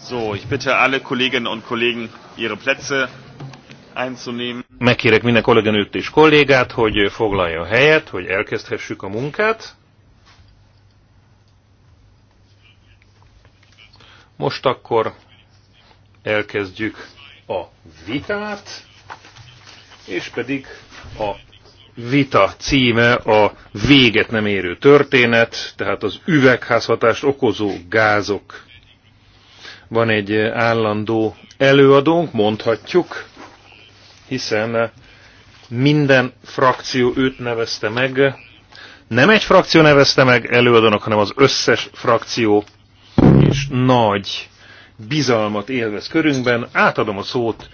So, ich bitte alle Kolleginnen und Kollegen, ihre Plätze einzunehmen. Megkérek minden kolléganőt és kollégát, hogy foglaljon helyet, hogy elkezdhessük a munkát. Most akkor elkezdjük a vitát, és pedig a vita címe a véget nem érő történet, tehát az üvegházhatást okozó gázok van egy eh, állandó előadónk, mondhatjuk, hiszen eh, minden frakció őt nevezte meg. Nem egy frakció nevezte meg előadónak, hanem az összes frakció, és nagy bizalmat élvez körünkben. Átadom a szót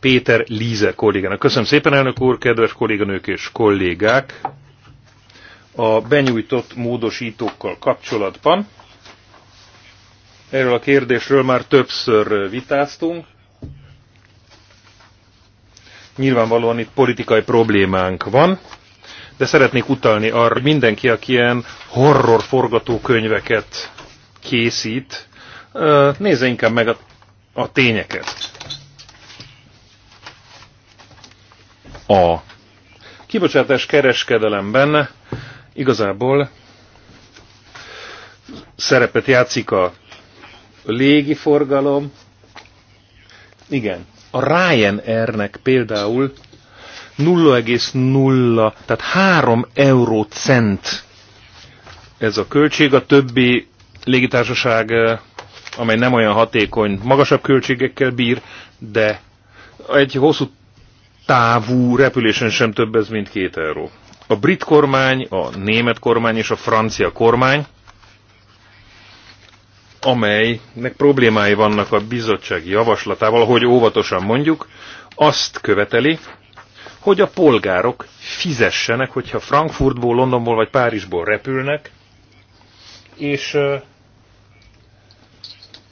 Péter Líze kollégának. Köszönöm szépen, elnök úr, kedves kolléganők és kollégák! A benyújtott módosítókkal kapcsolatban Erről a kérdésről már többször vitáztunk. Nyilvánvalóan itt politikai problémánk van, de szeretnék utalni arra, hogy mindenki, aki ilyen horror forgatókönyveket készít, nézze inkább meg a, a tényeket. A kibocsátás kereskedelemben igazából szerepet játszik a a légi forgalom Igen, a Ryanairnek például 0,0, tehát 3 euró cent ez a költség, a többi légitársaság, eh, amely nem olyan hatékony, magasabb költségekkel bír, de egy hosszú távú repülésen sem több ez, mint két euró. A brit kormány, a német kormány és a francia kormány amelynek problémái vannak a bizottság javaslatával, ahogy óvatosan mondjuk, azt követeli, hogy a polgárok fizessenek, hogyha Frankfurtból, Londonból vagy Párizsból repülnek, és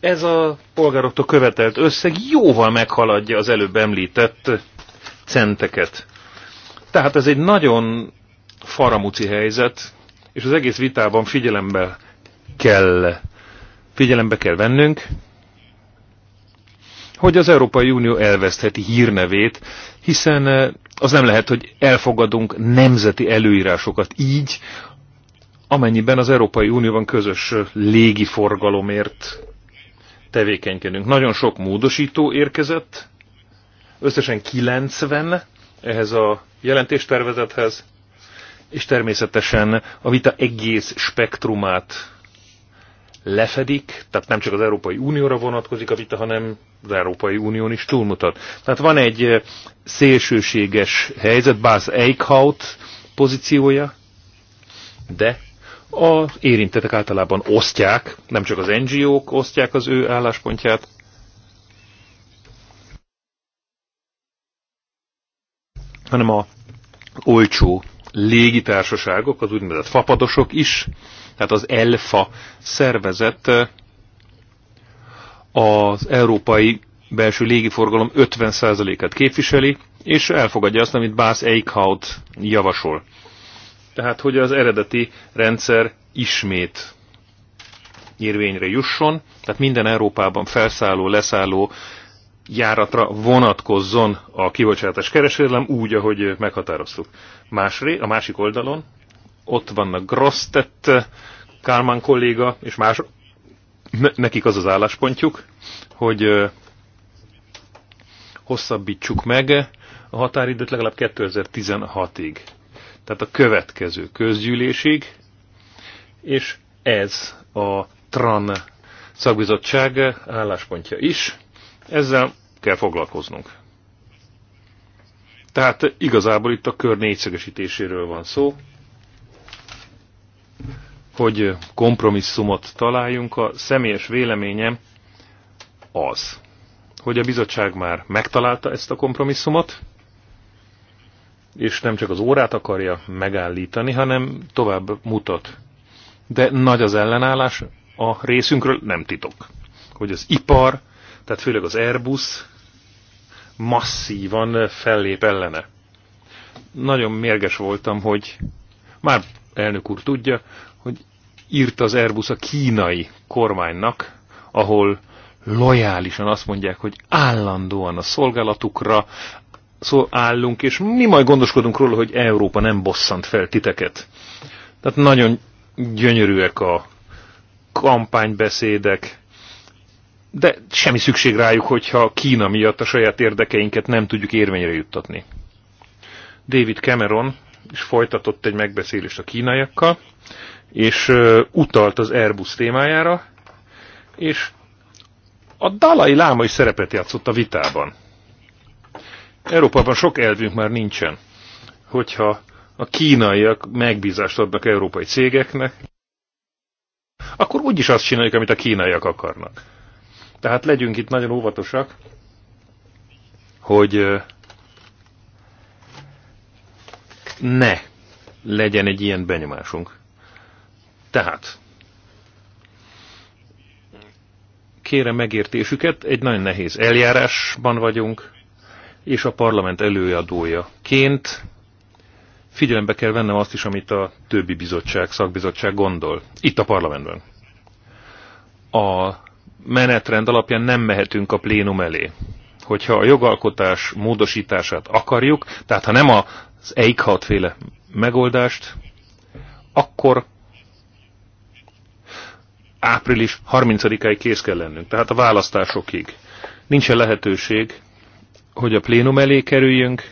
ez a polgároktól követelt összeg jóval meghaladja az előbb említett centeket. Tehát ez egy nagyon faramuci helyzet, és az egész vitában figyelembe kell figyelembe kell vennünk, hogy az Európai Unió elvesztheti hírnevét, hiszen eh, az nem lehet, hogy elfogadunk nemzeti előírásokat így, amennyiben az Európai Unióban közös eh, légiforgalomért tevékenykedünk. Nagyon sok módosító érkezett, összesen 90 ehhez a jelentéstervezethez, és természetesen a vita egész spektrumát lefedik, tehát nem csak az Európai Unióra vonatkozik a vita, hanem az Európai Unión is túlmutat. Tehát van egy szélsőséges helyzet, Bász Eichhout pozíciója, de a érintetek általában osztják, nem csak az NGO-k osztják az ő álláspontját, hanem a olcsó légitársaságok, az úgynevezett fapadosok is tehát az ELFA szervezet eh, az európai belső légiforgalom 50%-át képviseli, és elfogadja azt, amit Bász Eichhout javasol. Tehát, hogy az eredeti rendszer ismét érvényre jusson, tehát minden Európában felszálló, leszálló járatra vonatkozzon a kibocsátás kereskedelem úgy, ahogy meghatároztuk. Másré, a másik oldalon ott vannak Grosztett, eh, Kármán kolléga és más, nekik az az álláspontjuk, hogy eh, hosszabbítsuk meg a határidőt legalább 2016-ig. Tehát a következő közgyűlésig, és ez a TRAN szakbizottság álláspontja is. Ezzel kell foglalkoznunk. Tehát igazából itt a kör négyszegesítéséről van szó, hogy kompromisszumot találjunk. A személyes véleményem az, hogy a bizottság már megtalálta ezt a kompromisszumot, és nem csak az órát akarja megállítani, hanem tovább mutat. De nagy az ellenállás a részünkről, nem titok. Hogy az ipar, tehát főleg az Airbus masszívan fellép ellene. Nagyon mérges voltam, hogy már elnök úr tudja, írt az Airbus a kínai kormánynak, ahol lojálisan azt mondják, hogy állandóan a szolgálatukra szó állunk, és mi majd gondoskodunk róla, hogy Európa nem bosszant fel titeket. Tehát nagyon gyönyörűek a kampánybeszédek, de semmi szükség rájuk, hogyha Kína miatt a saját érdekeinket nem tudjuk érvényre juttatni. David Cameron is folytatott egy megbeszélést a kínaiakkal, és utalt az Airbus témájára, és a Dalai Láma is szerepet játszott a vitában. Európában sok elvünk már nincsen, hogyha a kínaiak megbízást adnak európai cégeknek, akkor úgyis azt csináljuk, amit a kínaiak akarnak. Tehát legyünk itt nagyon óvatosak, hogy ne legyen egy ilyen benyomásunk. Tehát kérem megértésüket, egy nagyon nehéz eljárásban vagyunk, és a parlament előadója ként figyelembe kell vennem azt is, amit a többi bizottság, szakbizottság gondol. Itt a parlamentben. A menetrend alapján nem mehetünk a plénum elé. Hogyha a jogalkotás módosítását akarjuk, tehát ha nem az EIK 6 féle megoldást, akkor április 30-áig kész kell lennünk, tehát a választásokig. Nincsen lehetőség, hogy a plénum elé kerüljünk,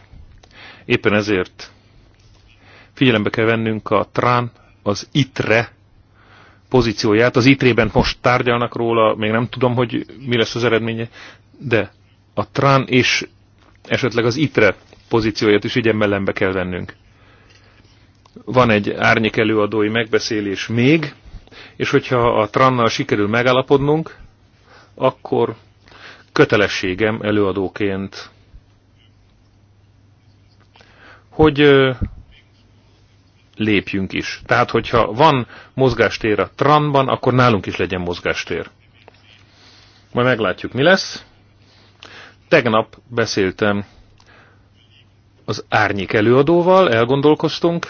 éppen ezért figyelembe kell vennünk a TRAN, az ITRE pozícióját. Az ITRE-ben most tárgyalnak róla, még nem tudom, hogy mi lesz az eredménye, de a TRAN és esetleg az ITRE pozícióját is mellembe kell vennünk. Van egy árnyék előadói megbeszélés még, és hogyha a Trannal sikerül megállapodnunk, akkor kötelességem előadóként, hogy lépjünk is. Tehát, hogyha van mozgástér a Tranban, akkor nálunk is legyen mozgástér. Majd meglátjuk, mi lesz. Tegnap beszéltem az árnyék előadóval, elgondolkoztunk,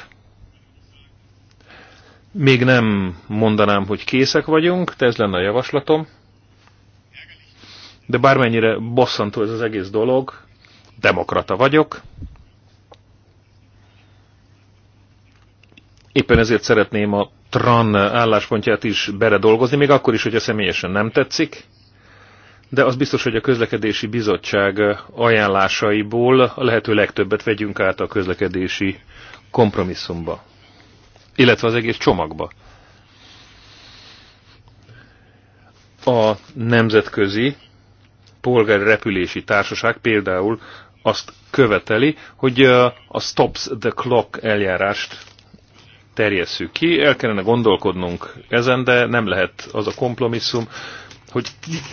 még nem mondanám, hogy készek vagyunk, de ez lenne a javaslatom. De bármennyire bosszantó ez az egész dolog, demokrata vagyok. Éppen ezért szeretném a TRAN álláspontját is beredolgozni, még akkor is, hogyha személyesen nem tetszik. De az biztos, hogy a közlekedési bizottság ajánlásaiból a lehető legtöbbet vegyünk át a közlekedési kompromisszumba illetve az egész csomagba. A nemzetközi polgári repülési társaság például azt követeli, hogy a stops the clock eljárást terjesszük ki. El kellene gondolkodnunk ezen, de nem lehet az a kompromisszum, hogy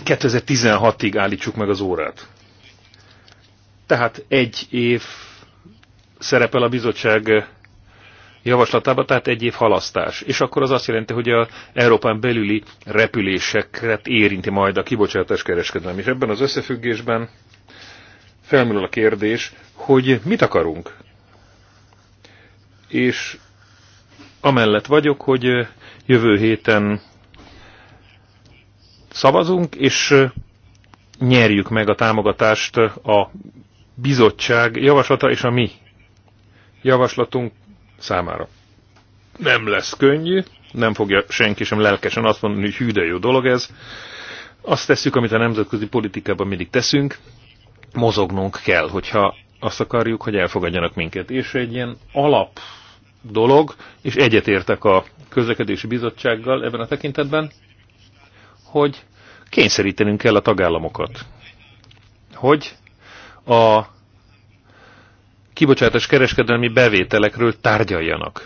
2016-ig állítsuk meg az órát. Tehát egy év szerepel a bizottság javaslatába, tehát egy év halasztás. És akkor az azt jelenti, hogy a Európán belüli repüléseket érinti majd a kibocsátás kereskedelem. És ebben az összefüggésben felmerül a kérdés, hogy mit akarunk. És amellett vagyok, hogy jövő héten szavazunk, és nyerjük meg a támogatást a bizottság javaslata és a mi javaslatunk számára. Nem lesz könnyű, nem fogja senki sem lelkesen azt mondani, hogy hű, de jó dolog ez. Azt tesszük, amit a nemzetközi politikában mindig teszünk, mozognunk kell, hogyha azt akarjuk, hogy elfogadjanak minket. És egy ilyen alap dolog, és egyetértek a közlekedési bizottsággal ebben a tekintetben, hogy kényszerítenünk kell a tagállamokat, hogy a kibocsátás kereskedelmi bevételekről tárgyaljanak.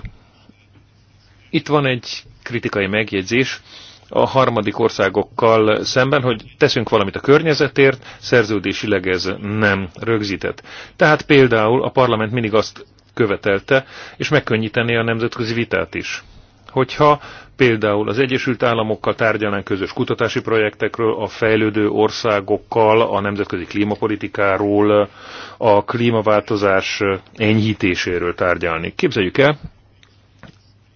Itt van egy kritikai megjegyzés a harmadik országokkal szemben, hogy teszünk valamit a környezetért, szerződésileg ez nem rögzített. Tehát például a parlament mindig azt követelte, és megkönnyíteni a nemzetközi vitát is hogyha például az Egyesült Államokkal tárgyalnánk közös kutatási projektekről, a fejlődő országokkal, a nemzetközi klímapolitikáról, a klímaváltozás enyhítéséről tárgyalni. Képzeljük el,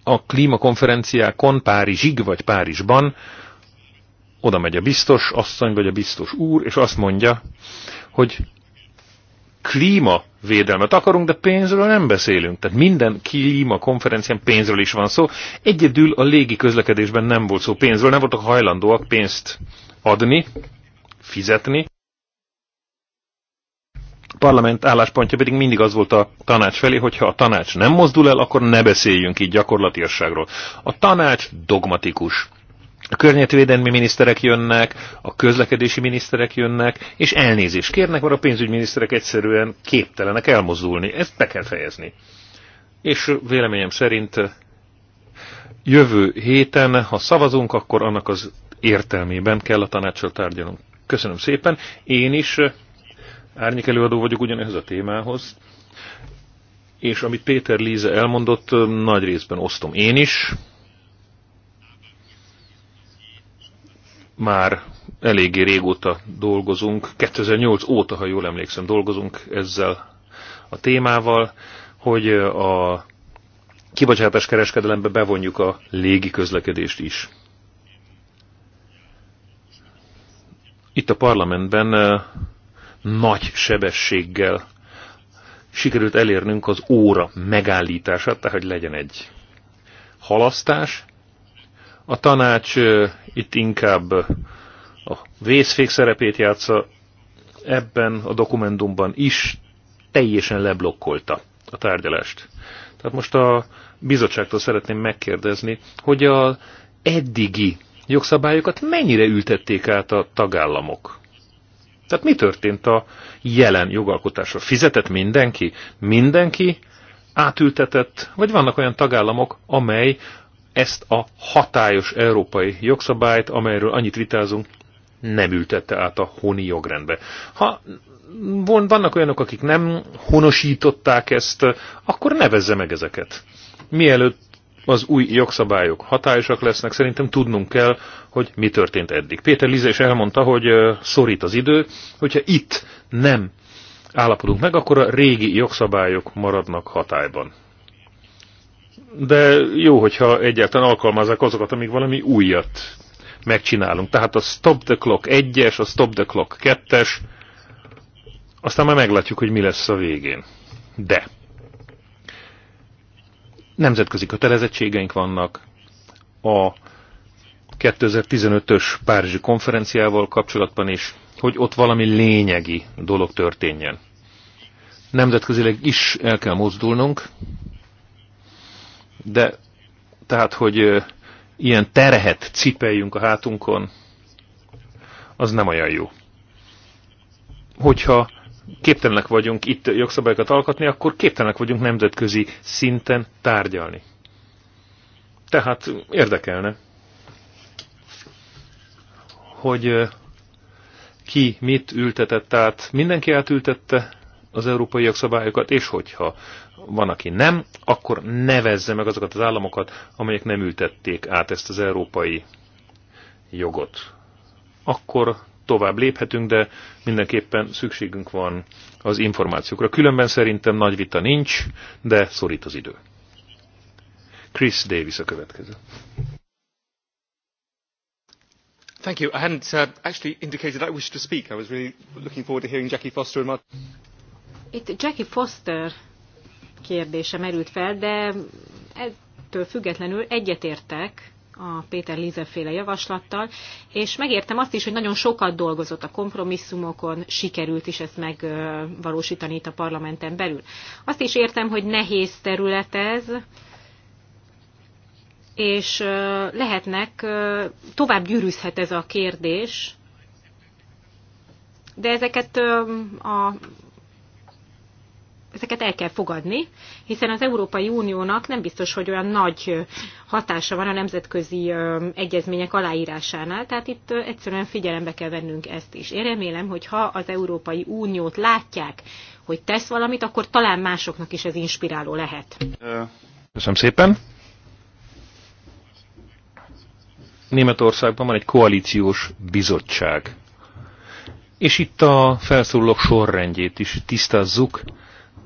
a klímakonferenciákon Párizsig vagy Párizsban oda megy a biztos asszony vagy a biztos úr, és azt mondja, hogy védelmet akarunk, de pénzről nem beszélünk. Tehát minden konferencián pénzről is van szó. Egyedül a légi közlekedésben nem volt szó pénzről, nem voltak hajlandóak pénzt adni, fizetni. A parlament álláspontja pedig mindig az volt a tanács felé, hogyha a tanács nem mozdul el, akkor ne beszéljünk így gyakorlatiasságról. A tanács dogmatikus a környezetvédelmi miniszterek jönnek, a közlekedési miniszterek jönnek, és elnézést kérnek, mert a pénzügyminiszterek egyszerűen képtelenek elmozdulni. Ezt be kell fejezni. És véleményem szerint jövő héten, ha szavazunk, akkor annak az értelmében kell a tanácsot tárgyalunk. Köszönöm szépen. Én is eh, árnyék előadó vagyok ugyanehhez a témához, és amit Péter Líze elmondott, eh, nagy részben osztom én is, már eléggé régóta dolgozunk, 2008 óta, ha jól emlékszem, dolgozunk ezzel a témával, hogy a kibocsátás kereskedelembe bevonjuk a légi közlekedést is. Itt a parlamentben nagy sebességgel sikerült elérnünk az óra megállítását, tehát hogy legyen egy halasztás, a tanács itt inkább a vészfék szerepét játsza, ebben a dokumentumban is teljesen leblokkolta a tárgyalást. Tehát most a bizottságtól szeretném megkérdezni, hogy a eddigi jogszabályokat mennyire ültették át a tagállamok? Tehát mi történt a jelen jogalkotásra? Fizetett mindenki? Mindenki átültetett? Vagy vannak olyan tagállamok, amely ezt a hatályos európai jogszabályt, amelyről annyit vitázunk, nem ültette át a honi jogrendbe. Ha vannak olyanok, akik nem honosították ezt, akkor nevezze meg ezeket. Mielőtt az új jogszabályok hatályosak lesznek, szerintem tudnunk kell, hogy mi történt eddig. Péter Lize is elmondta, hogy szorít az idő, hogyha itt nem állapodunk meg, akkor a régi jogszabályok maradnak hatályban de jó, hogyha egyáltalán alkalmazzák azokat, amíg valami újat megcsinálunk. Tehát a Stop the Clock 1-es, a Stop the Clock 2-es, aztán már meglátjuk, hogy mi lesz a végén. De nemzetközi kötelezettségeink vannak, a 2015-ös Párizsi konferenciával kapcsolatban is, hogy ott valami lényegi dolog történjen. Nemzetközileg is el kell mozdulnunk, de tehát, hogy ilyen terhet cipeljünk a hátunkon, az nem olyan jó. Hogyha képtelenek vagyunk itt jogszabályokat alkotni, akkor képtelenek vagyunk nemzetközi szinten tárgyalni. Tehát érdekelne, hogy ki mit ültetett át. Mindenki átültette az európaiak szabályokat, és hogyha van, aki nem, akkor nevezze meg azokat az államokat, amelyek nem ültették át ezt az európai jogot. Akkor tovább léphetünk, de mindenképpen szükségünk van az információkra. Különben szerintem nagy vita nincs, de szorít az idő. Chris Davis a következő. Thank you. I hadn't uh, actually indicated I wished to speak. I was really looking forward to hearing Jackie Foster and Martin. Itt Jackie Foster kérdése merült fel, de ettől függetlenül egyetértek a Péter Lízer-féle javaslattal, és megértem azt is, hogy nagyon sokat dolgozott a kompromisszumokon, sikerült is ezt megvalósítani itt a parlamenten belül. Azt is értem, hogy nehéz terület ez, és lehetnek, tovább gyűrűzhet ez a kérdés, de ezeket a ezeket el kell fogadni, hiszen az Európai Uniónak nem biztos, hogy olyan nagy hatása van a nemzetközi egyezmények aláírásánál, tehát itt egyszerűen figyelembe kell vennünk ezt is. Én remélem, hogy ha az Európai Uniót látják, hogy tesz valamit, akkor talán másoknak is ez inspiráló lehet. Köszönöm szépen. Németországban van egy koalíciós bizottság. És itt a felszólalók sorrendjét is tisztázzuk.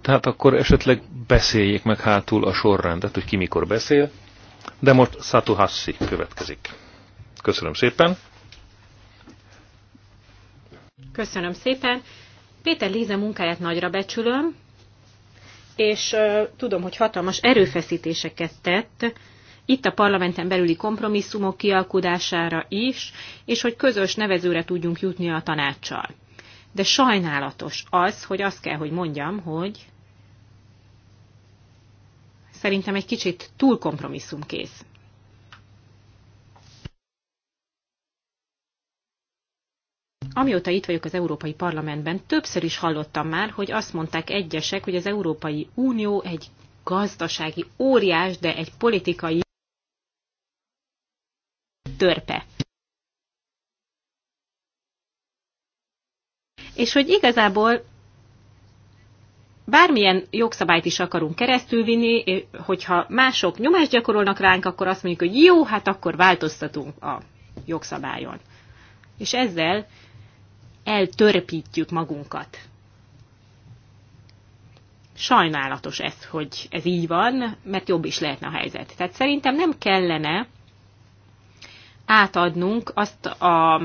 Tehát akkor esetleg beszéljék meg hátul a sorrendet, hogy ki mikor beszél. De most Satu Hassi következik. Köszönöm szépen. Köszönöm szépen. Péter Líze munkáját nagyra becsülöm, és euh, tudom, hogy hatalmas erőfeszítéseket tett itt a parlamenten belüli kompromisszumok kialkudására is, és hogy közös nevezőre tudjunk jutni a tanácssal. De sajnálatos az, hogy azt kell, hogy mondjam, hogy szerintem egy kicsit túl kompromisszumkész. Amióta itt vagyok az Európai Parlamentben, többször is hallottam már, hogy azt mondták egyesek, hogy az Európai Unió egy gazdasági óriás, de egy politikai törpe. És hogy igazából bármilyen jogszabályt is akarunk keresztülvinni, eh, hogyha mások nyomást gyakorolnak ránk, akkor azt mondjuk, hogy jó, hát akkor változtatunk a jogszabályon. És ezzel eltörpítjük magunkat. Sajnálatos ez, hogy ez így van, mert jobb is lehetne a helyzet. Tehát szerintem nem kellene átadnunk azt a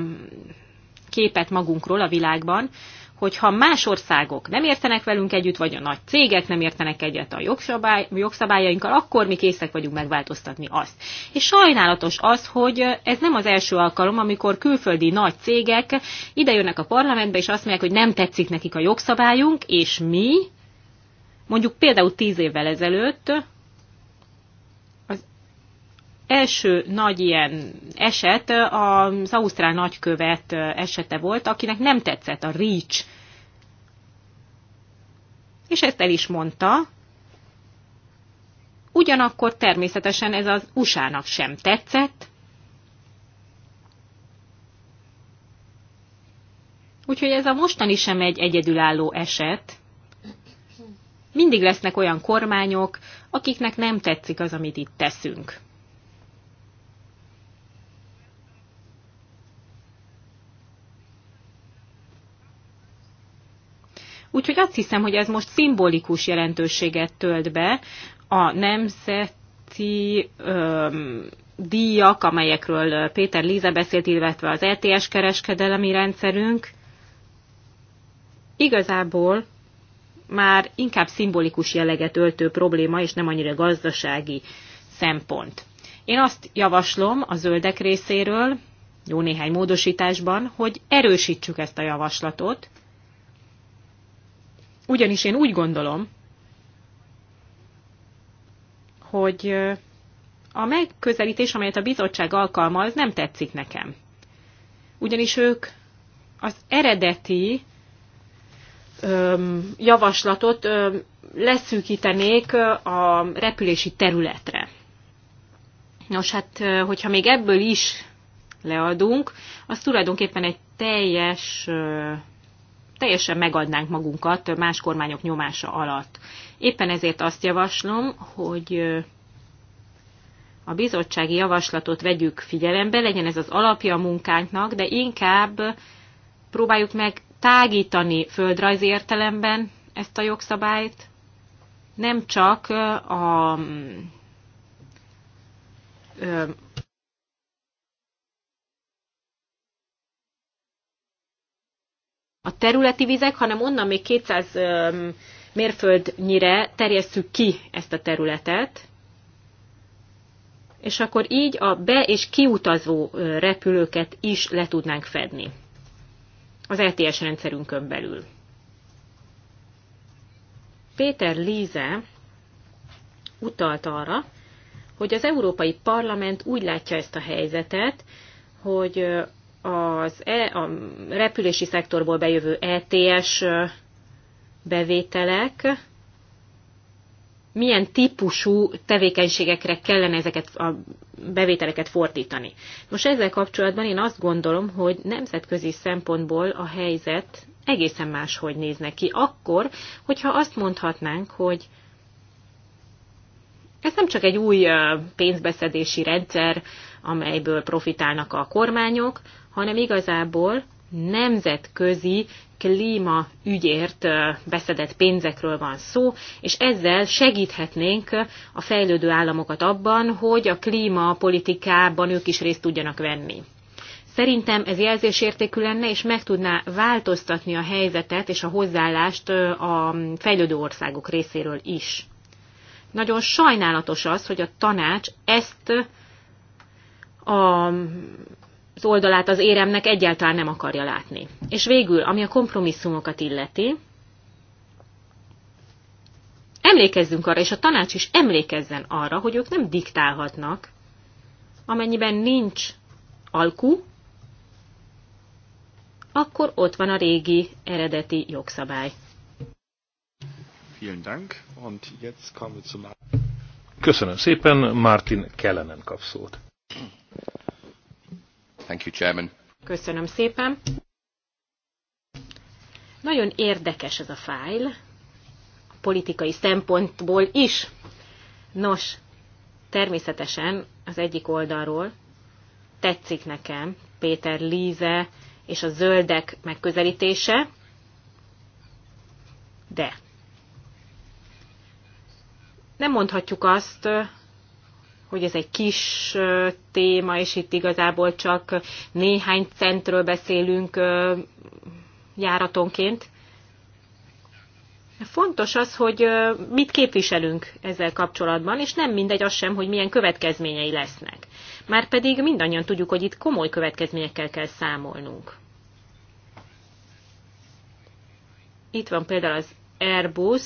képet magunkról a világban, hogyha más országok nem értenek velünk együtt, vagy a nagy cégek nem értenek egyet a jogszabály, jogszabályainkkal, akkor mi készek vagyunk megváltoztatni azt. És sajnálatos az, hogy ez nem az első alkalom, amikor külföldi nagy cégek idejönnek a parlamentbe, és azt mondják, hogy nem tetszik nekik a jogszabályunk, és mi, mondjuk például tíz évvel ezelőtt, első nagy ilyen eset az Ausztrál nagykövet esete volt, akinek nem tetszett a REACH. És ezt el is mondta. Ugyanakkor természetesen ez az USA-nak sem tetszett. Úgyhogy ez a mostani sem egy egyedülálló eset. Mindig lesznek olyan kormányok, akiknek nem tetszik az, amit itt teszünk. Úgyhogy azt hiszem, hogy ez most szimbolikus jelentőséget tölt be a nemzeti öm, díjak, amelyekről Péter Líza beszélt, illetve az ETS kereskedelemi rendszerünk, igazából már inkább szimbolikus jelleget öltő probléma, és nem annyira gazdasági szempont. Én azt javaslom a zöldek részéről, jó néhány módosításban, hogy erősítsük ezt a javaslatot, ugyanis én úgy gondolom, hogy a megközelítés, amelyet a bizottság alkalmaz, nem tetszik nekem. Ugyanis ők az eredeti öm, javaslatot öm, leszűkítenék a repülési területre. Nos, hát, hogyha még ebből is leadunk, az tulajdonképpen egy teljes teljesen megadnánk magunkat más kormányok nyomása alatt. Éppen ezért azt javaslom, hogy a bizottsági javaslatot vegyük figyelembe, legyen ez az alapja a munkánknak, de inkább próbáljuk meg tágítani földrajzi értelemben ezt a jogszabályt, nem csak a a területi vizek, hanem onnan még 200 mérföldnyire terjesszük ki ezt a területet, és akkor így a be- és kiutazó repülőket is le tudnánk fedni az LTS rendszerünkön belül. Péter Líze utalt arra, hogy az Európai Parlament úgy látja ezt a helyzetet, hogy az e, a repülési szektorból bejövő ETS bevételek, milyen típusú tevékenységekre kellene ezeket a bevételeket fordítani. Most ezzel kapcsolatban én azt gondolom, hogy nemzetközi szempontból a helyzet egészen máshogy néz neki. Akkor, hogyha azt mondhatnánk, hogy ez nem csak egy új pénzbeszedési rendszer, amelyből profitálnak a kormányok, hanem igazából nemzetközi klímaügyért beszedett pénzekről van szó, és ezzel segíthetnénk a fejlődő államokat abban, hogy a klímapolitikában ők is részt tudjanak venni. Szerintem ez jelzésértékű lenne, és meg tudná változtatni a helyzetet és a hozzáállást a fejlődő országok részéről is. Nagyon sajnálatos az, hogy a tanács ezt a az oldalát az éremnek egyáltalán nem akarja látni. És végül, ami a kompromisszumokat illeti, emlékezzünk arra, és a tanács is emlékezzen arra, hogy ők nem diktálhatnak, amennyiben nincs alkú, akkor ott van a régi eredeti jogszabály. Köszönöm szépen, Martin Kellenen kap szót. Thank you, Chairman. Köszönöm szépen. Nagyon érdekes ez a fájl, a politikai szempontból is. Nos, természetesen az egyik oldalról tetszik nekem Péter Líze és a zöldek megközelítése, de nem mondhatjuk azt, hogy ez egy kis téma, és itt igazából csak néhány centről beszélünk járatonként. Fontos az, hogy mit képviselünk ezzel kapcsolatban, és nem mindegy az sem, hogy milyen következményei lesznek. Márpedig mindannyian tudjuk, hogy itt komoly következményekkel kell számolnunk. Itt van például az Airbus,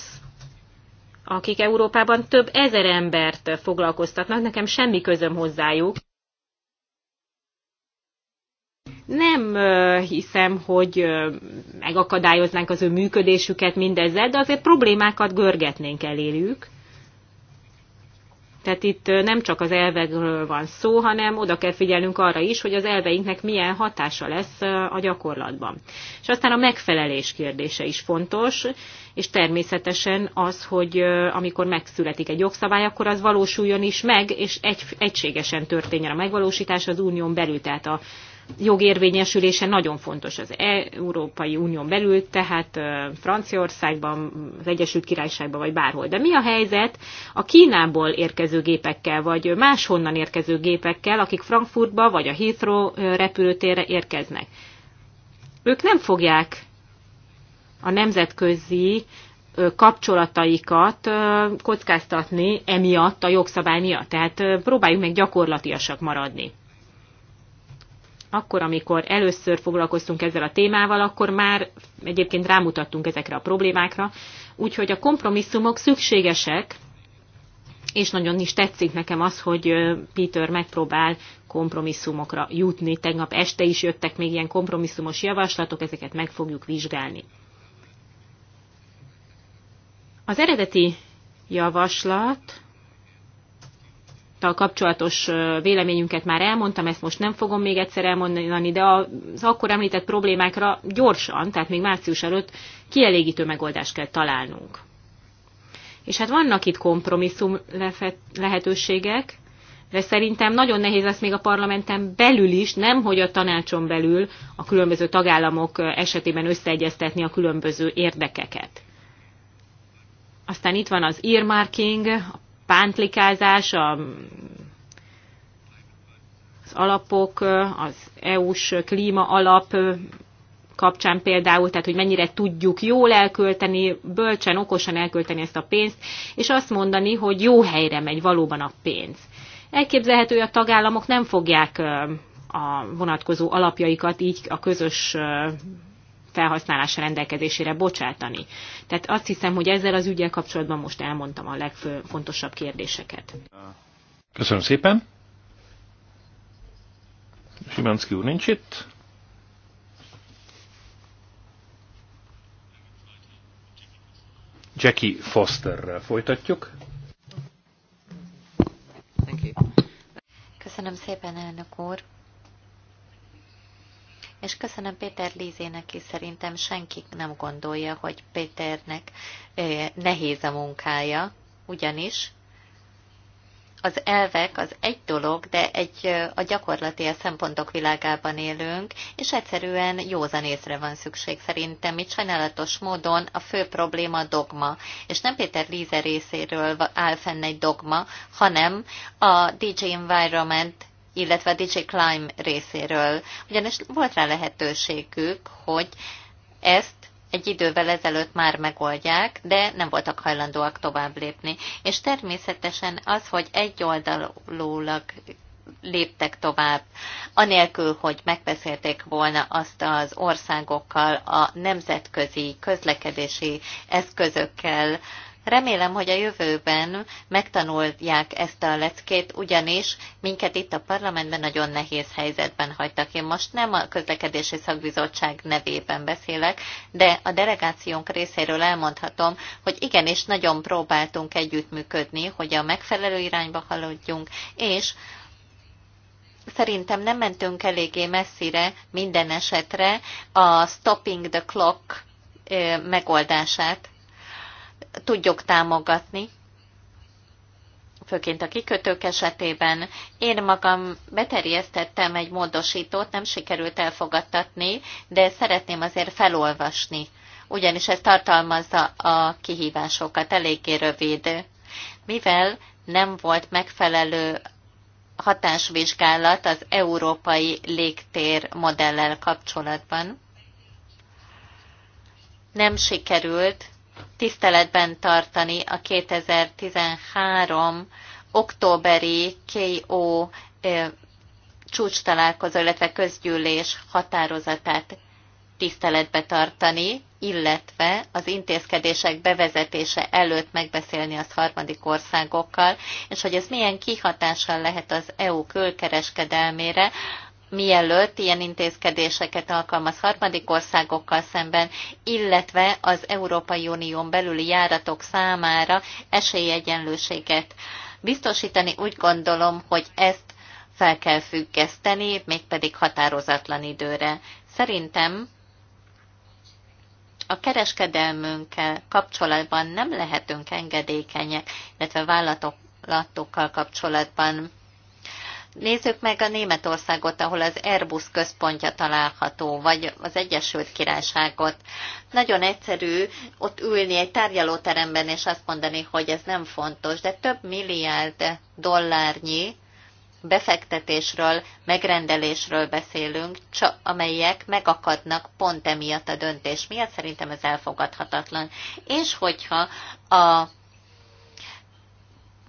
akik Európában több ezer embert foglalkoztatnak, nekem semmi közöm hozzájuk. Nem hiszem, hogy megakadályoznánk az ő működésüket mindezzel, de azért problémákat görgetnénk eléjük. Tehát itt nem csak az elvekről van szó, hanem oda kell figyelnünk arra is, hogy az elveinknek milyen hatása lesz a gyakorlatban. És aztán a megfelelés kérdése is fontos, és természetesen az, hogy amikor megszületik egy jogszabály, akkor az valósuljon is meg, és egy, egységesen történjen a megvalósítás az unión belül, tehát a jogérvényesülése nagyon fontos az Európai Unión belül, tehát Franciaországban, az Egyesült Királyságban vagy bárhol. De mi a helyzet a Kínából érkező gépekkel, vagy máshonnan érkező gépekkel, akik Frankfurtba vagy a Heathrow repülőtérre érkeznek? Ők nem fogják a nemzetközi kapcsolataikat kockáztatni emiatt, a jogszabály miatt. Tehát próbáljuk meg gyakorlatiasak maradni akkor, amikor először foglalkoztunk ezzel a témával, akkor már egyébként rámutattunk ezekre a problémákra, úgyhogy a kompromisszumok szükségesek, és nagyon is tetszik nekem az, hogy Peter megpróbál kompromisszumokra jutni. Tegnap este is jöttek még ilyen kompromisszumos javaslatok, ezeket meg fogjuk vizsgálni. Az eredeti javaslat Tal kapcsolatos véleményünket már elmondtam, ezt most nem fogom még egyszer elmondani, de az akkor említett problémákra gyorsan, tehát még március előtt kielégítő megoldást kell találnunk. És hát vannak itt kompromisszum lehetőségek, de szerintem nagyon nehéz lesz még a parlamenten belül is, nem hogy a tanácson belül a különböző tagállamok esetében összeegyeztetni a különböző érdekeket. Aztán itt van az earmarking, a pántlikázás, a, az alapok, az EU-s klíma alap kapcsán például, tehát hogy mennyire tudjuk jól elkölteni, bölcsen, okosan elkölteni ezt a pénzt, és azt mondani, hogy jó helyre megy valóban a pénz. Elképzelhető, hogy a tagállamok nem fogják a vonatkozó alapjaikat így a közös felhasználása rendelkezésére bocsátani. Tehát azt hiszem, hogy ezzel az ügyel kapcsolatban most elmondtam a legfontosabb kérdéseket. Köszönöm szépen. Simanszki úr nincs itt. Jackie Fosterrel folytatjuk. Köszönöm szépen, elnök úr és köszönöm Péter Lízének is, szerintem senki nem gondolja, hogy Péternek nehéz a munkája, ugyanis az elvek az egy dolog, de egy a gyakorlati a szempontok világában élünk, és egyszerűen józan észre van szükség szerintem. Itt sajnálatos módon a fő probléma a dogma, és nem Péter Líze részéről áll fenn egy dogma, hanem a DJ Environment illetve a DJ Climb részéről. Ugyanis volt rá lehetőségük, hogy ezt egy idővel ezelőtt már megoldják, de nem voltak hajlandóak tovább lépni. És természetesen az, hogy egyoldalulag léptek tovább, anélkül, hogy megbeszélték volna azt az országokkal, a nemzetközi közlekedési eszközökkel, Remélem, hogy a jövőben megtanulják ezt a leckét, ugyanis minket itt a parlamentben nagyon nehéz helyzetben hagytak. Én most nem a közlekedési szakbizottság nevében beszélek, de a delegációnk részéről elmondhatom, hogy igenis nagyon próbáltunk együttműködni, hogy a megfelelő irányba haladjunk, és szerintem nem mentünk eléggé messzire minden esetre a stopping the clock megoldását tudjuk támogatni, főként a kikötők esetében. Én magam beterjesztettem egy módosítót, nem sikerült elfogadtatni, de szeretném azért felolvasni, ugyanis ez tartalmazza a kihívásokat, eléggé rövid. Mivel nem volt megfelelő hatásvizsgálat az európai légtér modellel kapcsolatban, nem sikerült tiszteletben tartani a 2013 októberi KO csúcs találkozó, illetve közgyűlés határozatát tiszteletbe tartani, illetve az intézkedések bevezetése előtt megbeszélni az harmadik országokkal, és hogy ez milyen kihatással lehet az EU külkereskedelmére, mielőtt ilyen intézkedéseket alkalmaz harmadik országokkal szemben, illetve az Európai Unión belüli járatok számára esélyegyenlőséget biztosítani. Úgy gondolom, hogy ezt fel kell függeszteni, mégpedig határozatlan időre. Szerintem a kereskedelmünkkel kapcsolatban nem lehetünk engedékenyek, illetve vállalatokkal kapcsolatban Nézzük meg a Németországot, ahol az Airbus központja található, vagy az Egyesült Királyságot. Nagyon egyszerű ott ülni egy tárgyalóteremben és azt mondani, hogy ez nem fontos, de több milliárd dollárnyi befektetésről, megrendelésről beszélünk, csak amelyek megakadnak pont emiatt a döntés miatt. Szerintem ez elfogadhatatlan. És hogyha a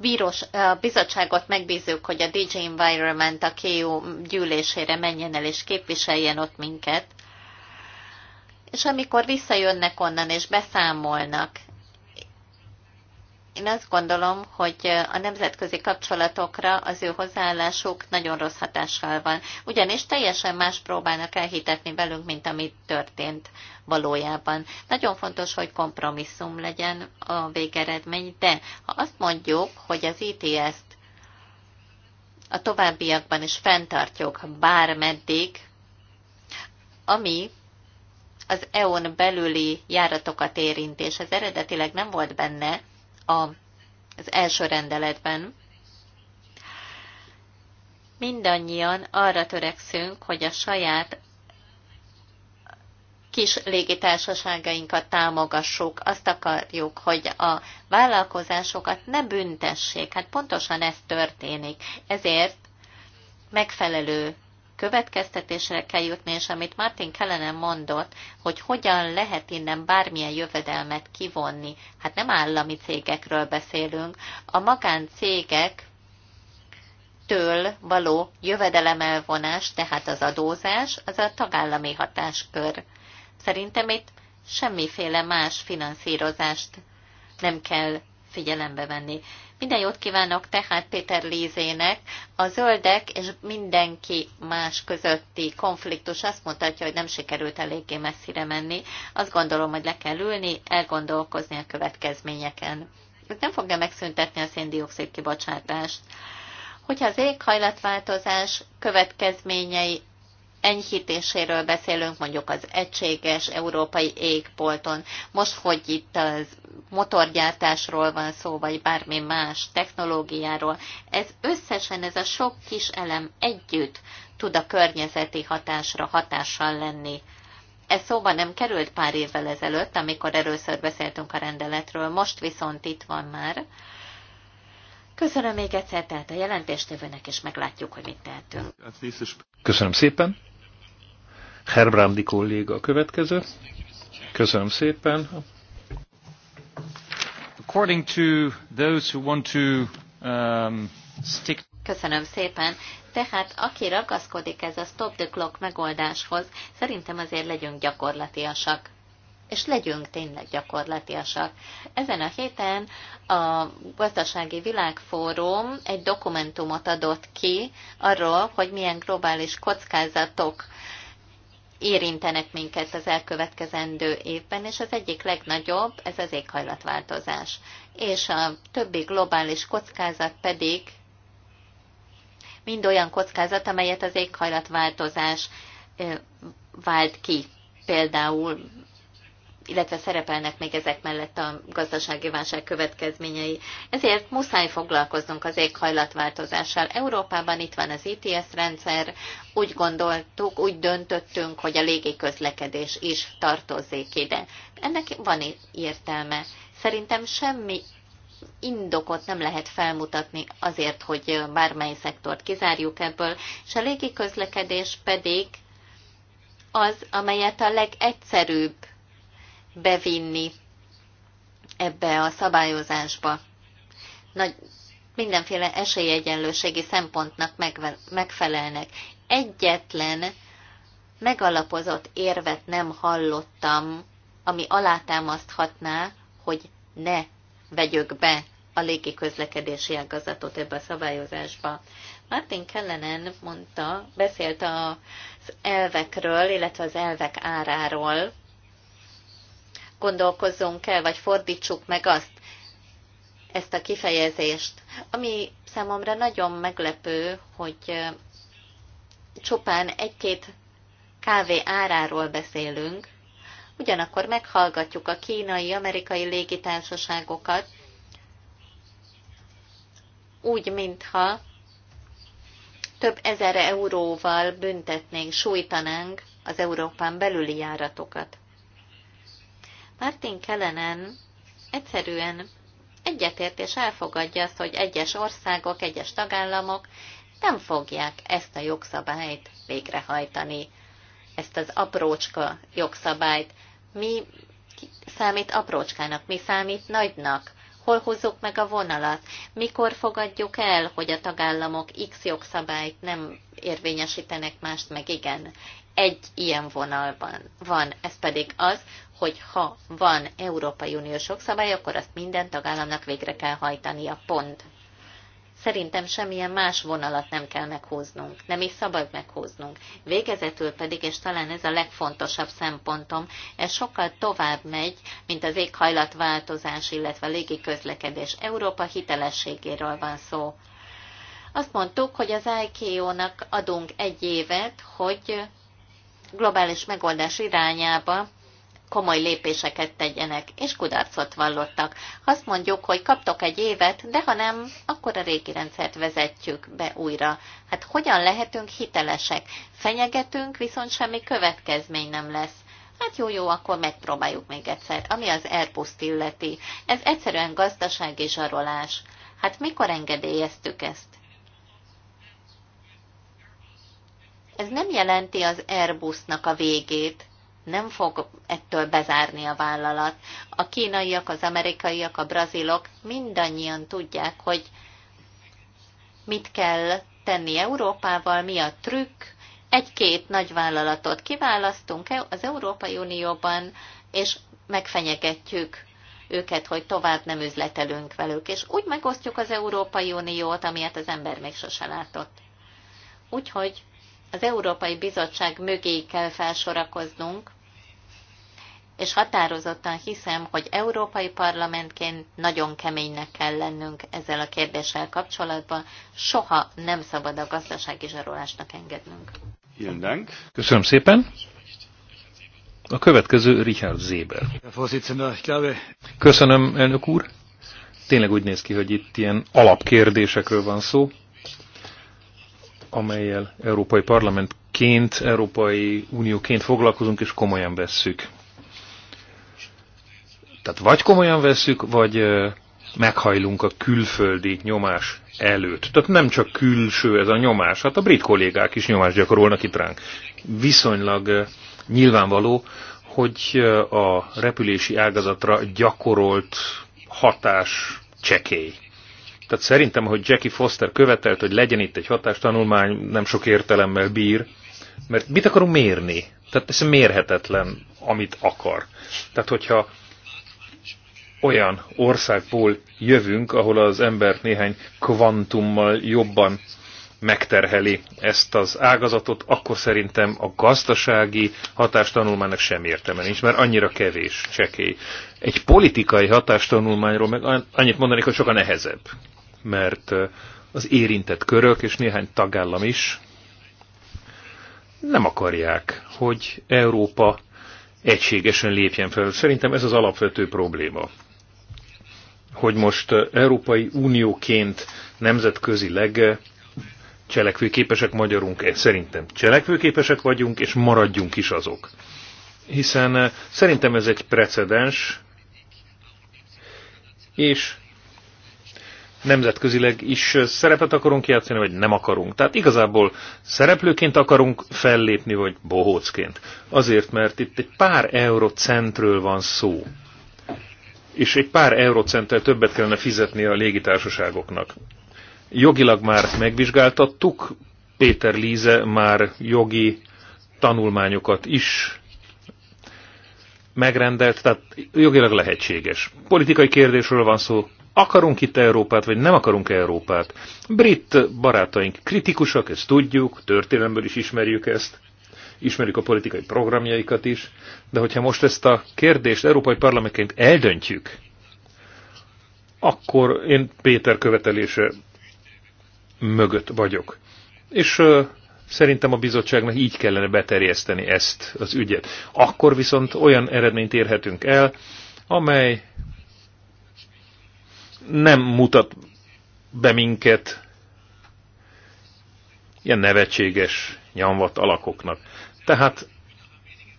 bíros, a bizottságot megbízunk, hogy a DJ Environment a KU gyűlésére menjen el és képviseljen ott minket. És amikor visszajönnek onnan és beszámolnak én azt gondolom, hogy a nemzetközi kapcsolatokra az ő hozzáállásuk nagyon rossz hatással van, ugyanis teljesen más próbálnak elhitetni velünk, mint amit történt valójában. Nagyon fontos, hogy kompromisszum legyen a végeredmény, de ha azt mondjuk, hogy az ITS-t a továbbiakban is fenntartjuk bármeddig, ami az eu belüli járatokat érint, és ez eredetileg nem volt benne, a, az első rendeletben. Mindannyian arra törekszünk, hogy a saját kis légitársaságainkat támogassuk, azt akarjuk, hogy a vállalkozásokat ne büntessék. Hát pontosan ez történik. Ezért megfelelő következtetésre kell jutni, és amit Martin kellene mondott, hogy hogyan lehet innen bármilyen jövedelmet kivonni. Hát nem állami cégekről beszélünk, a magáncégek től való jövedelemelvonás, tehát az adózás, az a tagállami hatáskör. Szerintem itt semmiféle más finanszírozást nem kell figyelembe venni. Minden jót kívánok tehát Péter Lízének. A zöldek és mindenki más közötti konfliktus azt mutatja, hogy nem sikerült eléggé messzire menni. Azt gondolom, hogy le kell ülni, elgondolkozni a következményeken. Ez nem fogja megszüntetni a széndiokszid kibocsátást. Hogyha az éghajlatváltozás következményei enyhítéséről beszélünk, mondjuk az egységes európai égbolton. Most, hogy itt az motorgyártásról van szó, vagy bármi más technológiáról, ez összesen ez a sok kis elem együtt tud a környezeti hatásra hatással lenni. Ez szóba nem került pár évvel ezelőtt, amikor először beszéltünk a rendeletről, most viszont itt van már. Köszönöm még egyszer, tehát a jelentéstevőnek, és meglátjuk, hogy mit tehetünk. Köszönöm szépen. Herbrandi kolléga a következő. Köszönöm szépen. According to those who want to um, stick Köszönöm szépen. Tehát aki ragaszkodik ez a stop the clock megoldáshoz, szerintem azért legyünk gyakorlatiasak. És legyünk tényleg gyakorlatiasak. Ezen a héten a Gazdasági Világfórum egy dokumentumot adott ki arról, hogy milyen globális kockázatok érintenek minket az elkövetkezendő évben, és az egyik legnagyobb, ez az éghajlatváltozás. És a többi globális kockázat pedig mind olyan kockázat, amelyet az éghajlatváltozás vált ki. Például illetve szerepelnek még ezek mellett a gazdasági válság következményei. Ezért muszáj foglalkoznunk az éghajlatváltozással. Európában itt van az ITS rendszer, úgy gondoltuk, úgy döntöttünk, hogy a légiközlekedés is tartozik ide. Ennek van értelme. Szerintem semmi indokot nem lehet felmutatni azért, hogy bármely szektort kizárjuk ebből, és a légiközlekedés pedig az, amelyet a legegyszerűbb bevinni ebbe a szabályozásba. Nagy, mindenféle esélyegyenlőségi szempontnak megfelelnek. Egyetlen megalapozott érvet nem hallottam, ami alátámaszthatná, hogy ne vegyük be a légiközlekedési ágazatot ebbe a szabályozásba. Martin Kellenen mondta, beszélt az elvekről, illetve az elvek áráról, gondolkozzunk el, vagy fordítsuk meg azt, ezt a kifejezést. Ami számomra nagyon meglepő, hogy csupán egy-két kávé áráról beszélünk, ugyanakkor meghallgatjuk a kínai, amerikai légitársaságokat, úgy, mintha több ezer euróval büntetnénk, sújtanánk az Európán belüli járatokat. Martin Kellenen egyszerűen egyetértés elfogadja azt, hogy egyes országok, egyes tagállamok nem fogják ezt a jogszabályt végrehajtani, ezt az aprócska jogszabályt. Mi számít aprócskának, mi számít nagynak? Hol hozzuk meg a vonalat? Mikor fogadjuk el, hogy a tagállamok X jogszabályt nem érvényesítenek mást, meg igen? Egy ilyen vonalban van, ez pedig az, hogy ha van Európai Uniós jogszabály, akkor azt minden tagállamnak végre kell hajtania, pont. Szerintem semmilyen más vonalat nem kell meghúznunk, nem is szabad meghúznunk. Végezetül pedig, és talán ez a legfontosabb szempontom, ez sokkal tovább megy, mint az éghajlatváltozás, illetve a légi közlekedés. Európa hitelességéről van szó. Azt mondtuk, hogy az IKEA-nak adunk egy évet, hogy globális megoldás irányába komoly lépéseket tegyenek, és kudarcot vallottak. Azt mondjuk, hogy kaptok egy évet, de ha nem, akkor a régi rendszert vezetjük be újra. Hát hogyan lehetünk hitelesek? Fenyegetünk, viszont semmi következmény nem lesz. Hát jó, jó, akkor megpróbáljuk még egyszer, ami az airbus illeti. Ez egyszerűen gazdasági zsarolás. Hát mikor engedélyeztük ezt? Ez nem jelenti az Airbusnak a végét, nem fog ettől bezárni a vállalat. A kínaiak, az amerikaiak, a brazilok mindannyian tudják, hogy mit kell tenni Európával, mi a trükk. Egy-két nagy vállalatot kiválasztunk e- az Európai Unióban, és megfenyegetjük őket, hogy tovább nem üzletelünk velük, és úgy megosztjuk az Európai Uniót, amilyet az ember még sose látott. Úgyhogy az Európai Bizottság mögé kell felsorakoznunk, és határozottan hiszem, hogy Európai Parlamentként nagyon keménynek kell lennünk ezzel a kérdéssel kapcsolatban. Soha nem szabad a gazdasági zsarolásnak engednünk. Köszönöm szépen. A következő Richard Zéber. Köszönöm, elnök úr. Tényleg úgy néz ki, hogy itt ilyen alapkérdésekről van szó amelyel Európai Parlamentként, Európai Unióként foglalkozunk, és komolyan vesszük. Tehát vagy komolyan vesszük, vagy meghajlunk a külföldi nyomás előtt. Tehát nem csak külső ez a nyomás, hát a brit kollégák is nyomást gyakorolnak itt ránk. Viszonylag nyilvánvaló, hogy a repülési ágazatra gyakorolt hatás csekély. Tehát szerintem, hogy Jackie Foster követelt, hogy legyen itt egy hatástanulmány, nem sok értelemmel bír, mert mit akarunk mérni? Tehát ez mérhetetlen, amit akar. Tehát hogyha olyan országból jövünk, ahol az ember néhány kvantummal jobban megterheli ezt az ágazatot, akkor szerintem a gazdasági hatástanulmánynak sem értelme nincs, mert annyira kevés csekély. Egy politikai hatástanulmányról meg annyit mondanék, hogy sokkal nehezebb mert az érintett körök és néhány tagállam is nem akarják, hogy Európa egységesen lépjen fel. Szerintem ez az alapvető probléma. Hogy most Európai Unióként nemzetközileg cselekvőképesek magyarunk, eh, szerintem cselekvőképesek vagyunk, és maradjunk is azok. Hiszen szerintem ez egy precedens, és nemzetközileg is szerepet akarunk játszani, vagy nem akarunk. Tehát igazából szereplőként akarunk fellépni, vagy bohócként. Azért, mert itt egy pár eurocentről van szó. És egy pár eurocenttel többet kellene fizetni a légitársaságoknak. Jogilag már megvizsgáltattuk, Péter Líze már jogi tanulmányokat is megrendelt, tehát jogilag lehetséges. Politikai kérdésről van szó, akarunk itt Európát, vagy nem akarunk Európát. Brit barátaink kritikusak, ezt tudjuk, történelemből is ismerjük ezt, ismerjük a politikai programjaikat is, de hogyha most ezt a kérdést Európai Parlamentként eldöntjük, akkor én Péter követelése mögött vagyok. És ö, szerintem a bizottságnak így kellene beterjeszteni ezt az ügyet. Akkor viszont olyan eredményt érhetünk el, amely nem mutat be minket ilyen nevetséges, nyamvat alakoknak. Tehát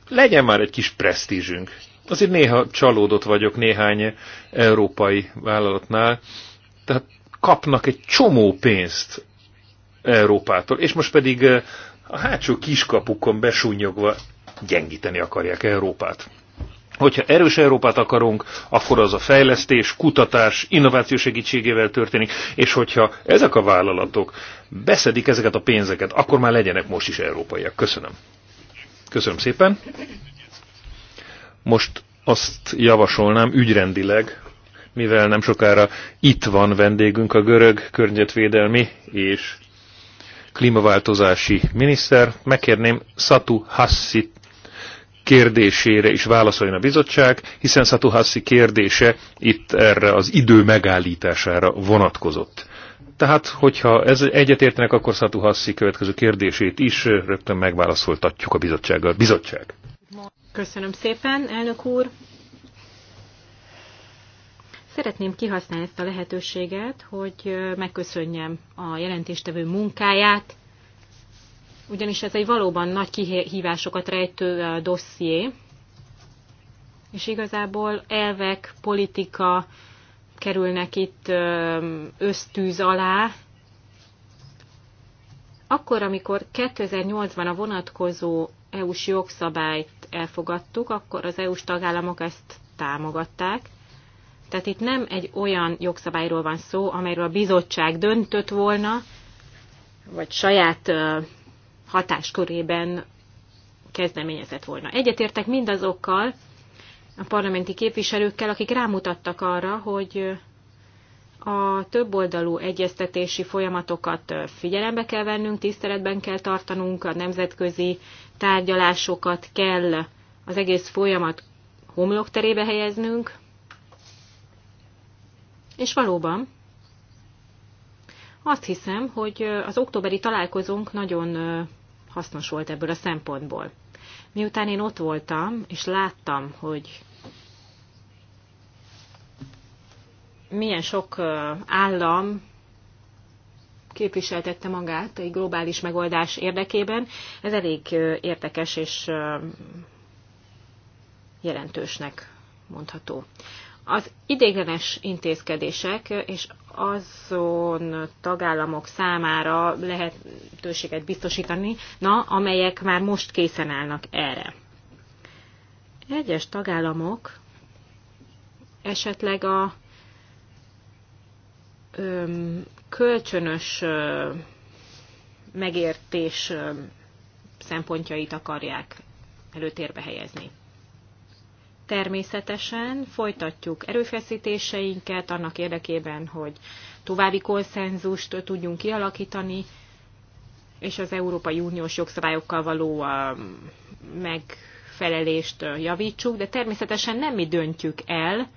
legyen már egy kis presztízsünk. Azért néha csalódott vagyok néhány európai vállalatnál, tehát kapnak egy csomó pénzt Európától, és most pedig eh, a hátsó kiskapukon besúnyogva gyengíteni akarják Európát. Hogyha erős Európát akarunk, akkor az a fejlesztés, kutatás, innováció segítségével történik, és hogyha ezek a vállalatok beszedik ezeket a pénzeket, akkor már legyenek most is európaiak. Köszönöm. Köszönöm szépen. Most azt javasolnám ügyrendileg, mivel nem sokára itt van vendégünk a görög környezetvédelmi és klímaváltozási miniszter. Megkérném Szatu Hassit kérdésére is válaszoljon a bizottság, hiszen Szatuhászi kérdése itt erre az idő megállítására vonatkozott. Tehát, hogyha ez egyetértenek, akkor Satuhassi következő kérdését is rögtön megválaszoltatjuk a bizottsággal. Bizottság! Köszönöm szépen, elnök úr! Szeretném kihasználni ezt a lehetőséget, hogy megköszönjem a jelentéstevő munkáját, ugyanis ez egy valóban nagy kihívásokat rejtő dosszié, és igazából elvek, politika kerülnek itt ösztűz alá. Akkor, amikor 2008-ban a vonatkozó EU-s jogszabályt elfogadtuk, akkor az EU-s tagállamok ezt támogatták. Tehát itt nem egy olyan jogszabályról van szó, amelyről a bizottság döntött volna, vagy saját hatáskörében kezdeményezett volna. Egyetértek mindazokkal a parlamenti képviselőkkel, akik rámutattak arra, hogy a többoldalú egyeztetési folyamatokat figyelembe kell vennünk, tiszteletben kell tartanunk, a nemzetközi tárgyalásokat kell az egész folyamat homlokterébe helyeznünk. És valóban azt hiszem, hogy az októberi találkozónk nagyon hasznos volt ebből a szempontból. Miután én ott voltam, és láttam, hogy milyen sok állam képviseltette magát egy globális megoldás érdekében, ez elég érdekes és jelentősnek mondható. Az idéglenes intézkedések és azon tagállamok számára lehetőséget biztosítani, na, amelyek már most készen állnak erre. Egyes tagállamok esetleg a öm, kölcsönös öm, megértés öm, szempontjait akarják előtérbe helyezni. Természetesen folytatjuk erőfeszítéseinket annak érdekében, hogy további konszenzust tudjunk kialakítani, és az Európai Uniós jogszabályokkal való megfelelést javítsuk, de természetesen nem mi döntjük el,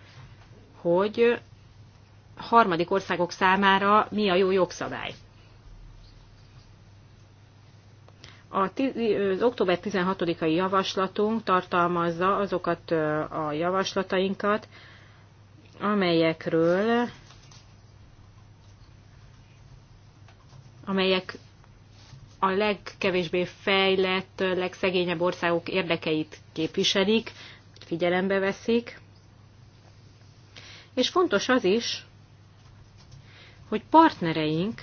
hogy harmadik országok számára mi a jó jogszabály. Az október 16-ai javaslatunk tartalmazza azokat a javaslatainkat, amelyekről amelyek a legkevésbé fejlett, legszegényebb országok érdekeit képviselik, figyelembe veszik. És fontos az is, hogy partnereink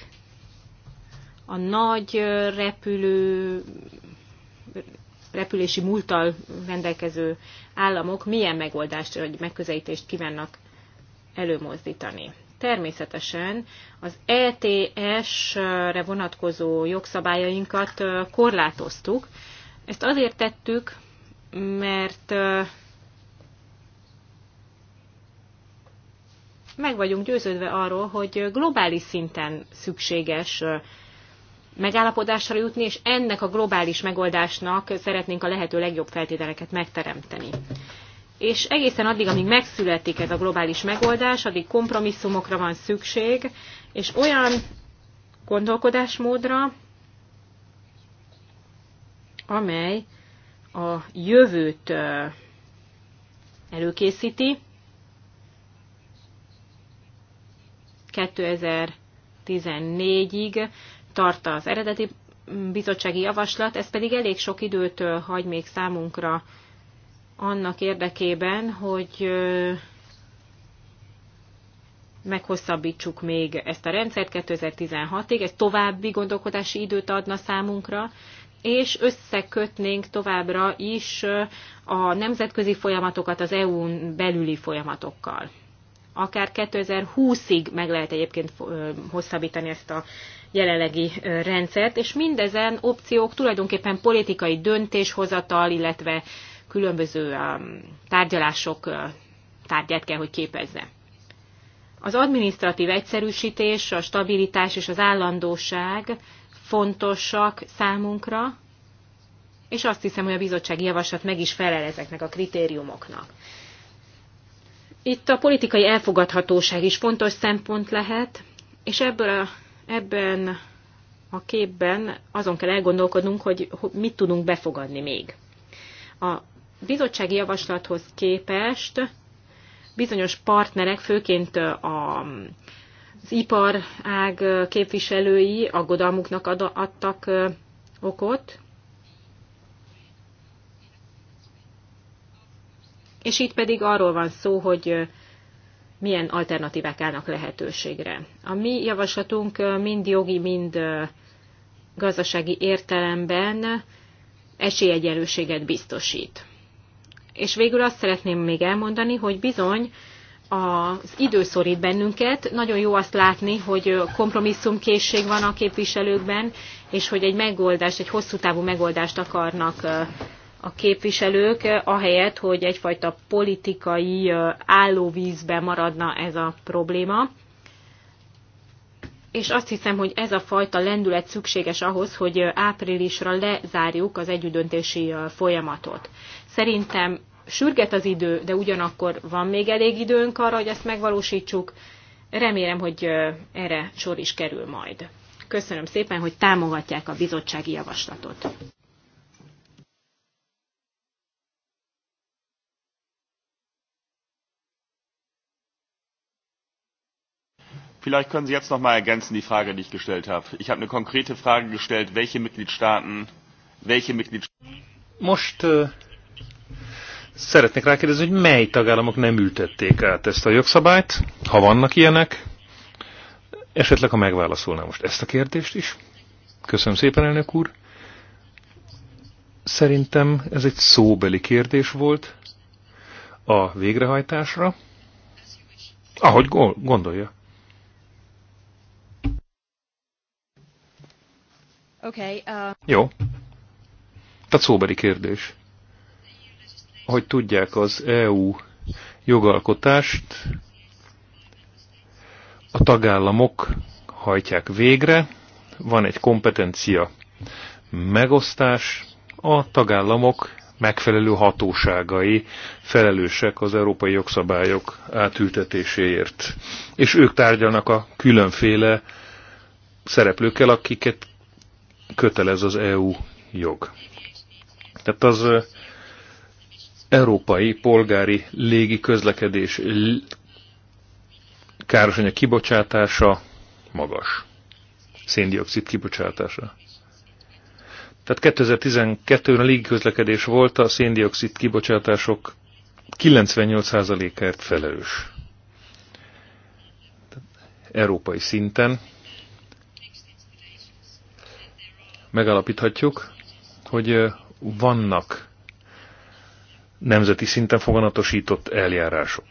a nagy repülő, repülési múltal rendelkező államok milyen megoldást vagy megközelítést kívánnak előmozdítani. Természetesen az ETS-re vonatkozó jogszabályainkat korlátoztuk. Ezt azért tettük, mert meg vagyunk győződve arról, hogy globális szinten szükséges megállapodásra jutni, és ennek a globális megoldásnak szeretnénk a lehető legjobb feltételeket megteremteni. És egészen addig, amíg megszületik ez a globális megoldás, addig kompromisszumokra van szükség, és olyan gondolkodásmódra, amely a jövőt előkészíti. 2014-ig tart az eredeti bizottsági javaslat, ez pedig elég sok időt hagy még számunkra annak érdekében, hogy meghosszabbítsuk még ezt a rendszert 2016-ig, ez további gondolkodási időt adna számunkra, és összekötnénk továbbra is a nemzetközi folyamatokat az EU-n belüli folyamatokkal akár 2020-ig meg lehet egyébként hosszabbítani ezt a jelenlegi rendszert, és mindezen opciók tulajdonképpen politikai döntéshozatal, illetve különböző tárgyalások tárgyát kell, hogy képezze. Az administratív egyszerűsítés, a stabilitás és az állandóság fontosak számunkra, és azt hiszem, hogy a bizottsági javaslat meg is felel ezeknek a kritériumoknak. Itt a politikai elfogadhatóság is fontos szempont lehet, és ebből a, ebben a képben azon kell elgondolkodnunk, hogy mit tudunk befogadni még. A bizottsági javaslathoz képest bizonyos partnerek, főként a, az iparág képviselői aggodalmuknak ad, adtak okot, És itt pedig arról van szó, hogy milyen alternatívák állnak lehetőségre. A mi javaslatunk mind jogi, mind gazdasági értelemben esélyegyenlőséget biztosít. És végül azt szeretném még elmondani, hogy bizony az idő szorít bennünket. Nagyon jó azt látni, hogy kompromisszumkészség van a képviselőkben, és hogy egy megoldást, egy hosszú távú megoldást akarnak a képviselők, ahelyett, hogy egyfajta politikai állóvízbe maradna ez a probléma. És azt hiszem, hogy ez a fajta lendület szükséges ahhoz, hogy áprilisra lezárjuk az együttdöntési folyamatot. Szerintem sürget az idő, de ugyanakkor van még elég időnk arra, hogy ezt megvalósítsuk. Remélem, hogy erre sor is kerül majd. Köszönöm szépen, hogy támogatják a bizottsági javaslatot. Vielleicht können Sie jetzt noch mal ergänzen die Frage, die ich gestellt habe. Ich habe eine konkrete Frage gestellt, welche Mitgliedstaaten, welche Mitgliedstaaten... Most äh, szeretnék rákérdezni, hogy mely tagállamok nem ültették át ezt a jogszabályt, ha vannak ilyenek. Esetleg, ha megválaszolná most ezt a kérdést is. Köszönöm szépen, elnök úr. Szerintem ez egy szóbeli kérdés volt a végrehajtásra. Ahogy gondolja. Okay, uh... Jó. Tehát szóbeli kérdés. Hogy tudják, az EU jogalkotást a tagállamok hajtják végre, van egy kompetencia megosztás, a tagállamok megfelelő hatóságai felelősek az európai jogszabályok átültetéséért. És ők tárgyalnak a különféle szereplőkkel, akiket kötelez az EU jog. Tehát az európai polgári légi közlekedés károsanyag kibocsátása magas. Széndiokszid kibocsátása. Tehát 2012-ben a légiközlekedés volt a széndiokszid kibocsátások 98%-ért felelős. európai szinten Megalapíthatjuk, hogy vannak nemzeti szinten foganatosított eljárások.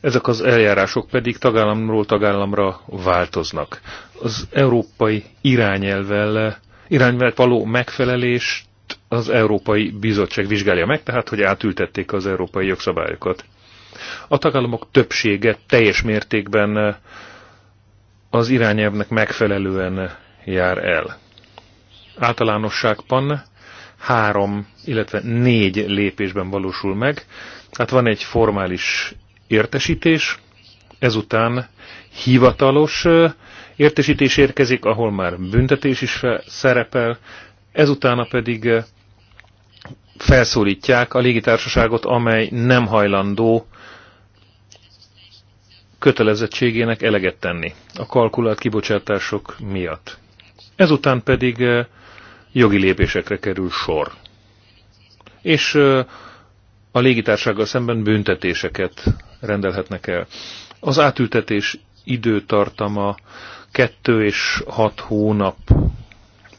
Ezek az eljárások pedig tagállamról tagállamra változnak. Az európai irányelvel, irányelvel való megfelelést az Európai Bizottság vizsgálja meg, tehát hogy átültették az európai jogszabályokat. A tagállamok többsége teljes mértékben az irányelvnek megfelelően jár el általánosságban három, illetve négy lépésben valósul meg. Tehát van egy formális értesítés, ezután hivatalos értesítés érkezik, ahol már büntetés is szerepel, ezutána pedig felszólítják a légitársaságot, amely nem hajlandó kötelezettségének eleget tenni a kalkulált kibocsátások miatt. Ezután pedig jogi lépésekre kerül sor. És a légitársággal szemben büntetéseket rendelhetnek el. Az átültetés időtartama kettő és hat hónap,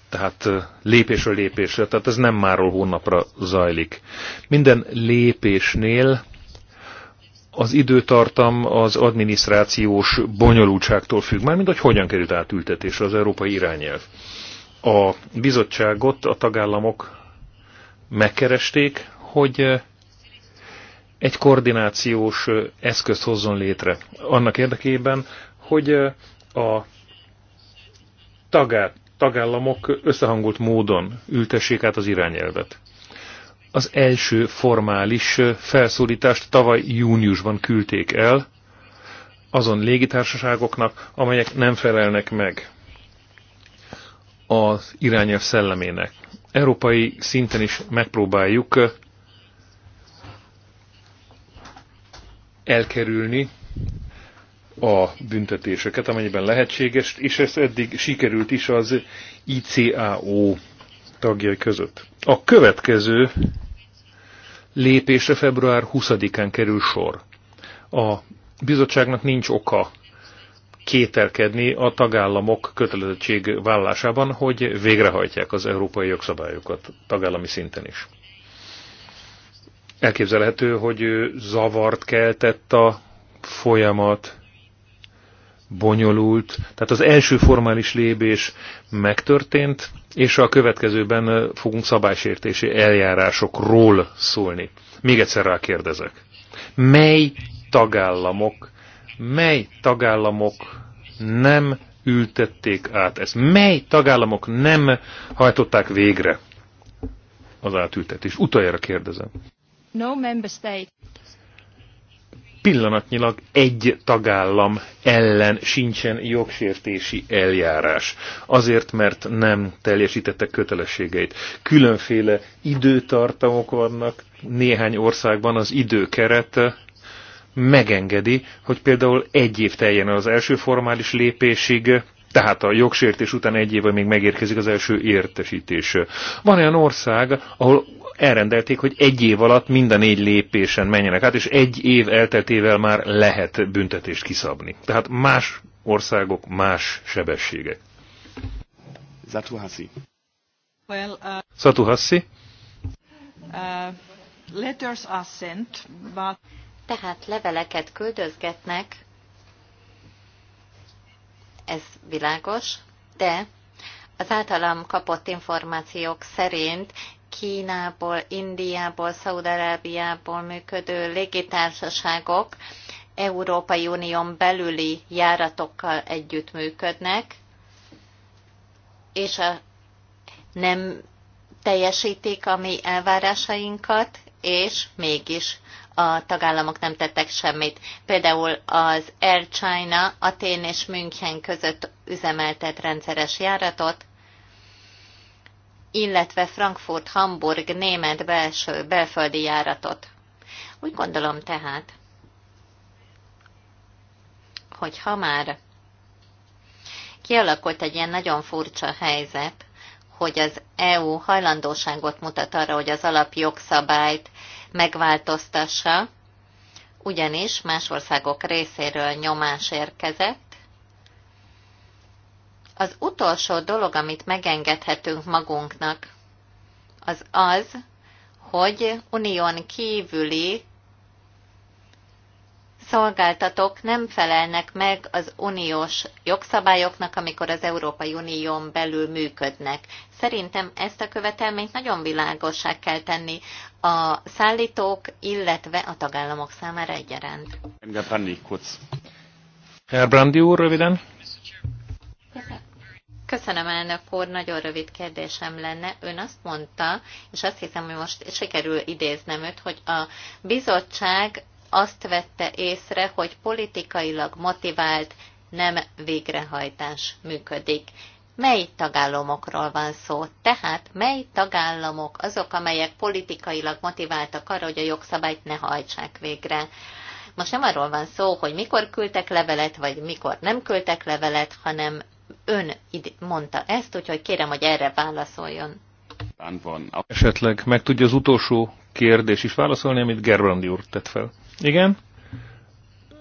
tehát lépésről lépésre, tehát ez nem máról hónapra zajlik. Minden lépésnél az időtartam az adminisztrációs bonyolultságtól függ, mármint hogy hogyan került átültetésre az európai irányelv a bizottságot a tagállamok megkeresték, hogy eh, egy koordinációs eh, eszközt hozzon létre. Annak érdekében, hogy eh, a tagát, tagállamok összehangolt módon ültessék át az irányelvet. Az első formális felszólítást tavaly júniusban küldték el azon légitársaságoknak, amelyek nem felelnek meg az irányelv szellemének. Európai szinten is megpróbáljuk elkerülni a büntetéseket, amennyiben lehetséges, és ez eddig sikerült is az ICAO tagjai között. A következő lépésre február 20-án kerül sor. A bizottságnak nincs oka kételkedni a tagállamok kötelezettség vállásában, hogy végrehajtják az európai jogszabályokat tagállami szinten is. Elképzelhető, hogy zavart keltett a folyamat, bonyolult, tehát az első formális lépés megtörtént, és a következőben fogunk szabálysértési eljárásokról szólni. Még egyszer rákérdezek. Mely tagállamok mely tagállamok nem ültették át ezt? Mely tagállamok nem hajtották végre az átültetést? Utoljára kérdezem. No member state. Pillanatnyilag egy tagállam ellen sincsen jogsértési eljárás. Azért, mert nem teljesítettek kötelességeit. Különféle időtartamok vannak néhány országban az időkeret megengedi, hogy például egy év teljen az első formális lépésig, tehát a jogsértés után egy évvel még megérkezik az első értesítés. Van olyan ország, ahol elrendelték, hogy egy év alatt minden négy lépésen menjenek át, és egy év elteltével már lehet büntetést kiszabni. Tehát más országok, más sebességek. Zatuhassi. Well, uh, Zatuhassi. Uh, letters are sent, but tehát leveleket küldözgetnek, ez világos, de az általam kapott információk szerint Kínából, Indiából, Szaudarábiából működő légitársaságok Európai Unión belüli járatokkal együttműködnek, és a, nem teljesítik a mi elvárásainkat, és mégis a tagállamok nem tettek semmit. Például az Air China Atén és München között üzemeltet rendszeres járatot, illetve Frankfurt-Hamburg német belső belföldi járatot. Úgy gondolom tehát, hogy ha már kialakult egy ilyen nagyon furcsa helyzet, hogy az EU hajlandóságot mutat arra, hogy az alapjogszabályt megváltoztassa, ugyanis más országok részéről nyomás érkezett. Az utolsó dolog, amit megengedhetünk magunknak, az az, hogy unión kívüli szolgáltatók nem felelnek meg az uniós jogszabályoknak, amikor az Európai Unión belül működnek. Szerintem ezt a követelményt nagyon világossá kell tenni a szállítók, illetve a tagállamok számára egyaránt. Herr Brandi úr, röviden. Köszönöm, elnök úr, nagyon rövid kérdésem lenne. Ön azt mondta, és azt hiszem, hogy most sikerül idéznem őt, hogy a bizottság azt vette észre, hogy politikailag motivált nem végrehajtás működik. Mely tagállamokról van szó? Tehát mely tagállamok azok, amelyek politikailag motiváltak arra, hogy a jogszabályt ne hajtsák végre? Most nem arról van szó, hogy mikor küldtek levelet, vagy mikor nem küldtek levelet, hanem ön mondta ezt, úgyhogy kérem, hogy erre válaszoljon. Esetleg meg tudja az utolsó kérdés is válaszolni, amit Gerbrandi úr tett fel. Igen.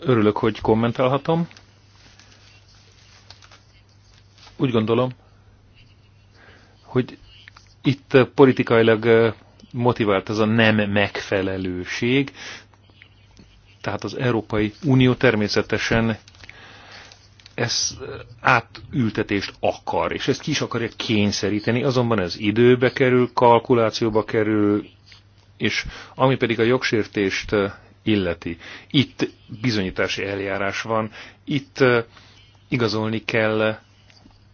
Örülök, hogy kommentálhatom. Úgy gondolom, hogy itt eh, politikailag eh, motivált ez a nem megfelelőség. Tehát az Európai Unió természetesen ez eh, átültetést akar, és ezt ki is akarja kényszeríteni, azonban ez időbe kerül, kalkulációba kerül, és ami pedig a jogsértést illeti. Itt bizonyítási eljárás van, itt igazolni kell,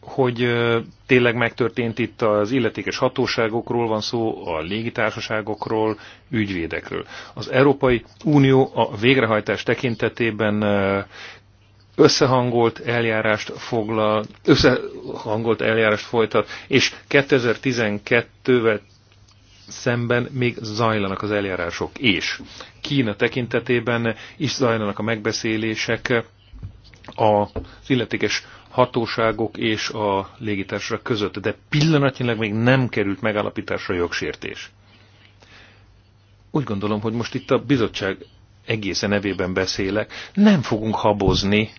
hogy tényleg megtörtént itt az illetékes hatóságokról van szó, a légitársaságokról, ügyvédekről. Az Európai Unió a végrehajtás tekintetében összehangolt eljárást foglal, összehangolt eljárást folytat, és 2012-vel szemben még zajlanak az eljárások, és Kína tekintetében is zajlanak a megbeszélések az illetékes hatóságok és a légitársaság között, de pillanatnyilag még nem került megállapításra jogsértés. Úgy gondolom, hogy most itt a bizottság egészen nevében beszélek, nem fogunk habozni,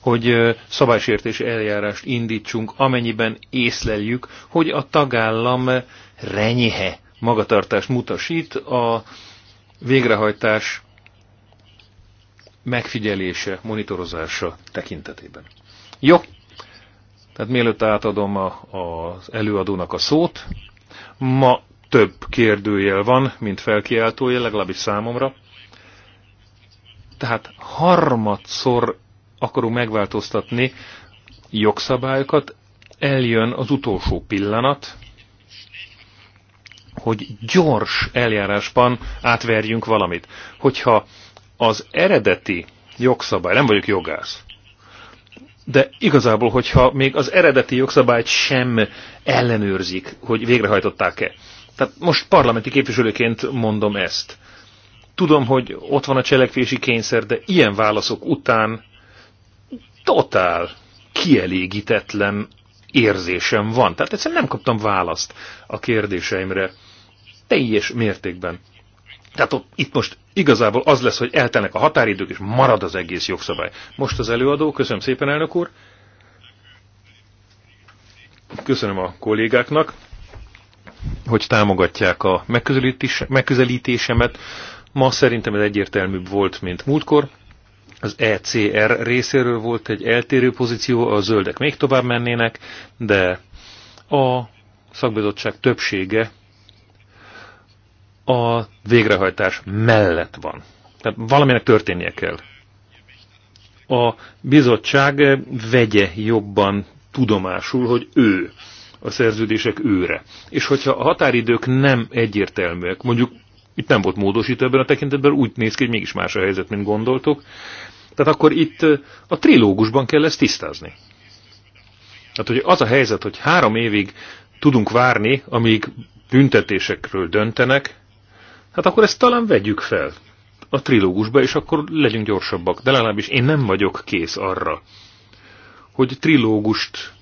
hogy szabálysértés eljárást indítsunk, amennyiben észleljük, hogy a tagállam renyhe magatartást mutasít a végrehajtás megfigyelése, monitorozása tekintetében. Jó, tehát mielőtt átadom a, az előadónak a szót, ma több kérdőjel van, mint felkiáltójel, legalábbis számomra. Tehát harmadszor akarunk megváltoztatni jogszabályokat, eljön az utolsó pillanat, hogy gyors eljárásban átverjünk valamit. Hogyha az eredeti jogszabály, nem vagyok jogász, de igazából, hogyha még az eredeti jogszabályt sem ellenőrzik, hogy végrehajtották-e. Tehát most parlamenti képviselőként mondom ezt. Tudom, hogy ott van a cselekvési kényszer, de ilyen válaszok után totál kielégítetlen érzésem van. Tehát egyszerűen nem kaptam választ a kérdéseimre teljes mértékben. Tehát ott, itt most igazából az lesz, hogy eltelnek a határidők, és marad az egész jogszabály. Most az előadó, köszönöm szépen, elnök úr. Köszönöm a kollégáknak, hogy támogatják a megközelítésemet. Ma szerintem ez egyértelműbb volt, mint múltkor. Az ECR részéről volt egy eltérő pozíció, a zöldek még tovább mennének, de a szakbizottság többsége a végrehajtás mellett van. Tehát valaminek történnie kell. A bizottság vegye jobban tudomásul, hogy ő a szerződések őre. És hogyha a határidők nem egyértelműek, mondjuk itt nem volt módosító ebben a tekintetben, úgy néz ki, hogy mégis más a helyzet, mint gondoltuk, tehát akkor itt a trilógusban kell ezt tisztázni. Tehát, hogy az a helyzet, hogy három évig tudunk várni, amíg büntetésekről döntenek, Hát akkor ezt talán vegyük fel a trilógusba, és akkor legyünk gyorsabbak. De legalábbis én nem vagyok kész arra, hogy trilógust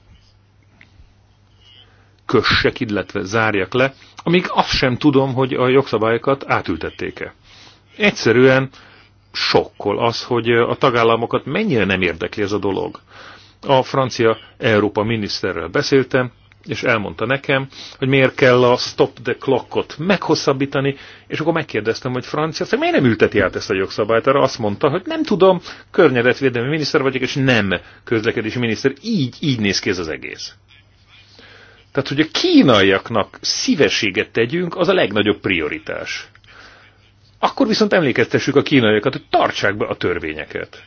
kössek, illetve zárjak le, amíg azt sem tudom, hogy a jogszabályokat átültették-e. Egyszerűen sokkol az, hogy a tagállamokat mennyire nem érdekli ez a dolog. A francia Európa miniszterrel beszéltem, és elmondta nekem, hogy miért kell a stop the clockot meghosszabbítani, és akkor megkérdeztem, hogy Franciaország miért nem ülteti át ezt a jogszabályt, arra azt mondta, hogy nem tudom, környezetvédelmi miniszter vagyok, és nem közlekedési miniszter. Így, így néz ki ez az egész. Tehát, hogy a kínaiaknak szívességet tegyünk, az a legnagyobb prioritás. Akkor viszont emlékeztessük a kínaiakat, hogy tartsák be a törvényeket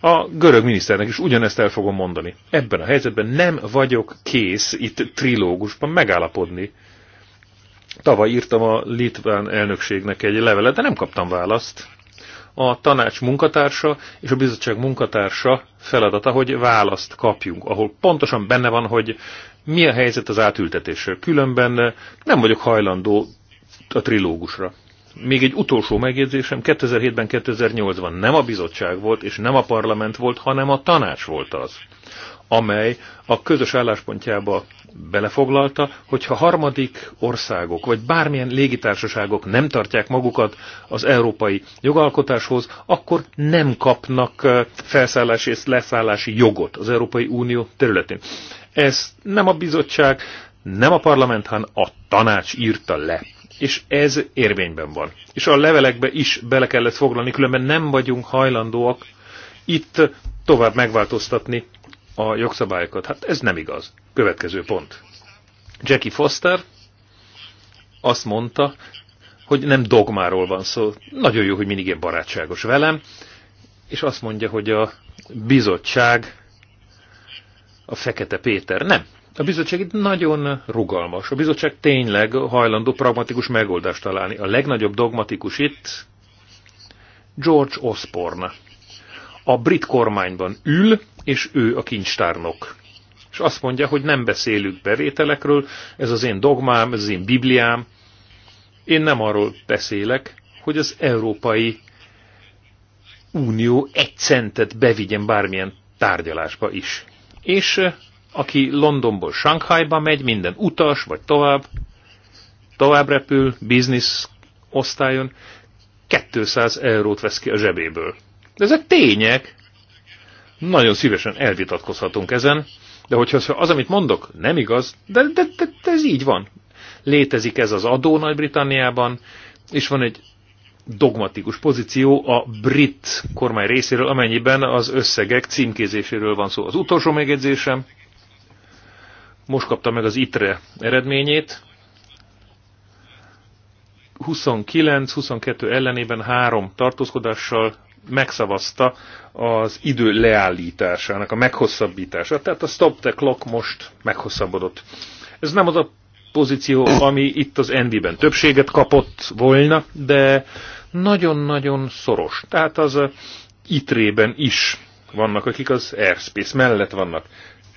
a görög miniszternek is ugyanezt el fogom mondani. Ebben a helyzetben nem vagyok kész itt trilógusban megállapodni. Tavaly írtam a litván elnökségnek egy levelet, de nem kaptam választ. A tanács munkatársa és a bizottság munkatársa feladata, hogy választ kapjunk, ahol pontosan benne van, hogy mi a helyzet az átültetéssel. Különben nem vagyok hajlandó a trilógusra. Még egy utolsó megjegyzésem, 2007-ben, 2008-ban nem a bizottság volt, és nem a parlament volt, hanem a tanács volt az, amely a közös álláspontjába belefoglalta, hogyha harmadik országok, vagy bármilyen légitársaságok nem tartják magukat az európai jogalkotáshoz, akkor nem kapnak felszállási és leszállási jogot az Európai Unió területén. Ez nem a bizottság, nem a parlament, hanem a tanács írta le és ez érvényben van. És a levelekbe is bele kellett foglalni, különben nem vagyunk hajlandóak itt tovább megváltoztatni a jogszabályokat. Hát ez nem igaz. Következő pont. Jackie Foster azt mondta, hogy nem dogmáról van szó. Nagyon jó, hogy mindig ilyen barátságos velem, és azt mondja, hogy a bizottság a Fekete Péter. Nem, a bizottság itt nagyon rugalmas. A bizottság tényleg hajlandó pragmatikus megoldást találni. A legnagyobb dogmatikus itt George Osborne. A brit kormányban ül, és ő a kincstárnok. És azt mondja, hogy nem beszélünk bevételekről, ez az én dogmám, ez az én bibliám. Én nem arról beszélek, hogy az Európai Unió egy centet bevigyen bármilyen tárgyalásba is. És aki Londonból Shanghaiba megy, minden utas, vagy tovább, tovább repül, biznisz osztályon, 200 eurót vesz ki a zsebéből. De ezek tények. Nagyon szívesen elvitatkozhatunk ezen, de hogyha az, amit mondok, nem igaz, de, de, de, de ez így van. Létezik ez az adó Nagy-Britanniában, és van egy dogmatikus pozíció a brit kormány részéről, amennyiben az összegek címkézéséről van szó. Az utolsó megjegyzésem, most kapta meg az ITRE eredményét. 29-22 ellenében három tartózkodással megszavazta az idő leállításának a meghosszabbítását. Tehát a stop the clock most meghosszabbodott. Ez nem az a pozíció, ami itt az nb ben többséget kapott volna, de nagyon-nagyon szoros. Tehát az itrében is vannak, akik az airspace mellett vannak.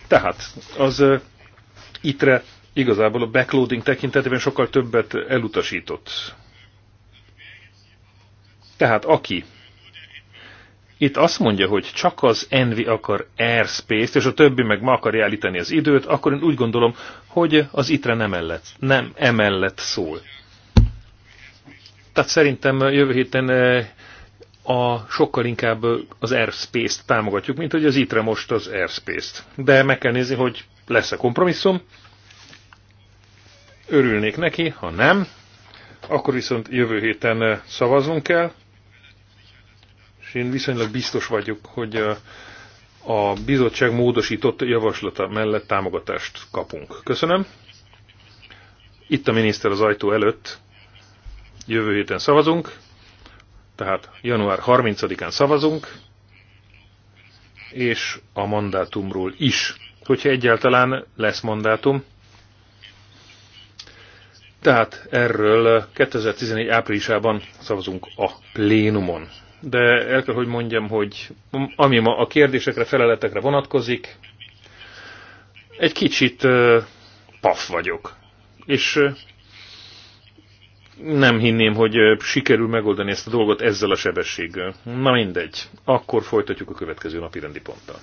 Tehát az ITRE igazából a backloading tekintetében sokkal többet elutasított. Tehát aki itt azt mondja, hogy csak az Envy akar airspace-t, és a többi meg ma akarja állítani az időt, akkor én úgy gondolom, hogy az itre nem, emellett, nem emellett szól. Tehát szerintem jövő héten eh, a, sokkal inkább az airspace-t támogatjuk, mint hogy az itre most az airspace-t. De meg kell nézni, hogy lesz a kompromisszum. Örülnék neki, ha nem, akkor viszont jövő héten eh, szavaznunk kell, és én viszonylag biztos vagyok, hogy eh, a bizottság módosított javaslata mellett támogatást kapunk. Köszönöm. Itt a miniszter az ajtó előtt. Jövő héten szavazunk, tehát január 30-án szavazunk, és a mandátumról is hogyha egyáltalán lesz mandátum. Tehát erről 2014 áprilisában szavazunk a plénumon. De el kell, hogy mondjam, hogy ami ma a kérdésekre, feleletekre vonatkozik, egy kicsit paf vagyok. És nem hinném, hogy sikerül megoldani ezt a dolgot ezzel a sebességgel. Na mindegy, akkor folytatjuk a következő napi rendi ponttal.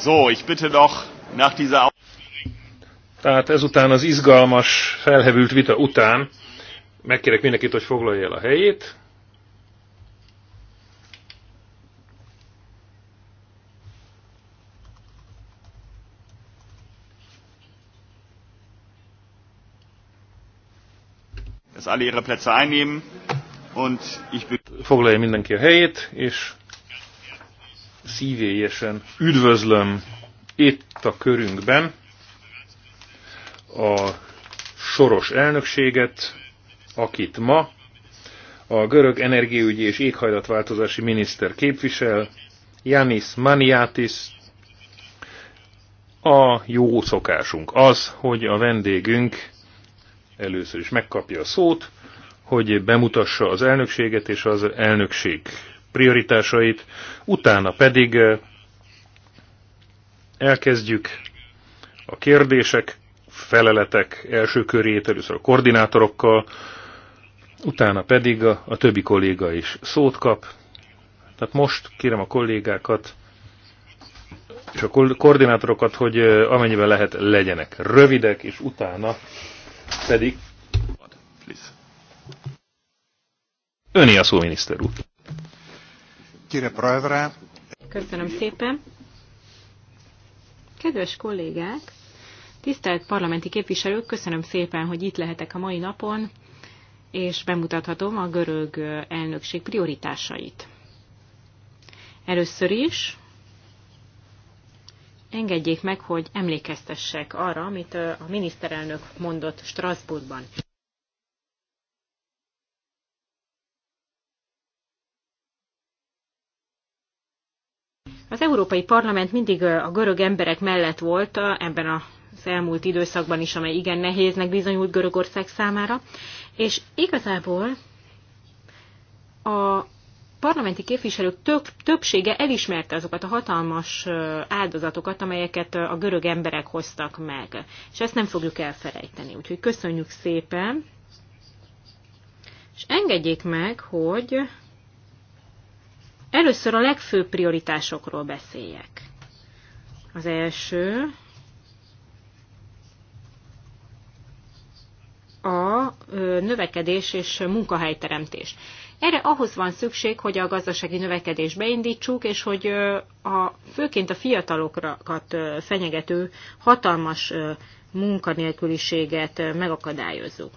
So, ich bitte doch nach dieser Tehát ezután az izgalmas, felhevült vita után megkérek mindenkit, hogy foglalja el a helyét. Dass alle ihre Plätze einnehmen und ich Foglalja mindenki a helyét, és szívélyesen üdvözlöm itt a körünkben a soros elnökséget, akit ma a görög energiaügyi és éghajlatváltozási miniszter képvisel, Janis Maniatis. A jó szokásunk az, hogy a vendégünk először is megkapja a szót, hogy bemutassa az elnökséget és az elnökség prioritásait, utána pedig elkezdjük a kérdések, feleletek első körét, először a koordinátorokkal, utána pedig a, a többi kolléga is szót kap. Tehát most kérem a kollégákat és a koordinátorokat, hogy amennyiben lehet legyenek rövidek, és utána pedig Öni a szó, miniszter úr. Köszönöm szépen. Kedves kollégák, tisztelt parlamenti képviselők, köszönöm szépen, hogy itt lehetek a mai napon, és bemutathatom a görög elnökség prioritásait. Először is engedjék meg, hogy emlékeztessek arra, amit a miniszterelnök mondott Strasbourgban. Az Európai Parlament mindig a görög emberek mellett volt ebben az elmúlt időszakban is, amely igen nehéznek bizonyult Görögország számára, és igazából a parlamenti képviselők több, többsége elismerte azokat a hatalmas áldozatokat, amelyeket a görög emberek hoztak meg. És ezt nem fogjuk elfelejteni. Úgyhogy köszönjük szépen. És engedjék meg, hogy Először a legfőbb prioritásokról beszéljek. Az első a növekedés és munkahelyteremtés. Erre ahhoz van szükség, hogy a gazdasági növekedés beindítsuk, és hogy a, főként a fiatalokat fenyegető hatalmas munkanélküliséget megakadályozzuk.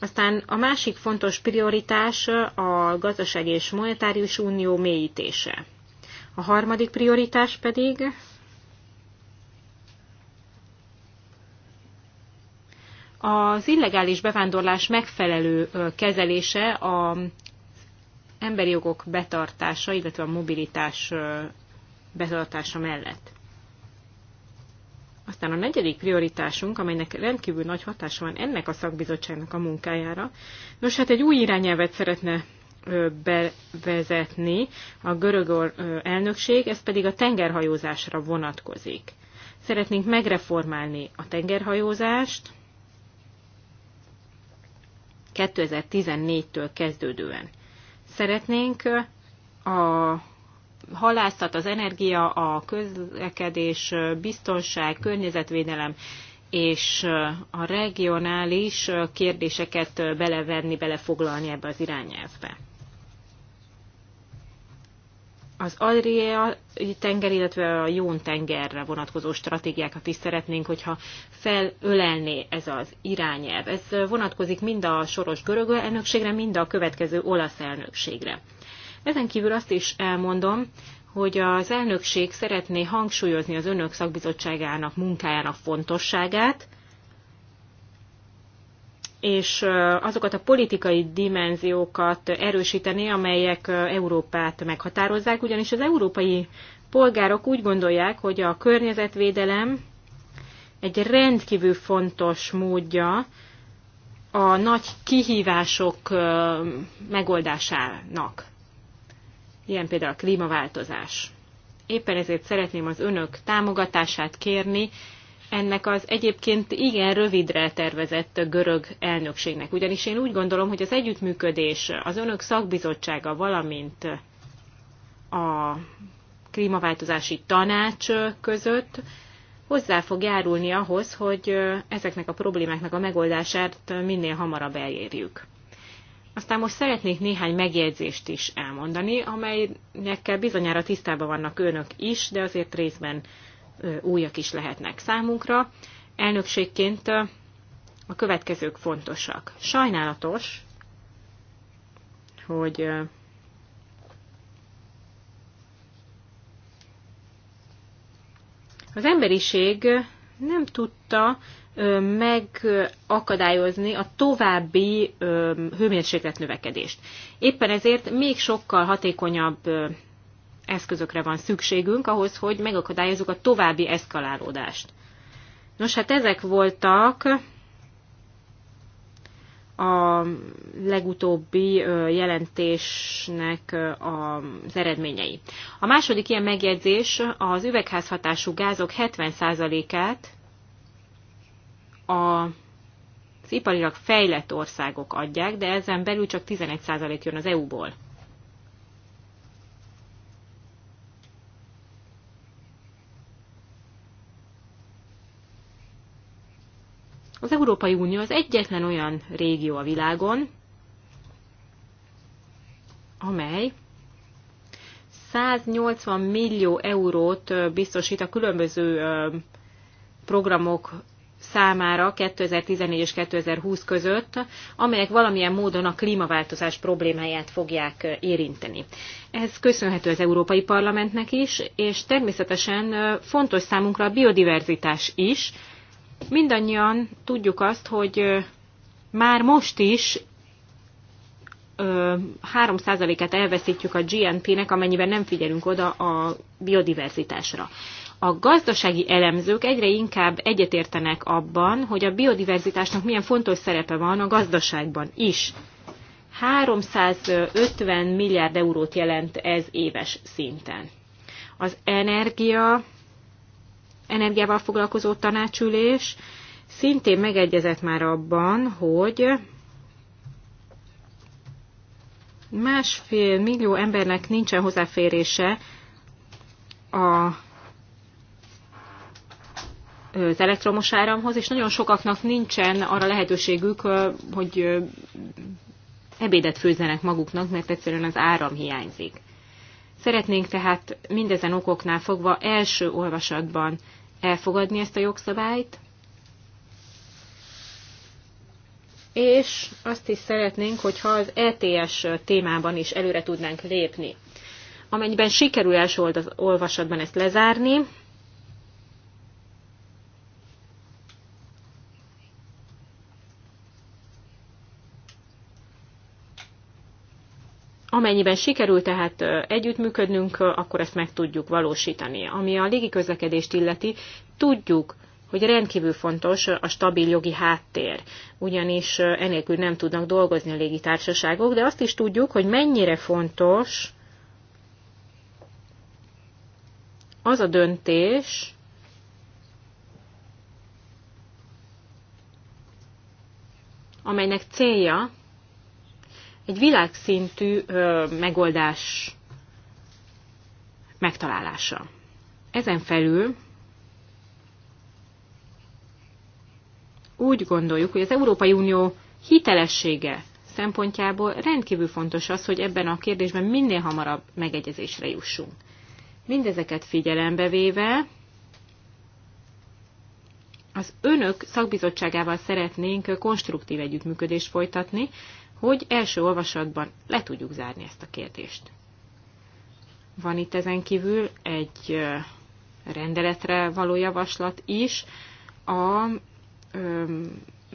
Aztán a másik fontos prioritás a gazdasági és monetárius unió mélyítése. A harmadik prioritás pedig az illegális bevándorlás megfelelő kezelése a emberi jogok betartása, illetve a mobilitás betartása mellett. Aztán a negyedik prioritásunk, amelynek rendkívül nagy hatása van ennek a szakbizottságnak a munkájára. Nos, hát egy új irányelvet szeretne bevezetni a görög elnökség, ez pedig a tengerhajózásra vonatkozik. Szeretnénk megreformálni a tengerhajózást 2014-től kezdődően. Szeretnénk a halászat, az energia, a közlekedés, biztonság, környezetvédelem és a regionális kérdéseket belevenni, belefoglalni ebbe az irányelvbe. Az Adria tenger, illetve a Jón tengerre vonatkozó stratégiákat is szeretnénk, hogyha felölelné ez az irányelv. Ez vonatkozik mind a soros görög elnökségre, mind a következő olasz elnökségre. Ezen kívül azt is elmondom, hogy az elnökség szeretné hangsúlyozni az önök szakbizottságának munkájának fontosságát, és azokat a politikai dimenziókat erősíteni, amelyek Európát meghatározzák, ugyanis az európai polgárok úgy gondolják, hogy a környezetvédelem egy rendkívül fontos módja a nagy kihívások megoldásának ilyen például a klímaváltozás. Éppen ezért szeretném az önök támogatását kérni ennek az egyébként igen rövidre tervezett görög elnökségnek. Ugyanis én úgy gondolom, hogy az együttműködés, az önök szakbizottsága, valamint a klímaváltozási tanács között hozzá fog járulni ahhoz, hogy ezeknek a problémáknak a megoldását minél hamarabb elérjük. Aztán most szeretnék néhány megjegyzést is elmondani, amelynekkel bizonyára tisztában vannak önök is, de azért részben újak is lehetnek számunkra. Elnökségként a következők fontosak. Sajnálatos, hogy az emberiség nem tudta megakadályozni a további hőmérséklet növekedést. Éppen ezért még sokkal hatékonyabb eszközökre van szükségünk ahhoz, hogy megakadályozzuk a további eszkalálódást. Nos, hát ezek voltak a legutóbbi jelentésnek az eredményei. A második ilyen megjegyzés az üvegházhatású gázok 70%-át a az iparilag fejlett országok adják, de ezen belül csak 11% jön az EU-ból. Az Európai Unió az egyetlen olyan régió a világon, amely 180 millió eurót biztosít a különböző programok számára 2014 és 2020 között, amelyek valamilyen módon a klímaváltozás problémáját fogják érinteni. Ez köszönhető az Európai Parlamentnek is, és természetesen fontos számunkra a biodiverzitás is. Mindannyian tudjuk azt, hogy már most is 3 et elveszítjük a GNP-nek, amennyiben nem figyelünk oda a biodiverzitásra a gazdasági elemzők egyre inkább egyetértenek abban, hogy a biodiverzitásnak milyen fontos szerepe van a gazdaságban is. 350 milliárd eurót jelent ez éves szinten. Az energia, energiával foglalkozó tanácsülés szintén megegyezett már abban, hogy másfél millió embernek nincsen hozzáférése a az elektromos áramhoz, és nagyon sokaknak nincsen arra lehetőségük, hogy ebédet főzzenek maguknak, mert egyszerűen az áram hiányzik. Szeretnénk tehát mindezen okoknál fogva első olvasatban elfogadni ezt a jogszabályt, és azt is szeretnénk, hogyha az ETS témában is előre tudnánk lépni. Amennyiben sikerül első olvasatban ezt lezárni, Amennyiben sikerül tehát együttműködnünk, akkor ezt meg tudjuk valósítani. Ami a közlekedést illeti, tudjuk, hogy rendkívül fontos a stabil jogi háttér, ugyanis enélkül nem tudnak dolgozni a légitársaságok, de azt is tudjuk, hogy mennyire fontos az a döntés, amelynek célja egy világszintű ö, megoldás megtalálása. Ezen felül úgy gondoljuk, hogy az Európai Unió hitelessége szempontjából rendkívül fontos az, hogy ebben a kérdésben minél hamarabb megegyezésre jussunk. Mindezeket figyelembe véve az önök szakbizottságával szeretnénk konstruktív együttműködést folytatni, hogy első olvasatban le tudjuk zárni ezt a kérdést. Van itt ezen kívül egy rendeletre való javaslat is a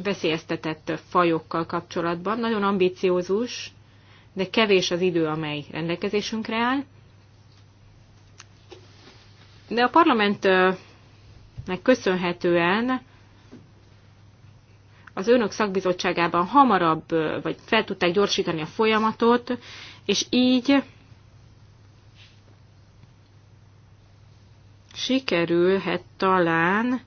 veszélyeztetett fajokkal kapcsolatban. Nagyon ambiciózus, de kevés az idő, amely rendelkezésünkre áll. De a parlamentnek köszönhetően az önök szakbizottságában hamarabb, vagy fel tudták gyorsítani a folyamatot, és így sikerülhet talán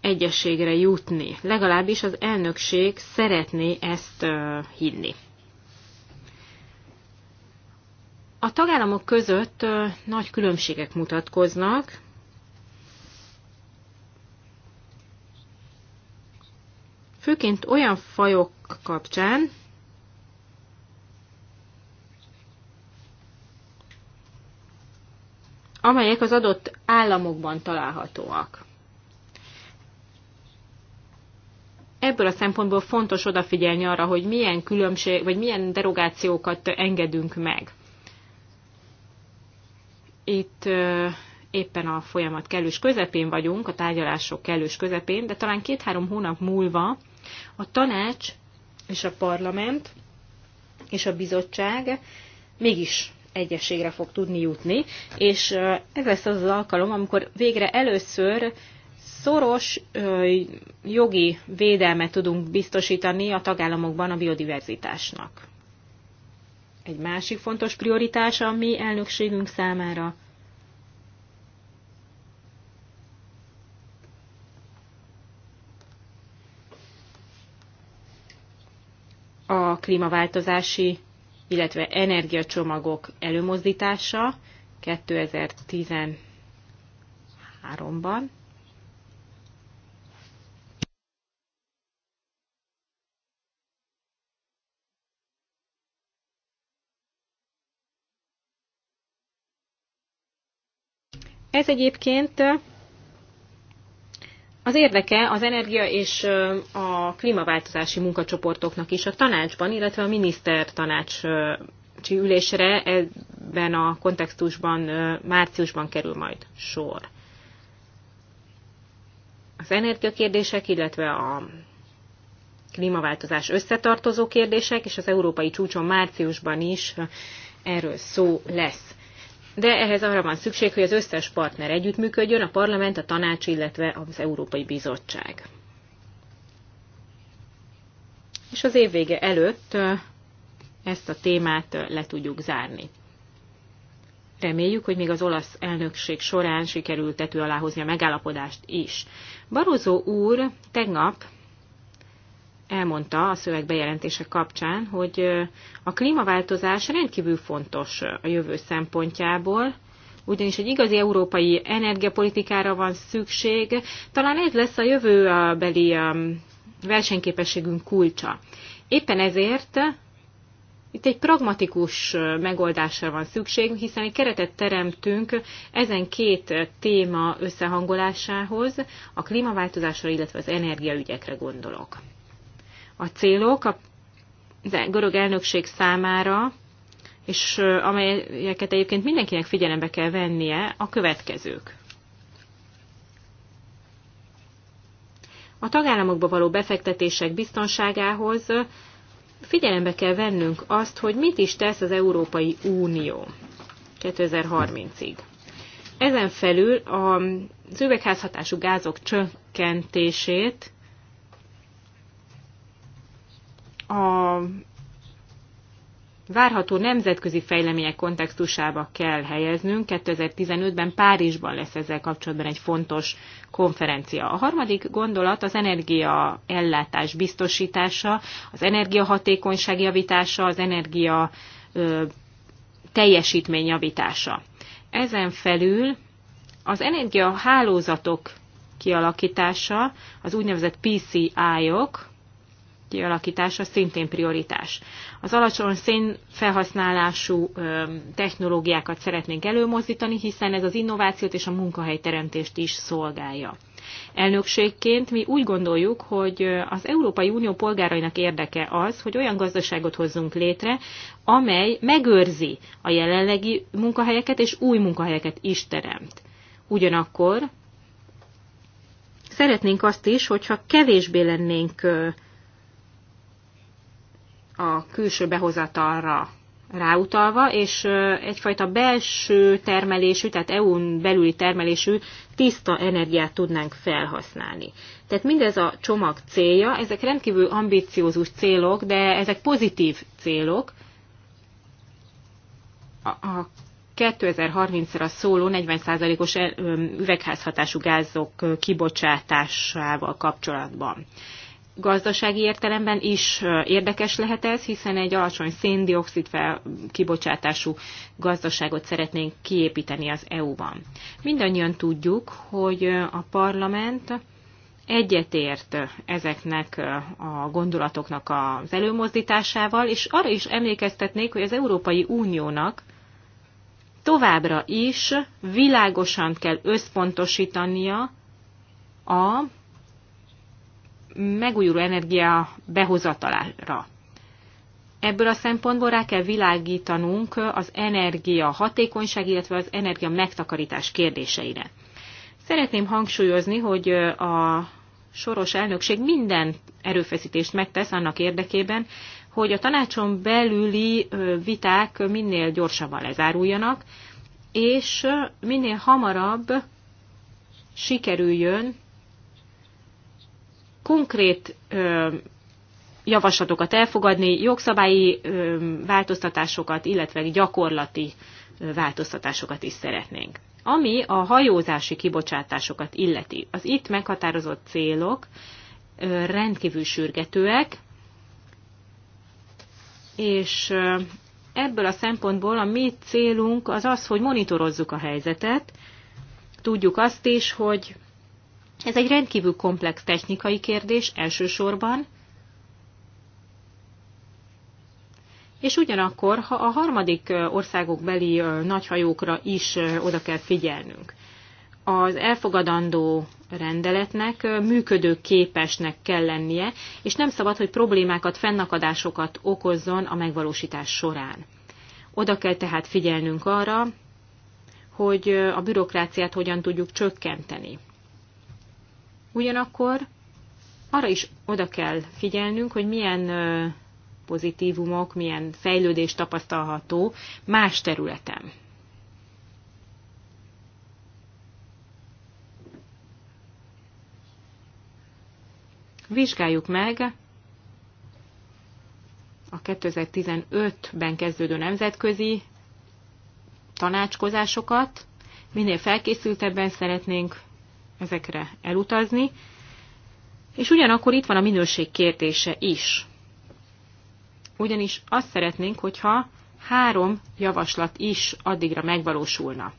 egyességre jutni. Legalábbis az elnökség szeretné ezt hinni. A tagállamok között nagy különbségek mutatkoznak, főként olyan fajok kapcsán, amelyek az adott államokban találhatóak. Ebből a szempontból fontos odafigyelni arra, hogy milyen különbség, vagy milyen derogációkat engedünk meg. Itt éppen a folyamat kellős közepén vagyunk, a tárgyalások kellős közepén, de talán két-három hónap múlva a tanács és a parlament és a bizottság mégis egyességre fog tudni jutni, és ez lesz az az alkalom, amikor végre először szoros jogi védelmet tudunk biztosítani a tagállamokban a biodiverzitásnak. Egy másik fontos prioritás a mi elnökségünk számára a klímaváltozási, illetve energiacsomagok előmozdítása 2013-ban. Ez egyébként az érdeke az energia és a klímaváltozási munkacsoportoknak is a tanácsban, illetve a miniszter tanácsi ülésre ebben a kontextusban márciusban kerül majd sor. Az energiakérdések, illetve a klímaváltozás összetartozó kérdések, és az európai csúcson márciusban is erről szó lesz de ehhez arra van szükség, hogy az összes partner együttműködjön, a parlament, a tanács, illetve az Európai Bizottság. És az év vége előtt ezt a témát le tudjuk zárni. Reméljük, hogy még az olasz elnökség során sikerült tető aláhozni a megállapodást is. Barozó úr tegnap elmondta a szövegbejelentése bejelentése kapcsán, hogy a klímaváltozás rendkívül fontos a jövő szempontjából, ugyanis egy igazi európai energiapolitikára van szükség. Talán ez lesz a jövőbeli versenyképességünk kulcsa. Éppen ezért itt egy pragmatikus megoldásra van szükség, hiszen egy keretet teremtünk ezen két téma összehangolásához, a klímaváltozásra, illetve az energiaügyekre gondolok a célok a görög elnökség számára, és amelyeket egyébként mindenkinek figyelembe kell vennie, a következők. A tagállamokba való befektetések biztonságához figyelembe kell vennünk azt, hogy mit is tesz az Európai Unió 2030-ig. Ezen felül az üvegházhatású gázok csökkentését a várható nemzetközi fejlemények kontextusába kell helyeznünk. 2015-ben Párizsban lesz ezzel kapcsolatban egy fontos konferencia. A harmadik gondolat az energia ellátás biztosítása, az energiahatékonyság javítása, az energia ö, teljesítmény javítása. Ezen felül az energiahálózatok kialakítása, az úgynevezett PCI-ok, -ok, kialakítása szintén prioritás. Az alacsony szénfelhasználású technológiákat szeretnénk előmozdítani, hiszen ez az innovációt és a munkahelyteremtést is szolgálja. Elnökségként mi úgy gondoljuk, hogy az Európai Unió polgárainak érdeke az, hogy olyan gazdaságot hozzunk létre, amely megőrzi a jelenlegi munkahelyeket és új munkahelyeket is teremt. Ugyanakkor szeretnénk azt is, hogyha kevésbé lennénk a külső behozatalra ráutalva, és egyfajta belső termelésű, tehát EU-n belüli termelésű tiszta energiát tudnánk felhasználni. Tehát mindez a csomag célja, ezek rendkívül ambiciózus célok, de ezek pozitív célok. A, 2030-ra szóló 40%-os üvegházhatású gázok kibocsátásával kapcsolatban gazdasági értelemben is érdekes lehet ez, hiszen egy alacsony széndiokszid kibocsátású gazdaságot szeretnénk kiépíteni az EU-ban. Mindannyian tudjuk, hogy a parlament egyetért ezeknek a gondolatoknak az előmozdításával, és arra is emlékeztetnék, hogy az Európai Uniónak továbbra is világosan kell összpontosítania a megújuló energia behozatalára. Ebből a szempontból rá kell világítanunk az energia hatékonyság, illetve az energia megtakarítás kérdéseire. Szeretném hangsúlyozni, hogy a soros elnökség minden erőfeszítést megtesz annak érdekében, hogy a tanácson belüli viták minél gyorsabban lezáruljanak, és minél hamarabb sikerüljön konkrét javaslatokat elfogadni, jogszabályi változtatásokat, illetve gyakorlati változtatásokat is szeretnénk. Ami a hajózási kibocsátásokat illeti, az itt meghatározott célok rendkívül sürgetőek, és ebből a szempontból a mi célunk az az, hogy monitorozzuk a helyzetet, tudjuk azt is, hogy ez egy rendkívül komplex technikai kérdés elsősorban, és ugyanakkor ha a harmadik országok beli nagyhajókra is oda kell figyelnünk. Az elfogadandó rendeletnek működő képesnek kell lennie, és nem szabad, hogy problémákat, fennakadásokat okozzon a megvalósítás során. Oda kell tehát figyelnünk arra, hogy a bürokráciát hogyan tudjuk csökkenteni. Ugyanakkor arra is oda kell figyelnünk, hogy milyen pozitívumok, milyen fejlődés tapasztalható más területen. Vizsgáljuk meg a 2015-ben kezdődő nemzetközi tanácskozásokat. Minél felkészültebben szeretnénk ezekre elutazni, és ugyanakkor itt van a minőség kérdése is. Ugyanis azt szeretnénk, hogyha három javaslat is addigra megvalósulna.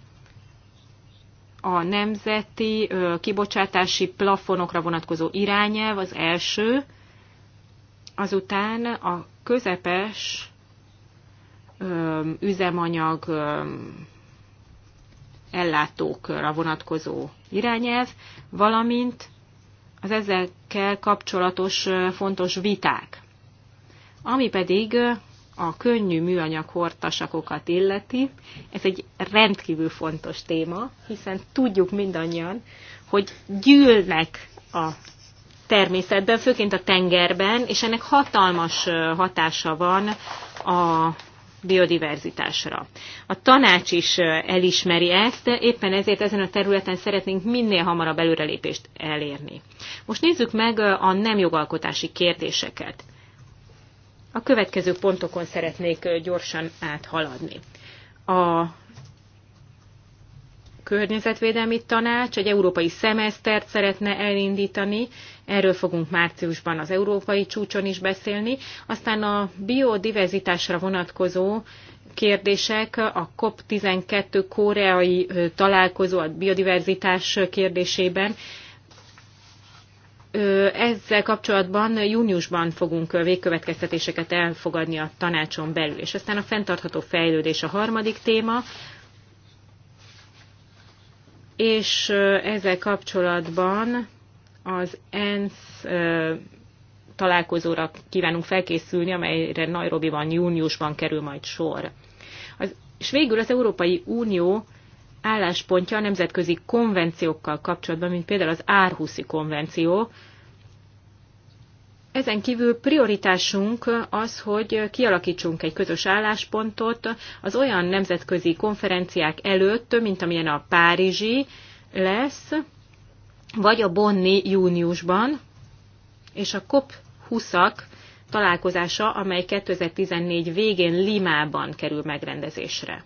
A nemzeti kibocsátási plafonokra vonatkozó irányelv az első, azután a közepes üzemanyag ellátókra vonatkozó irányelv, valamint az ezekkel kapcsolatos fontos viták. Ami pedig a könnyű műanyag hortasakokat illeti, ez egy rendkívül fontos téma, hiszen tudjuk mindannyian, hogy gyűlnek a természetben, főként a tengerben, és ennek hatalmas hatása van a biodiverzitásra. A tanács is elismeri ezt, de éppen ezért ezen a területen szeretnénk minél hamarabb előrelépést elérni. Most nézzük meg a nem jogalkotási kérdéseket. A következő pontokon szeretnék gyorsan áthaladni. A környezetvédelmi tanács egy európai szemesztert szeretne elindítani, erről fogunk márciusban az európai csúcson is beszélni, aztán a biodiverzitásra vonatkozó kérdések, a COP12 koreai találkozó a biodiverzitás kérdésében, ezzel kapcsolatban júniusban fogunk végkövetkeztetéseket elfogadni a tanácson belül. És aztán a fenntartható fejlődés a harmadik téma, és ezzel kapcsolatban az ENSZ találkozóra kívánunk felkészülni, amelyre Nairobiban júniusban kerül majd sor. Az, és végül az Európai Unió álláspontja a nemzetközi konvenciókkal kapcsolatban, mint például az Árhuszi konvenció, ezen kívül prioritásunk az, hogy kialakítsunk egy közös álláspontot az olyan nemzetközi konferenciák előtt, mint amilyen a Párizsi lesz, vagy a Bonni júniusban, és a cop 20 találkozása, amely 2014 végén Limában kerül megrendezésre.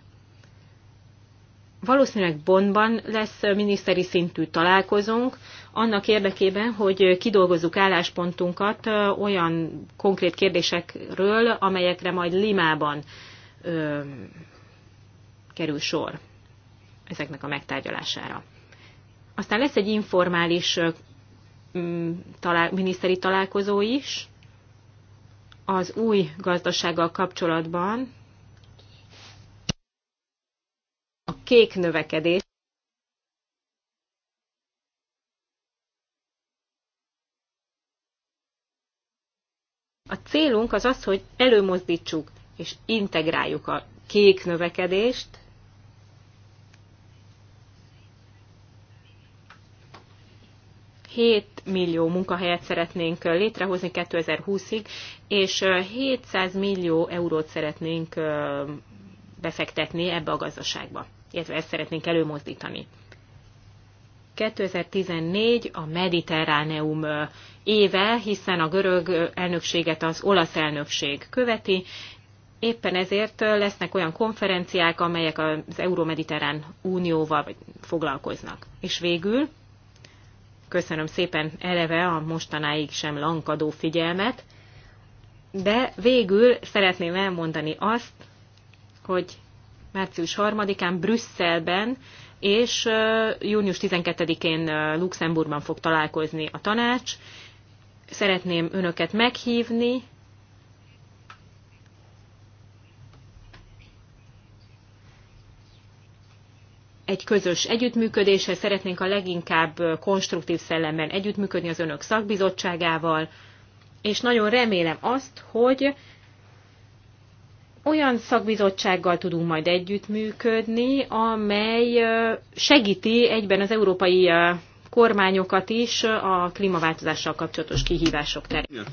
Valószínűleg Bonnban lesz miniszteri szintű találkozónk, annak érdekében, hogy kidolgozzuk álláspontunkat olyan konkrét kérdésekről, amelyekre majd Limában ö, kerül sor ezeknek a megtárgyalására. Aztán lesz egy informális talál, miniszteri találkozó is az új gazdasággal kapcsolatban, kék növekedés. A célunk az az, hogy előmozdítsuk és integráljuk a kék növekedést, Hét millió munkahelyet szeretnénk létrehozni 2020-ig, és 700 millió eurót szeretnénk befektetni ebbe a gazdaságba illetve ezt szeretnénk előmozdítani. 2014 a Mediterráneum éve, hiszen a görög elnökséget az olasz elnökség követi. Éppen ezért lesznek olyan konferenciák, amelyek az Euró-Mediterrán Unióval foglalkoznak. És végül, köszönöm szépen eleve a mostanáig sem lankadó figyelmet, de végül szeretném elmondani azt, hogy március 3-án Brüsszelben, és június 12-én Luxemburgban fog találkozni a tanács. Szeretném önöket meghívni, egy közös együttműködéshez, szeretnénk a leginkább konstruktív szellemben együttműködni az önök szakbizottságával, és nagyon remélem azt, hogy olyan szakbizottsággal tudunk majd együttműködni, amely segíti egyben az európai kormányokat is a klímaváltozással kapcsolatos kihívások terén.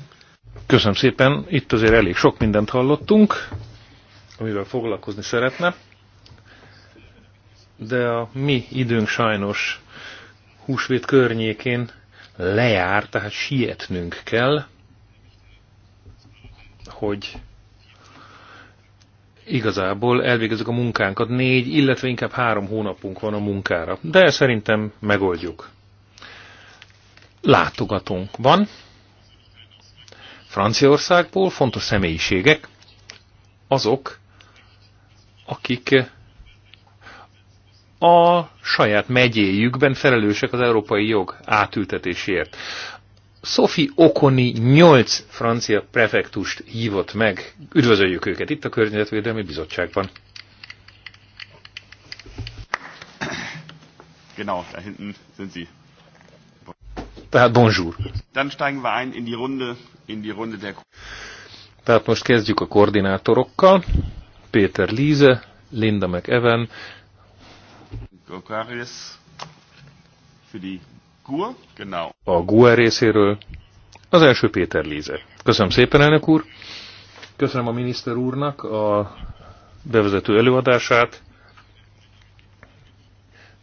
Köszönöm szépen, itt azért elég sok mindent hallottunk, amivel foglalkozni szeretne, de a mi időnk sajnos húsvét környékén lejár, tehát sietnünk kell, hogy igazából elvégezzük a munkánkat. Négy, illetve inkább három hónapunk van a munkára. De szerintem megoldjuk. Látogatónk van. Franciaországból fontos személyiségek, azok, akik a saját megyéjükben felelősek az európai jog átültetéséért. Sophie Okoni 8 francia prefektust hívott meg. Üdvözöljük őket itt a Környezetvédelmi Bizottságban. Genau, da hinten sind sie. Tehát bonjour. Dann steigen wir ein in die Runde, in die Runde der... Tehát most kezdjük a koordinátorokkal. Péter Líze, Linda McEwen. Gokaris für die Genau. A GUA részéről az első Péter Líze. Köszönöm szépen, elnök úr. Köszönöm a miniszter úrnak a bevezető előadását.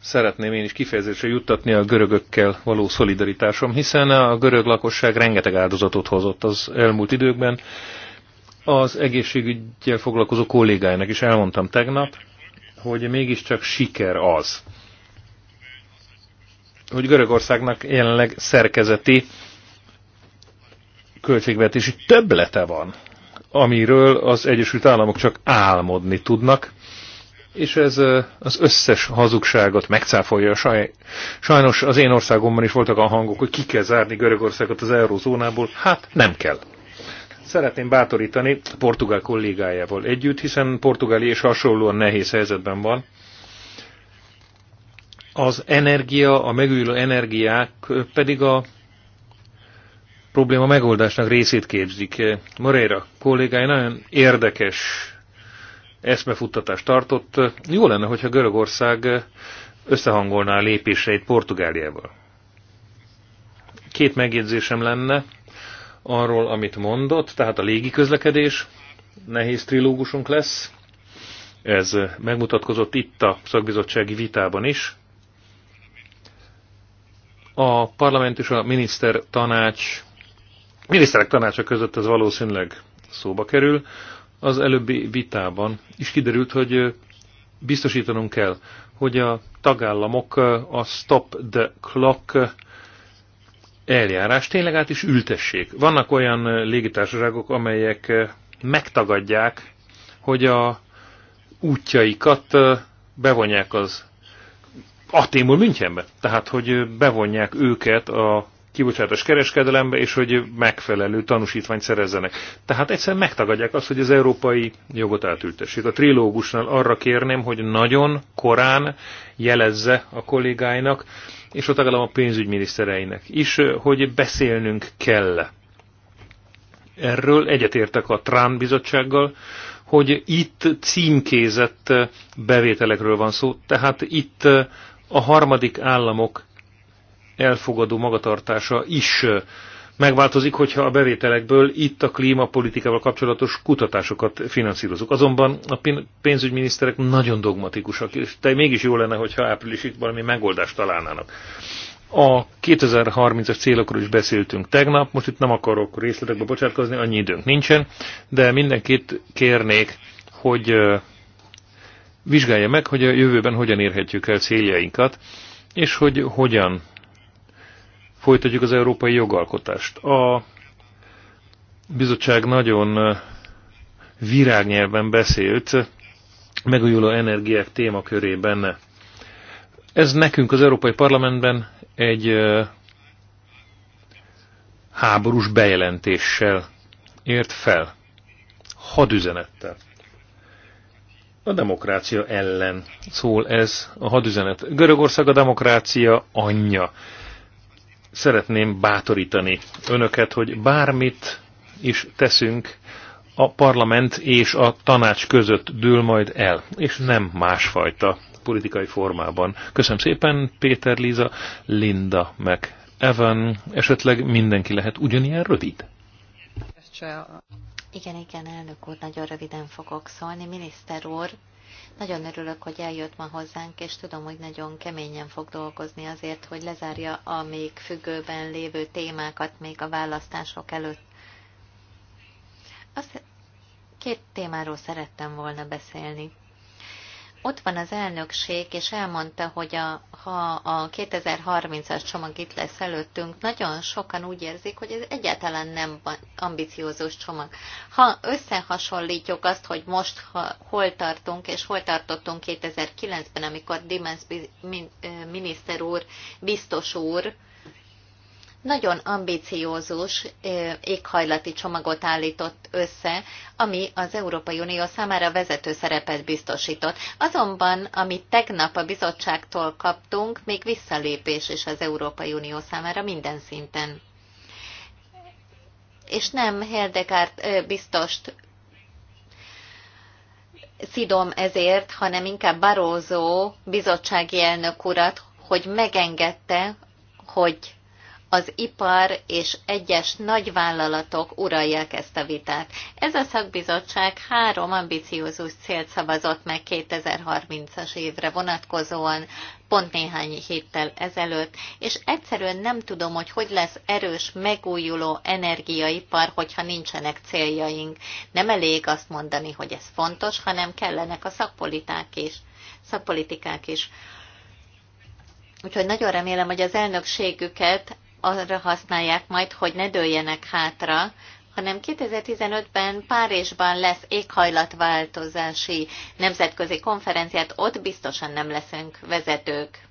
Szeretném én is kifejezésre juttatni a görögökkel való szolidaritásom, hiszen a görög lakosság rengeteg áldozatot hozott az elmúlt időkben. Az egészségügyel foglalkozó kollégáinak is elmondtam tegnap, hogy mégiscsak siker az, hogy Görögországnak jelenleg szerkezeti költségvetési töblete van, amiről az Egyesült Államok csak álmodni tudnak, és ez az összes hazugságot megcáfolja. sajnos az én országomban is voltak a hangok, hogy ki kell zárni Görögországot az eurozónából. Hát nem kell. Szeretném bátorítani portugál kollégájával együtt, hiszen portugáli és hasonlóan nehéz helyzetben van, az energia, a megújuló energiák pedig a probléma megoldásnak részét képzik. Moreira kollégái nagyon érdekes eszmefuttatást tartott. Jó lenne, hogyha Görögország összehangolná a lépéseit Portugáliával. Két megjegyzésem lenne arról, amit mondott, tehát a légi közlekedés nehéz trilógusunk lesz. Ez megmutatkozott itt a szakbizottsági vitában is a parlament és a miniszter tanács, miniszterek tanácsa között ez valószínűleg szóba kerül. Az előbbi vitában is kiderült, hogy biztosítanunk kell, hogy a tagállamok a stop the clock eljárást tényleg át is ültessék. Vannak olyan légitársaságok, amelyek megtagadják, hogy a útjaikat bevonják az a Témul Münchenbe. Tehát, hogy bevonják őket a kibocsátás kereskedelembe, és hogy megfelelő tanúsítványt szerezzenek. Tehát egyszerűen megtagadják azt, hogy az európai jogot átültessék. A trilógusnál arra kérném, hogy nagyon korán jelezze a kollégáinak, és ott legalább a pénzügyminisztereinek is, hogy beszélnünk kell. Erről egyetértek a Trán bizottsággal, hogy itt címkézett bevételekről van szó, tehát itt a harmadik államok elfogadó magatartása is megváltozik, hogyha a bevételekből itt a klímapolitikával kapcsolatos kutatásokat finanszírozunk. Azonban a pénzügyminiszterek nagyon dogmatikusak, és te mégis jó lenne, hogyha áprilisig valami megoldást találnának. A 2030-as célokról is beszéltünk tegnap, most itt nem akarok részletekbe bocsátkozni, annyi időnk nincsen, de mindenkit kérnék, hogy vizsgálja meg, hogy a jövőben hogyan érhetjük el céljainkat, és hogy hogyan folytatjuk az európai jogalkotást. A bizottság nagyon virágnyelven beszélt megújuló energiák témakörében. Ez nekünk az Európai Parlamentben egy háborús bejelentéssel ért fel. Hadüzenettel a demokrácia ellen szól ez a hadüzenet. Görögország a demokrácia anyja. Szeretném bátorítani önöket, hogy bármit is teszünk, a parlament és a tanács között dől majd el, és nem másfajta politikai formában. Köszönöm szépen, Péter, Liza, Linda, meg Evan. Esetleg mindenki lehet ugyanilyen rövid? Igen, igen, elnök úr, nagyon röviden fogok szólni. Miniszter úr, nagyon örülök, hogy eljött ma hozzánk, és tudom, hogy nagyon keményen fog dolgozni azért, hogy lezárja a még függőben lévő témákat még a választások előtt. Azt két témáról szerettem volna beszélni ott van az elnökség, és elmondta, hogy a, ha a 2030-as csomag itt lesz előttünk, nagyon sokan úgy érzik, hogy ez egyáltalán nem ambiciózus csomag. Ha összehasonlítjuk azt, hogy most ha, hol tartunk, és hol tartottunk 2009-ben, amikor Dimens miniszter úr, biztos úr nagyon ambiciózus éghajlati csomagot állított össze, ami az Európai Unió számára vezető szerepet biztosított. Azonban, amit tegnap a bizottságtól kaptunk, még visszalépés is az Európai Unió számára minden szinten. És nem Hildegard biztost szidom ezért, hanem inkább Barózó bizottsági elnök urat, hogy megengedte, hogy az ipar és egyes nagyvállalatok uralják ezt a vitát. Ez a szakbizottság három ambiciózus célt szavazott meg 2030-as évre vonatkozóan, pont néhány héttel ezelőtt, és egyszerűen nem tudom, hogy hogy lesz erős, megújuló energiaipar, hogyha nincsenek céljaink. Nem elég azt mondani, hogy ez fontos, hanem kellenek a szakpolitikák is. Szakpolitikák is. Úgyhogy nagyon remélem, hogy az elnökségüket arra használják majd, hogy ne dőljenek hátra, hanem 2015-ben Párizsban lesz éghajlatváltozási nemzetközi konferenciát, ott biztosan nem leszünk vezetők.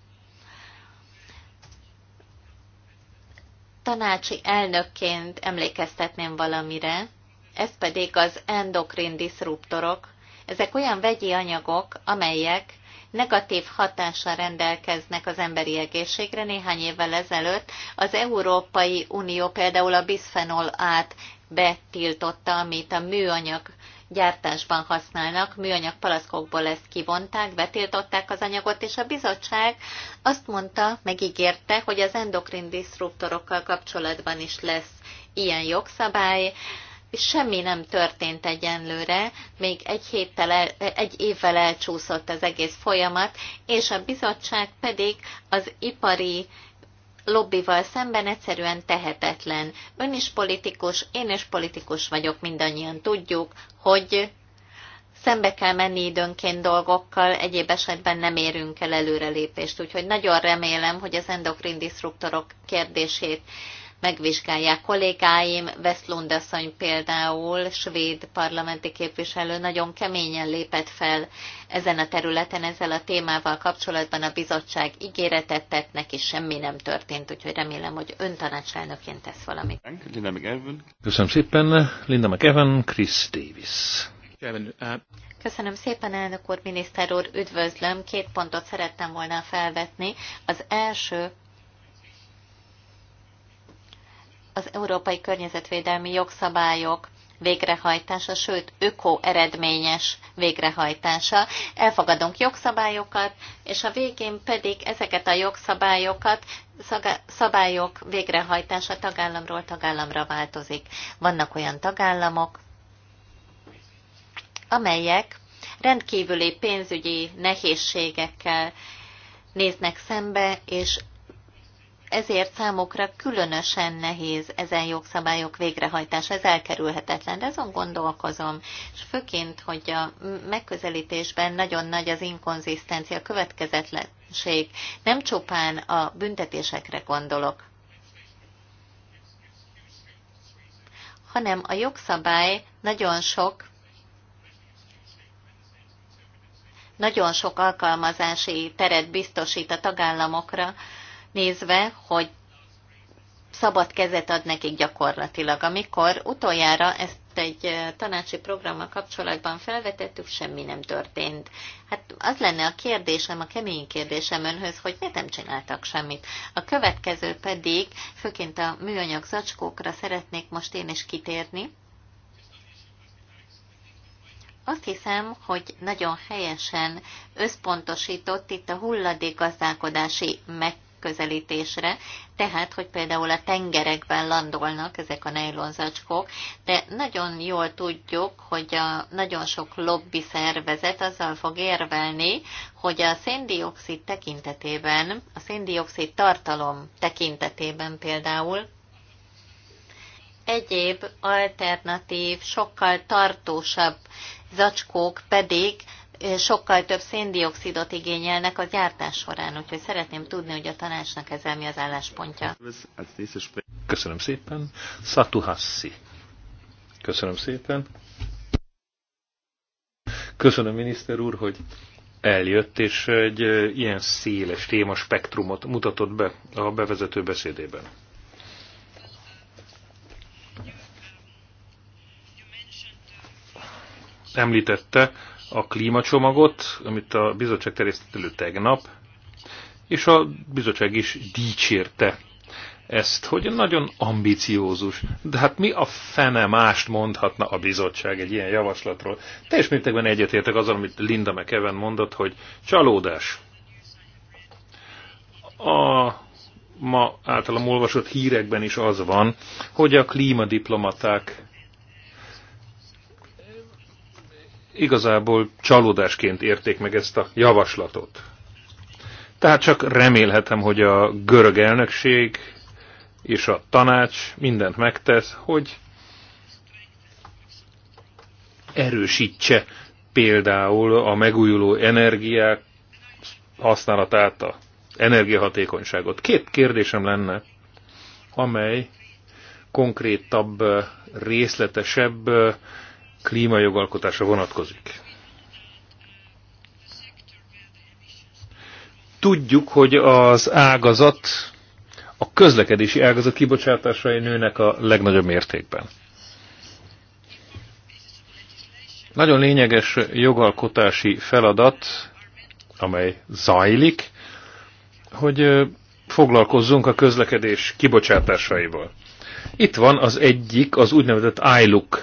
Tanácsi elnökként emlékeztetném valamire, ez pedig az endokrin diszruptorok. Ezek olyan vegyi anyagok, amelyek negatív hatással rendelkeznek az emberi egészségre. Néhány évvel ezelőtt az Európai Unió például a bisphenol át betiltotta, amit a műanyag gyártásban használnak, műanyag palaszkokból ezt kivonták, betiltották az anyagot, és a bizottság azt mondta, megígérte, hogy az endokrin diszruptorokkal kapcsolatban is lesz ilyen jogszabály és semmi nem történt egyenlőre, még egy, héttel el, egy évvel elcsúszott az egész folyamat, és a bizottság pedig az ipari lobbival szemben egyszerűen tehetetlen. Ön is politikus, én is politikus vagyok, mindannyian tudjuk, hogy szembe kell menni időnként dolgokkal, egyéb esetben nem érünk el előrelépést. Úgyhogy nagyon remélem, hogy az endokrin diszruptorok kérdését megvizsgálják. Kollégáim, Veszlund asszony például, svéd parlamenti képviselő nagyon keményen lépett fel ezen a területen, ezzel a témával kapcsolatban a bizottság ígéretet tett, neki semmi nem történt, úgyhogy remélem, hogy ön tanácselnökként tesz valamit. Köszönöm szépen, Linda McEwan, Chris Davis. Köszönöm szépen, elnök úr, miniszter úr, üdvözlöm. Két pontot szerettem volna felvetni. Az első az európai környezetvédelmi jogszabályok végrehajtása, sőt, öko eredményes végrehajtása. Elfogadunk jogszabályokat, és a végén pedig ezeket a jogszabályokat, szabályok végrehajtása tagállamról tagállamra változik. Vannak olyan tagállamok, amelyek rendkívüli pénzügyi nehézségekkel néznek szembe, és ezért számukra különösen nehéz ezen jogszabályok végrehajtása, ez elkerülhetetlen, de azon gondolkozom, és főként, hogy a megközelítésben nagyon nagy az inkonzisztencia, következetlenség, nem csupán a büntetésekre gondolok, hanem a jogszabály nagyon sok nagyon sok alkalmazási teret biztosít a tagállamokra, nézve, hogy szabad kezet ad nekik gyakorlatilag. Amikor utoljára ezt egy eh, tanácsi programmal kapcsolatban felvetettük, semmi nem történt. Hát az lenne a kérdésem, a kemény kérdésem önhöz, hogy miért nem csináltak semmit. A következő pedig, főként a műanyag zacskókra szeretnék most én is kitérni. Azt hiszem, hogy nagyon helyesen összpontosított itt a hulladékgazdálkodási meg megközelítésre, tehát, hogy például a tengerekben landolnak ezek a nejlonzacskók, de nagyon jól tudjuk, hogy a nagyon sok lobby szervezet azzal fog érvelni, hogy a széndiokszid tekintetében, a széndiokszid tartalom tekintetében például egyéb alternatív, sokkal tartósabb zacskók pedig sokkal több széndiokszidot igényelnek a gyártás során, úgyhogy szeretném tudni, hogy a tanácsnak ezzel mi az álláspontja. Köszönöm szépen. Satuhassi. Köszönöm szépen. Köszönöm, miniszter úr, hogy eljött, és egy ilyen széles témaspektrumot mutatott be a bevezető beszédében. Említette, a klímacsomagot, amit a bizottság terjesztett elő tegnap, és a bizottság is dicsérte ezt, hogy nagyon ambiciózus. De hát mi a fene mást mondhatna a bizottság egy ilyen javaslatról? Teljes mértékben egyetértek azzal, amit Linda McEwen mondott, hogy csalódás. A ma általam olvasott hírekben is az van, hogy a klímadiplomaták igazából csalódásként érték meg ezt a javaslatot. Tehát csak remélhetem, hogy a görög elnökség és a tanács mindent megtesz, hogy erősítse például a megújuló energiák használatát, a energiahatékonyságot. Két kérdésem lenne, amely konkrétabb, részletesebb klímajogalkotása vonatkozik. Tudjuk, hogy az ágazat, a közlekedési ágazat kibocsátásai nőnek a legnagyobb mértékben. Nagyon lényeges jogalkotási feladat, amely zajlik, hogy foglalkozzunk a közlekedés kibocsátásaival. Itt van az egyik, az úgynevezett ILUC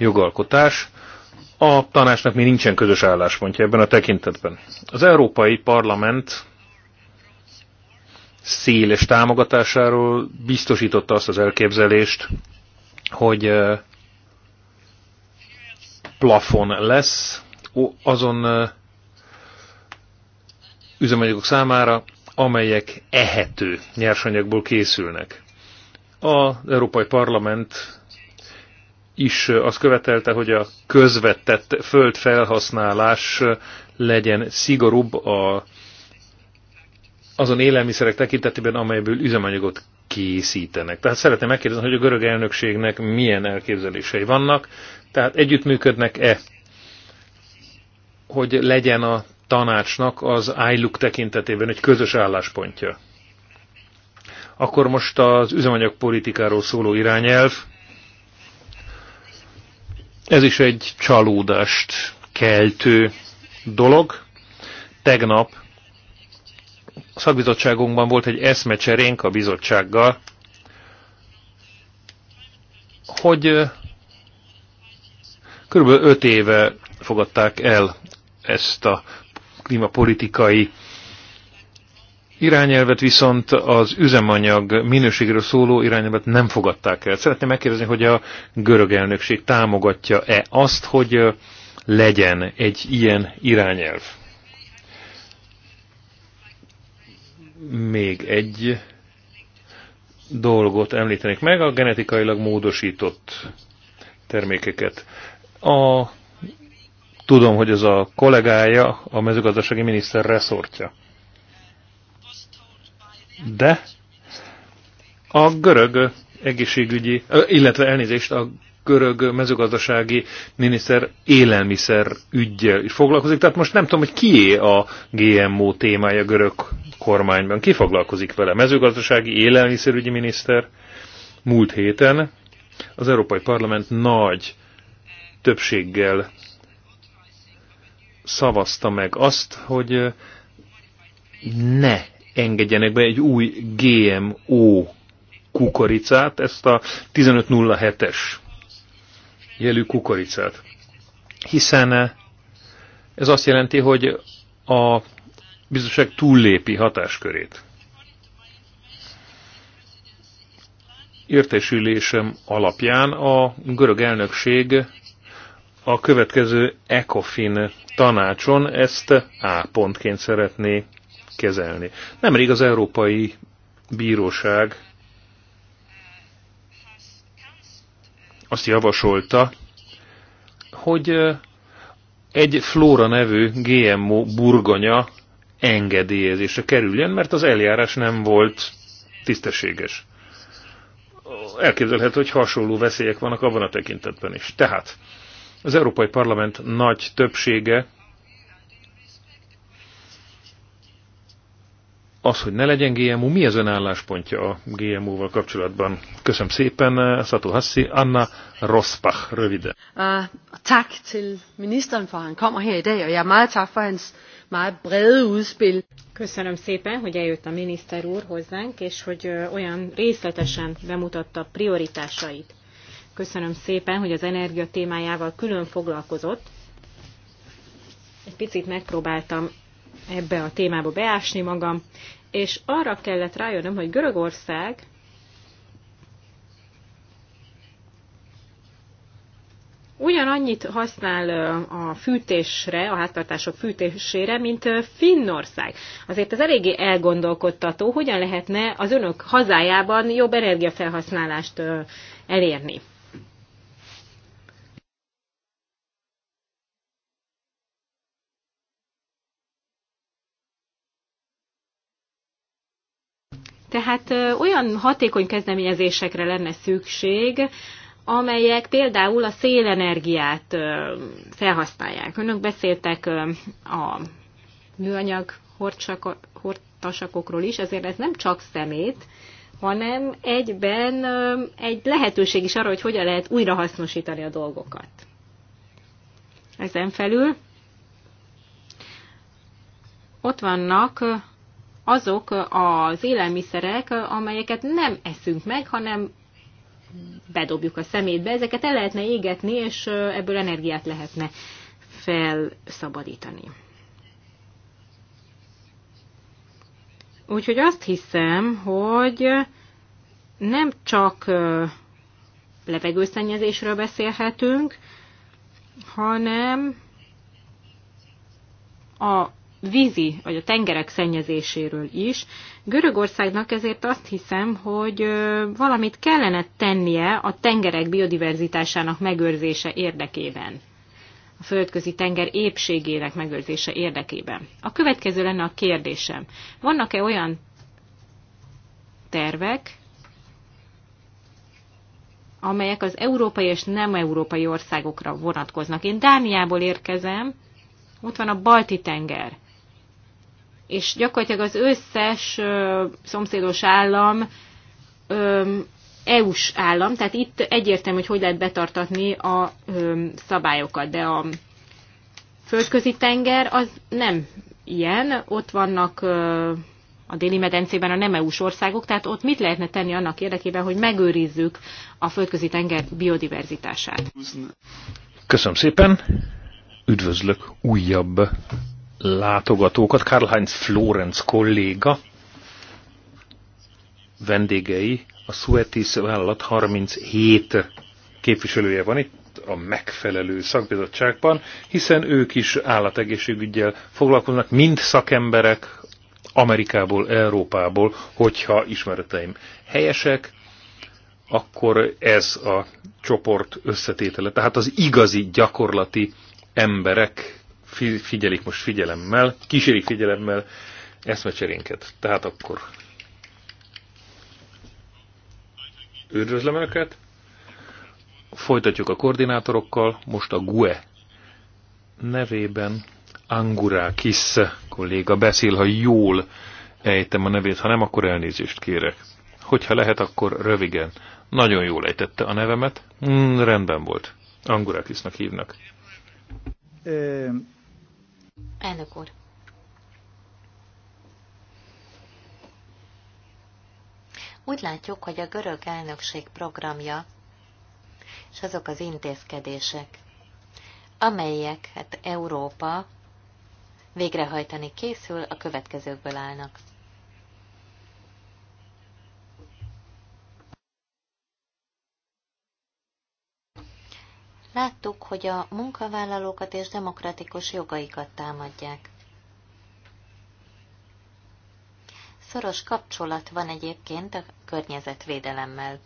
jogalkotás. A tanácsnak még nincsen közös álláspontja ebben a tekintetben. Az Európai Parlament széles támogatásáról biztosította azt az elképzelést, hogy plafon lesz azon üzemanyagok számára, amelyek ehető nyersanyagból készülnek. Az Európai Parlament is azt követelte, hogy a közvetett földfelhasználás legyen szigorúbb a, azon élelmiszerek tekintetében, amelyből üzemanyagot készítenek. Tehát szeretném megkérdezni, hogy a görög elnökségnek milyen elképzelései vannak, tehát együttműködnek-e, hogy legyen a tanácsnak az ILUK tekintetében egy közös álláspontja. Akkor most az üzemanyagpolitikáról szóló irányelv, ez is egy csalódást keltő dolog. Tegnap a szakbizottságunkban volt egy eszmecserénk a bizottsággal, hogy körülbelül öt éve fogadták el ezt a klímapolitikai irányelvet viszont az üzemanyag minőségről szóló irányelvet nem fogadták el. Szeretném megkérdezni, hogy a görög elnökség támogatja-e azt, hogy legyen egy ilyen irányelv. Még egy dolgot említenék meg, a genetikailag módosított termékeket. A, tudom, hogy ez a kollégája a mezőgazdasági miniszter reszortja de a görög egészségügyi, illetve elnézést, a görög mezőgazdasági miniszter élelmiszer ügyjel is foglalkozik. Tehát most nem tudom, hogy kié a GMO témája görög kormányban. Ki foglalkozik vele? Mezőgazdasági élelmiszerügyi miniszter múlt héten az Európai Parlament nagy többséggel szavazta meg azt, hogy ne engedjenek be egy új GMO kukoricát, ezt a 1507-es jelű kukoricát. Hiszen eh, ez azt jelenti, hogy a bizottság túllépi hatáskörét. Értesülésem alapján a görög elnökség a következő ECOFIN tanácson ezt A pontként szeretné kezelni. Nemrég az Európai Bíróság azt javasolta, hogy egy Flóra nevű GMO burgonya engedélyezésre kerüljön, mert az eljárás nem volt tisztességes. Elképzelhető, hogy hasonló veszélyek vannak abban a tekintetben is. Tehát az Európai Parlament nagy többsége az, hogy ne legyen GMO, mi az ön álláspontja a GMO-val kapcsolatban? Köszönöm szépen, Szató Hassi, Anna Rosbach, röviden. Uh, tak til ministeren for, han kommer her i dag, og jeg er meget tak for hans meget brede udspil. Köszönöm szépen, hogy eljött a miniszter úr hozzánk, és hogy olyan részletesen bemutatta prioritásait. Köszönöm szépen, hogy az energia témájával külön foglalkozott. Egy picit megpróbáltam ebbe a témába beásni magam, és arra kellett rájönnöm, hogy Görögország ugyanannyit használ a fűtésre, a háztartások fűtésére, mint Finnország. Azért ez eléggé elgondolkodtató, hogyan lehetne az önök hazájában jobb energiafelhasználást elérni. Tehát olyan hatékony kezdeményezésekre lenne szükség, amelyek például a szélenergiát felhasználják. Önök beszéltek a műanyag hortasakokról is, ezért ez nem csak szemét, hanem egyben egy lehetőség is arra, hogy hogyan lehet újrahasznosítani a dolgokat. Ezen felül ott vannak azok az élelmiszerek, amelyeket nem eszünk meg, hanem bedobjuk a szemétbe. Ezeket el lehetne égetni, és ebből energiát lehetne felszabadítani. Úgyhogy azt hiszem, hogy nem csak levegőszennyezésről beszélhetünk, hanem a vízi vagy a tengerek szennyezéséről is. Görögországnak ezért azt hiszem, hogy valamit kellene tennie a tengerek biodiverzitásának megőrzése érdekében a földközi tenger épségének megőrzése érdekében. A következő lenne a kérdésem. Vannak-e olyan tervek, amelyek az európai és nem európai országokra vonatkoznak. Én Dániából érkezem, ott van a Balti tenger és gyakorlatilag az összes ö, szomszédos állam EU-s állam, tehát itt egyértelmű, hogy hogy lehet betartatni a ö, szabályokat, de a földközi tenger az nem ilyen, ott vannak ö, a déli medencében a nem EU-s országok, tehát ott mit lehetne tenni annak érdekében, hogy megőrizzük a földközi tenger biodiverzitását? Köszönöm szépen, üdvözlök újabb látogatókat. Karl-Heinz Florenz kolléga vendégei, a Suetis vállalat 37 képviselője van itt a megfelelő szakbizottságban, hiszen ők is állategészségügyel foglalkoznak, mind szakemberek Amerikából, Európából, hogyha ismereteim helyesek, akkor ez a csoport összetétele. Tehát az igazi, gyakorlati emberek figyelik most figyelemmel, kíséri figyelemmel eszmecserénket. Tehát akkor üdvözlöm Önöket, folytatjuk a koordinátorokkal, most a GUE nevében Angurakis kolléga beszél, ha jól ejtem a nevét, ha nem, akkor elnézést kérek. Hogyha lehet, akkor röviden. Nagyon jól ejtette a nevemet. Mm, rendben volt. Angurakisnak hívnak. Elnök úr. Úgy látjuk, hogy a görög elnökség programja és azok az intézkedések, amelyeket Európa végrehajtani készül, a következőkből állnak. Láttuk, hogy a munkavállalókat és demokratikus jogaikat támadják. Szoros kapcsolat van egyébként a környezetvédelemmel.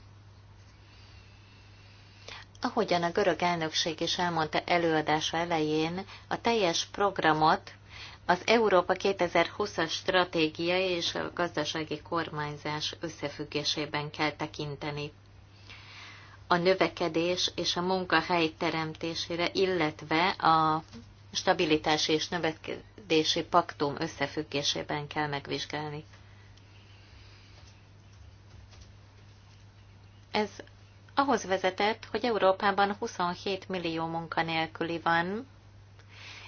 Ahogyan a görög elnökség is elmondta előadása elején, a teljes programot az Európa 2020-as stratégia és a gazdasági kormányzás összefüggésében kell tekinteni a növekedés és a munkahely teremtésére, illetve a stabilitási és növekedési paktum összefüggésében kell megvizsgálni. Ez ahhoz vezetett, hogy Európában 27 millió munkanélküli van,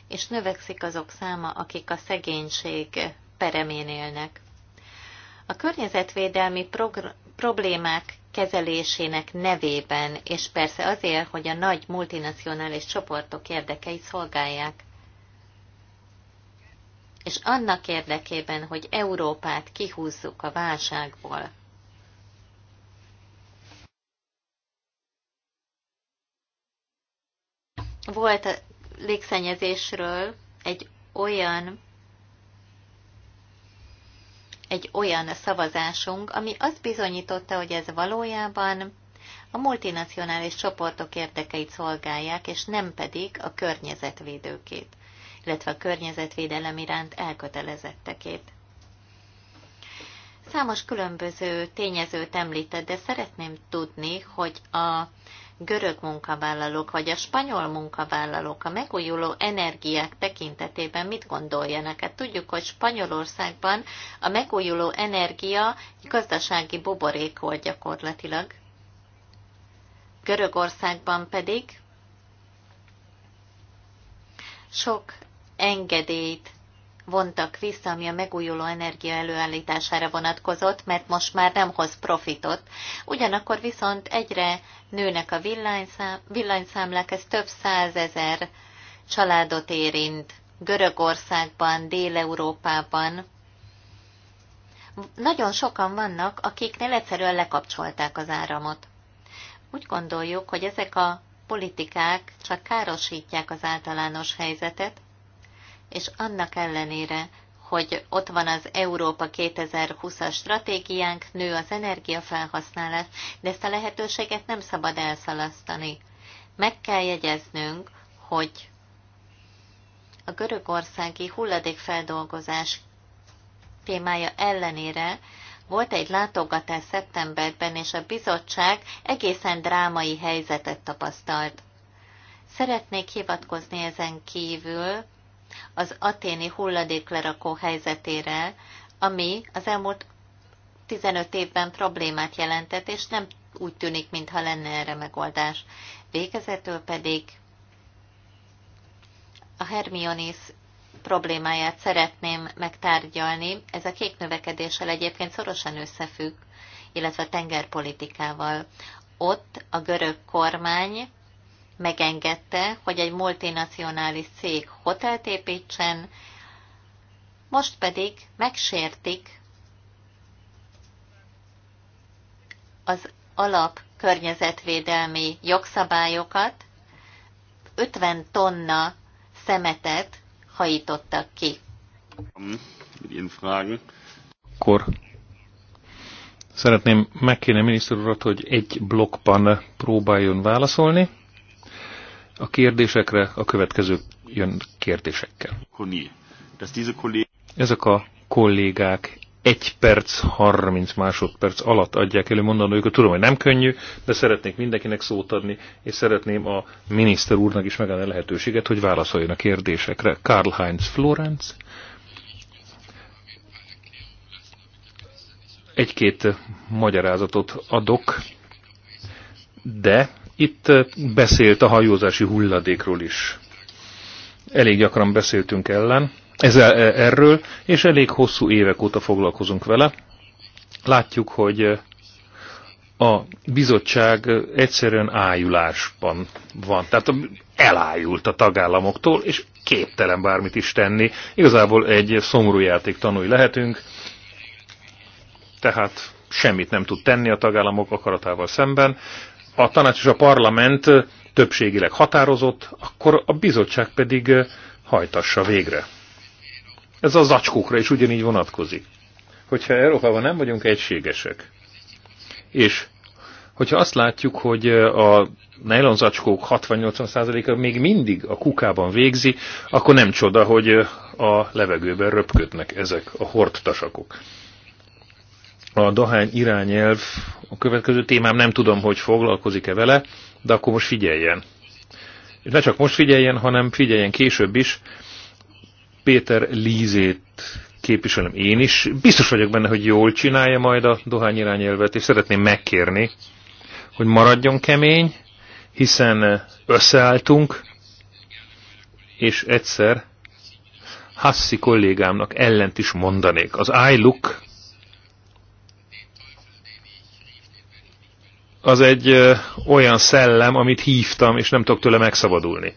és növekszik azok száma, akik a szegénység peremén élnek. A környezetvédelmi problémák kezelésének nevében, és persze azért, hogy a nagy multinacionális csoportok érdekeit szolgálják. És annak érdekében, hogy Európát kihúzzuk a válságból. Volt a légszennyezésről egy olyan egy olyan szavazásunk, ami azt bizonyította, hogy ez valójában a multinacionális csoportok érdekeit szolgálják, és nem pedig a környezetvédőkét, illetve a környezetvédelem iránt elkötelezettekét. Számos különböző tényezőt említett, de szeretném tudni, hogy a görög munkavállalók vagy a spanyol munkavállalók a megújuló energiák tekintetében mit gondoljanak? Hát tudjuk, hogy Spanyolországban a megújuló energia egy gazdasági buborék volt gyakorlatilag. Görögországban pedig sok engedélyt vontak vissza, ami a megújuló energia előállítására vonatkozott, mert most már nem hoz profitot. Ugyanakkor viszont egyre nőnek a villanyszám, villanyszámlák, ez több százezer családot érint. Görögországban, Dél-Európában. Nagyon sokan vannak, akiknél egyszerűen lekapcsolták az áramot. Úgy gondoljuk, hogy ezek a politikák csak károsítják az általános helyzetet, és annak ellenére, hogy ott van az Európa 2020-as stratégiánk, nő az energiafelhasználás, de ezt a lehetőséget nem szabad elszalasztani. Meg kell jegyeznünk, hogy a görögországi hulladékfeldolgozás témája ellenére volt egy látogatás szeptemberben, és a bizottság egészen drámai helyzetet tapasztalt. Szeretnék hivatkozni ezen kívül az aténi hulladéklerakó helyzetére, ami az elmúlt 15 évben problémát jelentett, és nem úgy tűnik, mintha lenne erre megoldás. Végezetül pedig a Hermionis problémáját szeretném megtárgyalni. Ez a kék növekedéssel egyébként szorosan összefügg, illetve a tengerpolitikával. Ott a görög kormány megengedte, hogy egy multinacionális cég hotelt építsen, most pedig megsértik az alap környezetvédelmi jogszabályokat, 50 tonna szemetet hajtottak ki. Akkor szeretném megkérni miniszter urat, hogy egy blokkban próbáljon válaszolni a kérdésekre, a következő jön kérdésekkel. Ezek a kollégák egy perc 30 másodperc alatt adják elő mondanójukat. Tudom, hogy nem könnyű, de szeretnék mindenkinek szót adni, és szeretném a miniszter úrnak is megadni a lehetőséget, hogy válaszoljon a kérdésekre. Karl Heinz Florenz. Egy-két magyarázatot adok, de itt beszélt a hajózási hulladékról is. Elég gyakran beszéltünk ellen, ezzel, erről, és elég hosszú évek óta foglalkozunk vele. Látjuk, hogy a bizottság egyszerűen ájulásban van. Tehát elájult a tagállamoktól, és képtelen bármit is tenni. Igazából egy szomorú játék tanulni lehetünk, tehát semmit nem tud tenni a tagállamok akaratával szemben a tanács és a parlament többségileg határozott, akkor a bizottság pedig eh, hajtassa végre. Ez a zacskókra is ugyanígy vonatkozik. Hogyha Európában nem vagyunk egységesek, és hogyha azt látjuk, hogy eh, a nylon zacskók 60-80%-a még mindig a kukában végzi, akkor nem csoda, hogy eh, a levegőben röpködnek ezek a hordtasakok a dohány irányelv a következő témám, nem tudom, hogy foglalkozik-e vele, de akkor most figyeljen. És ne csak most figyeljen, hanem figyeljen később is. Péter Lízét képviselem én is. Biztos vagyok benne, hogy jól csinálja majd a dohány irányelvet, és szeretném megkérni, hogy maradjon kemény, hiszen összeálltunk, és egyszer Hassi kollégámnak ellent is mondanék. Az iLook az egy olyan szellem, amit hívtam, és nem tudok tőle megszabadulni.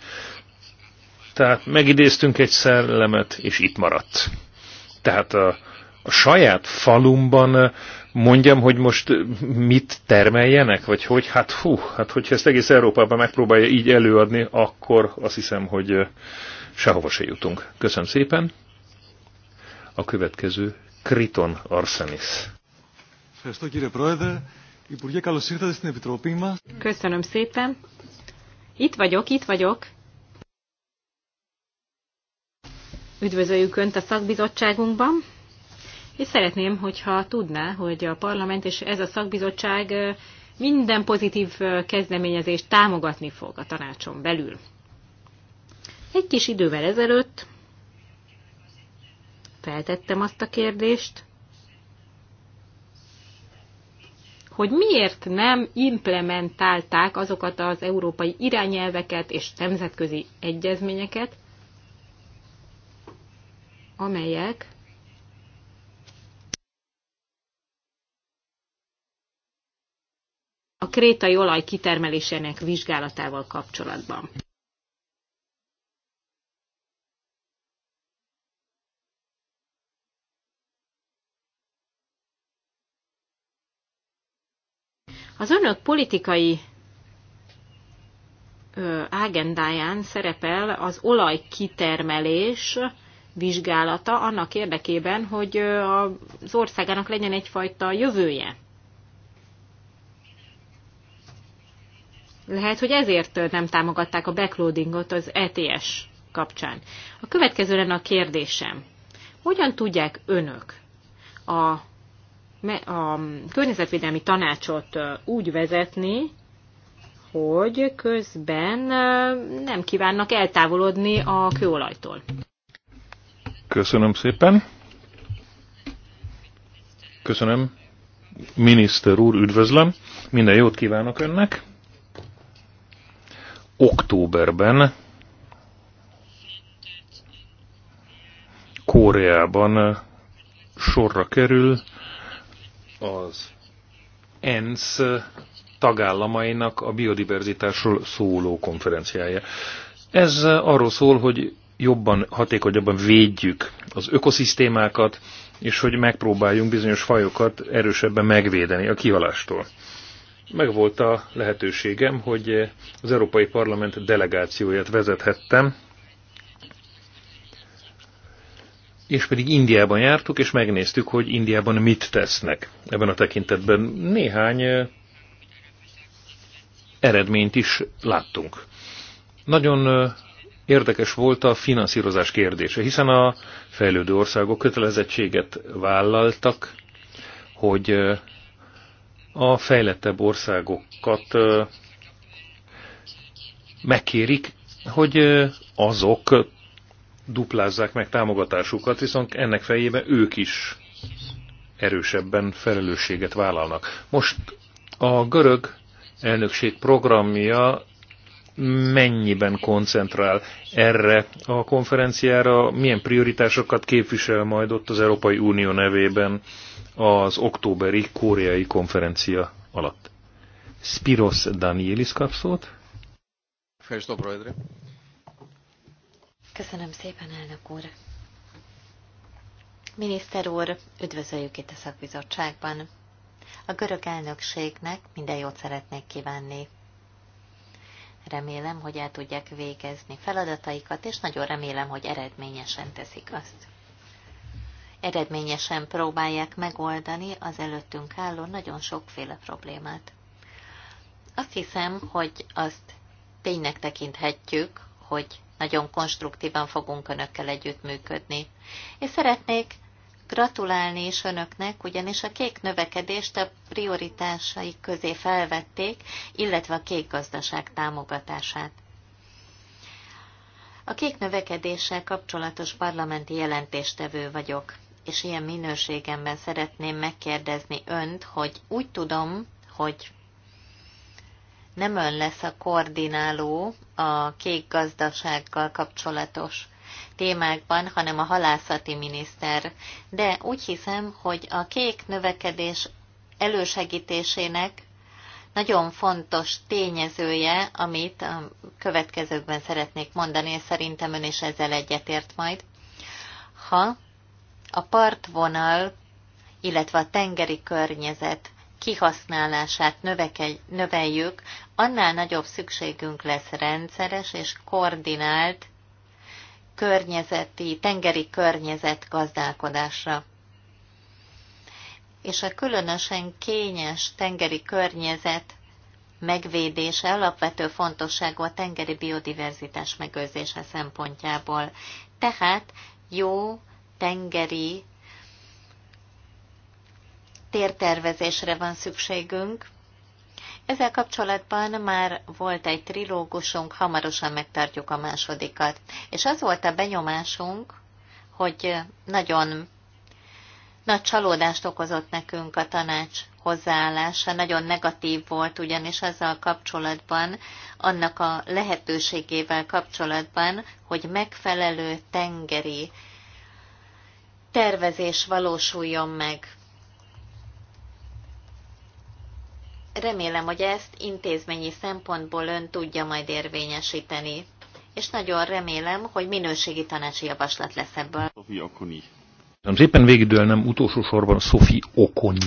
Tehát megidéztünk egy szellemet, és itt maradt. Tehát a, a saját falumban mondjam, hogy most mit termeljenek, vagy hogy, hát hú, hát hogyha ezt egész Európában megpróbálja így előadni, akkor azt hiszem, hogy sehova se jutunk. Köszönöm szépen. A következő Kriton Arsenis. Köszönöm, Υπουργέ, καλώς ήρθατε στην Επιτροπή μας. Köszönöm szépen. Itt vagyok, itt vagyok. Üdvözöljük Önt a szakbizottságunkban, és szeretném, hogyha tudná, hogy a parlament és ez a szakbizottság minden pozitív kezdeményezést támogatni fog a tanácson belül. Egy kis idővel ezelőtt feltettem azt a kérdést, hogy miért nem implementálták azokat az európai irányelveket és nemzetközi egyezményeket, amelyek a krétai olaj kitermelésének vizsgálatával kapcsolatban. Az önök politikai ágendáján szerepel az olajkitermelés vizsgálata annak érdekében, hogy az országának legyen egyfajta jövője. Lehet, hogy ezért nem támogatták a backloadingot az ETS kapcsán. A következő lenne a kérdésem. Hogyan tudják önök a a környezetvédelmi tanácsot úgy vezetni, hogy közben nem kívánnak eltávolodni a kőolajtól. Köszönöm szépen. Köszönöm. Miniszter úr, üdvözlöm. Minden jót kívánok önnek. Októberben Koreában sorra kerül az ENSZ tagállamainak a biodiverzitásról szóló konferenciája. Ez arról szól, hogy jobban, hatékonyabban védjük az ökoszisztémákat, és hogy megpróbáljunk bizonyos fajokat erősebben megvédeni a kihalástól. Megvolt a lehetőségem, hogy az Európai Parlament delegációját vezethettem és pedig Indiában jártuk, és megnéztük, hogy Indiában mit tesznek ebben a tekintetben. Néhány eredményt is láttunk. Nagyon érdekes volt a finanszírozás kérdése, hiszen a fejlődő országok kötelezettséget vállaltak, hogy a fejlettebb országokat megkérik, hogy azok duplázzák meg támogatásukat, viszont ennek fejében ők is erősebben felelősséget vállalnak. Most a görög elnökség programja mennyiben koncentrál erre a konferenciára, milyen prioritásokat képvisel majd ott az Európai Unió nevében az októberi koreai konferencia alatt. Spiros Danielis kapszót. szót. Köszönöm szépen, elnök úr. Miniszter úr, üdvözöljük itt a szakbizottságban. A görög elnökségnek minden jót szeretnék kívánni. Remélem, hogy el tudják végezni feladataikat, és nagyon remélem, hogy eredményesen teszik azt. Eredményesen próbálják megoldani az előttünk álló nagyon sokféle problémát. Azt hiszem, hogy azt ténynek tekinthetjük, hogy nagyon konstruktívan fogunk önökkel együttműködni. És szeretnék gratulálni is önöknek, ugyanis a kék növekedést a prioritásaik közé felvették, illetve a kék gazdaság támogatását. A kék növekedéssel kapcsolatos parlamenti jelentéstevő vagyok, és ilyen minőségemben szeretném megkérdezni önt, hogy úgy tudom, hogy nem ön lesz a koordináló a kék gazdasággal kapcsolatos témákban, hanem a halászati miniszter. De úgy hiszem, hogy a kék növekedés elősegítésének nagyon fontos tényezője, amit a következőkben szeretnék mondani, és szerintem ön is ezzel egyetért majd. Ha a partvonal, illetve a tengeri környezet kihasználását növeljük, annál nagyobb szükségünk lesz rendszeres és koordinált környezeti, tengeri környezet gazdálkodásra. És a különösen kényes tengeri környezet megvédése alapvető fontosságú a tengeri biodiverzitás megőrzése szempontjából. Tehát jó tengeri tértervezésre van szükségünk. Ezzel kapcsolatban már volt egy trilógusunk, hamarosan megtartjuk a másodikat. És az volt a benyomásunk, hogy nagyon nagy csalódást okozott nekünk a tanács hozzáállása, nagyon negatív volt ugyanis azzal kapcsolatban, annak a lehetőségével kapcsolatban, hogy megfelelő tengeri tervezés valósuljon meg. remélem, hogy ezt intézményi szempontból ön tudja majd érvényesíteni. És nagyon remélem, hogy minőségi tanácsi javaslat lesz ebből. Sophie Okoni. Nem szépen végidőlnem utolsó sorban Sophie Okoni.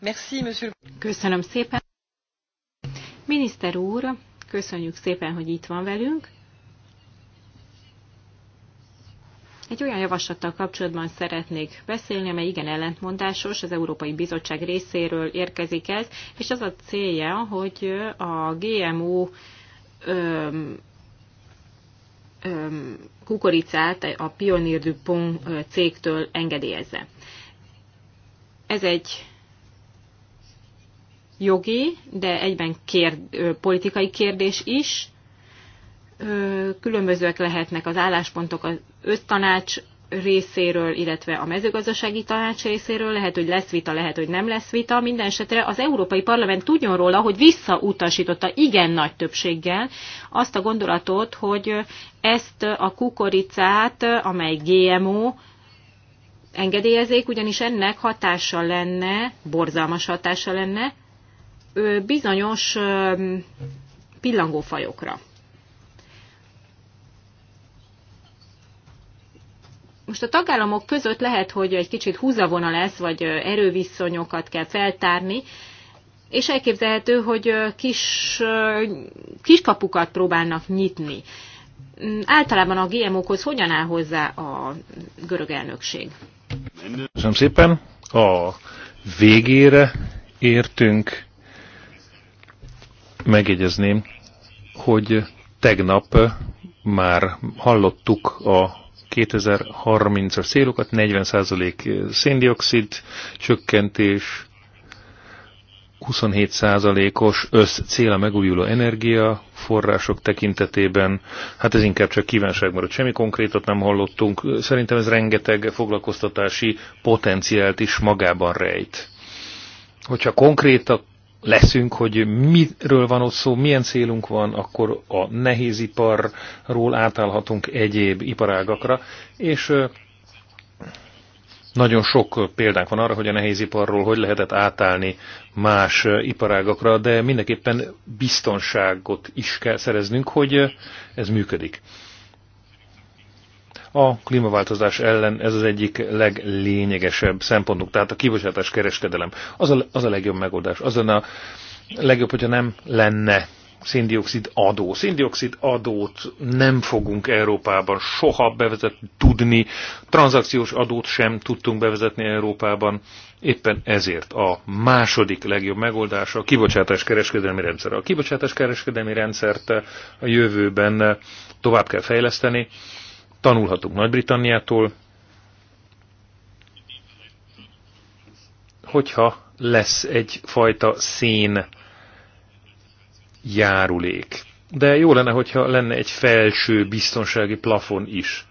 Merci, monsieur. Köszönöm szépen. Miniszter úr, köszönjük szépen, hogy itt van velünk. Egy olyan javaslattal kapcsolatban szeretnék beszélni, amely igen ellentmondásos, az Európai Bizottság részéről érkezik ez, és az a célja, hogy a GMO öm, öm, kukoricát a Pioneer du Pont cégtől engedélyezze. Ez egy jogi, de egyben kérd, politikai kérdés is, különbözőek lehetnek az álláspontok az öt tanács részéről, illetve a mezőgazdasági tanács részéről, lehet, hogy lesz vita, lehet, hogy nem lesz vita. Minden esetre az Európai Parlament tudjon róla, hogy visszautasította igen nagy többséggel azt a gondolatot, hogy ezt a kukoricát, amely GMO, engedélyezék, ugyanis ennek hatása lenne, borzalmas hatása lenne bizonyos pillangófajokra. most a tagállamok között lehet, hogy egy kicsit húzavona lesz, vagy erőviszonyokat kell feltárni, és elképzelhető, hogy kis, kis kapukat próbálnak nyitni. Mm, általában a gmo khoz hogyan áll hozzá a görög elnökség? Köszönöm szépen. A végére értünk. Megjegyezném, hogy tegnap már hallottuk a 2030-as célokat, 40% széndiokszid csökkentés, 27%-os össz cél a megújuló energiaforrások tekintetében. Hát ez inkább csak kívánság marad, semmi konkrétot nem hallottunk. Szerintem ez rengeteg foglalkoztatási potenciált is magában rejt. Hogyha konkrétak leszünk, hogy miről van ott szó, milyen célunk van, akkor a nehéziparról átállhatunk egyéb iparágakra, és nagyon sok példánk van arra, hogy a nehéziparról hogy lehetett átállni más iparágakra, de mindenképpen biztonságot is kell szereznünk, hogy ez működik. A klímaváltozás ellen ez az egyik leglényegesebb szempontunk, tehát a kibocsátás kereskedelem. Az a, az a legjobb megoldás. Az a legjobb, hogyha nem lenne széndiokszid adó. Széndiokszid adót nem fogunk Európában soha bevezetni, tudni. Tranzakciós adót sem tudtunk bevezetni Európában. Éppen ezért a második legjobb megoldása a kibocsátás kereskedelmi rendszer. A kibocsátás kereskedelmi rendszert a jövőben tovább kell fejleszteni, Tanulhatunk Nagy-Britanniától, hogyha lesz egyfajta szén járulék. De jó lenne, hogyha lenne egy felső biztonsági plafon is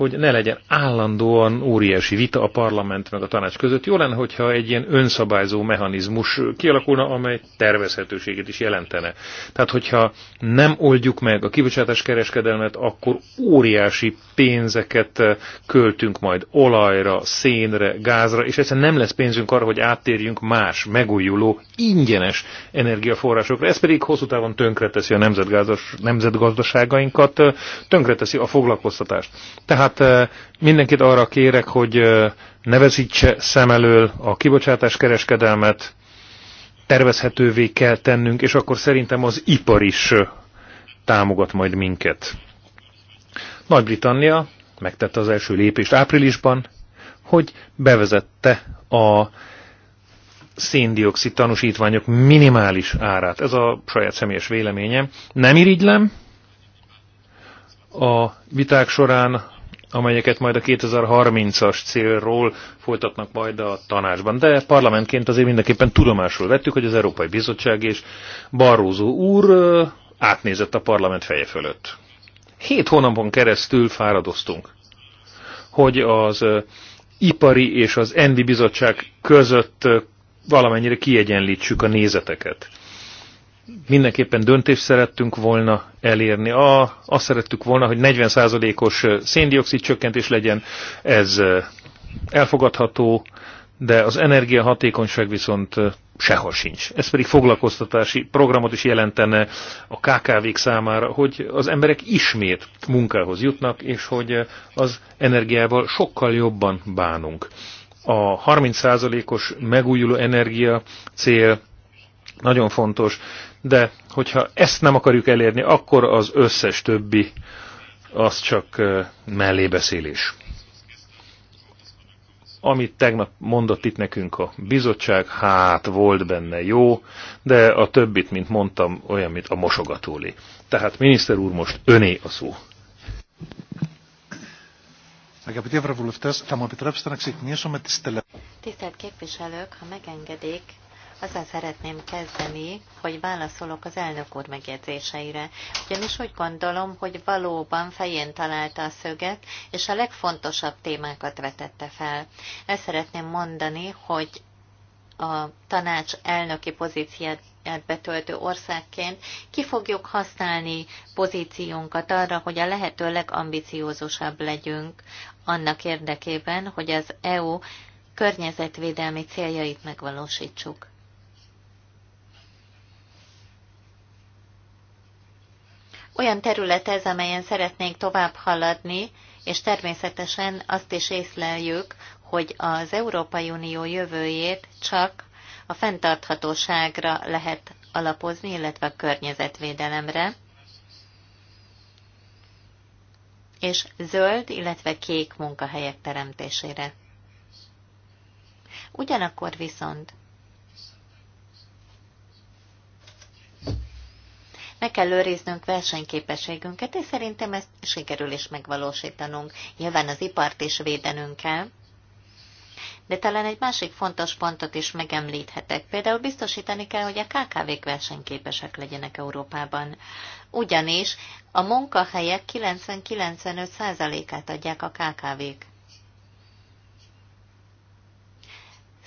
hogy ne legyen állandóan óriási vita a parlament meg a tanács között. Jó lenne, hogyha egy ilyen önszabályzó mechanizmus kialakulna, amely tervezhetőséget is jelentene. Tehát, hogyha nem oldjuk meg a kibocsátás kereskedelmet, akkor óriási pénzeket költünk majd olajra, szénre, gázra, és egyszerűen nem lesz pénzünk arra, hogy áttérjünk más, megújuló, ingyenes energiaforrásokra. Ez pedig hosszú távon tönkreteszi a nemzetgazdaságainkat, tönkreteszi a foglalkoztatást. Tehát tehát mindenkit arra kérek, hogy ne veszítse szem elől a kibocsátás kereskedelmet, tervezhetővé kell tennünk, és akkor szerintem az ipar is támogat majd minket. Nagy-Britannia megtette az első lépést áprilisban, hogy bevezette a széndiokszid tanúsítványok minimális árát. Ez a saját személyes véleményem. Nem irigylem. A viták során amelyeket majd a 2030-as célról folytatnak majd a tanácsban. De parlamentként azért mindenképpen tudomásul vettük, hogy az Európai Bizottság és Barroso úr átnézett a parlament feje fölött. Hét hónapon keresztül fáradoztunk, hogy az ipari és az ENVI bizottság között valamennyire kiegyenlítsük a nézeteket mindenképpen döntést szerettünk volna elérni. A, azt szerettük volna, hogy 40%-os széndiokszid csökkentés legyen, ez elfogadható, de az energiahatékonyság viszont sehol sincs. Ez pedig foglalkoztatási programot is jelentene a KKV-k számára, hogy az emberek ismét munkához jutnak, és hogy az energiával sokkal jobban bánunk. A 30%-os megújuló energia cél nagyon fontos, de hogyha ezt nem akarjuk elérni, akkor az összes többi az csak mellébeszélés. Amit tegnap mondott itt nekünk a bizottság, hát volt benne jó, de a többit, mint mondtam, olyan, mint a mosogatóli. Tehát miniszter úr, most öné a szó. Αγαπητοί Ευρωβουλευτέ, θα μου επιτρέψετε να ξεκινήσω με τι τελευταίε. Tisztelt képviselők, ha megengedik, azzal szeretném kezdeni, hogy válaszolok az elnök úr megjegyzéseire. Ugyanis úgy gondolom, hogy valóban fején találta a szöget, és a legfontosabb témákat vetette fel. El szeretném mondani, hogy a tanács elnöki pozíciát betöltő országként ki fogjuk használni pozíciónkat arra, hogy a lehető legambiciózusabb legyünk annak érdekében, hogy az EU környezetvédelmi céljait megvalósítsuk. Olyan terület ez, amelyen szeretnénk tovább haladni, és természetesen azt is észleljük, hogy az Európai Unió jövőjét csak a fenntarthatóságra lehet alapozni, illetve a környezetvédelemre. és zöld, illetve kék munkahelyek teremtésére. Ugyanakkor viszont meg kell őriznünk versenyképességünket, és szerintem ezt sikerül is megvalósítanunk. Nyilván az ipart is védenünk kell, de talán egy másik fontos pontot is megemlíthetek. Például biztosítani kell, hogy a KKV-k versenyképesek legyenek Európában. Ugyanis a munkahelyek 90-95%-át adják a KKV-k.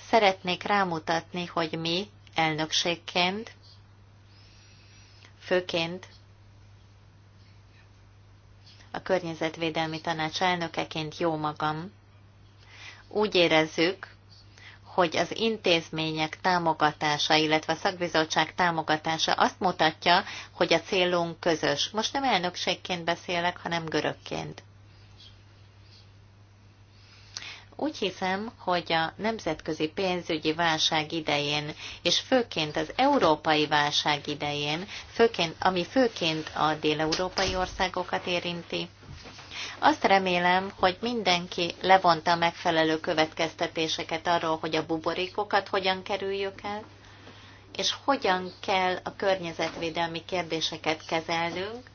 Szeretnék rámutatni, hogy mi elnökségként főként a Környezetvédelmi Tanács elnökeként jó magam. Úgy érezzük, hogy az intézmények támogatása, illetve a szakbizottság támogatása azt mutatja, hogy a célunk közös. Most nem elnökségként beszélek, hanem görögként. Úgy hiszem, hogy a nemzetközi pénzügyi válság idején, és főként az európai válság idején, főként, ami főként a déleurópai országokat érinti, azt remélem, hogy mindenki levonta a megfelelő következtetéseket arról, hogy a buborékokat hogyan kerüljük el, és hogyan kell a környezetvédelmi kérdéseket kezelnünk,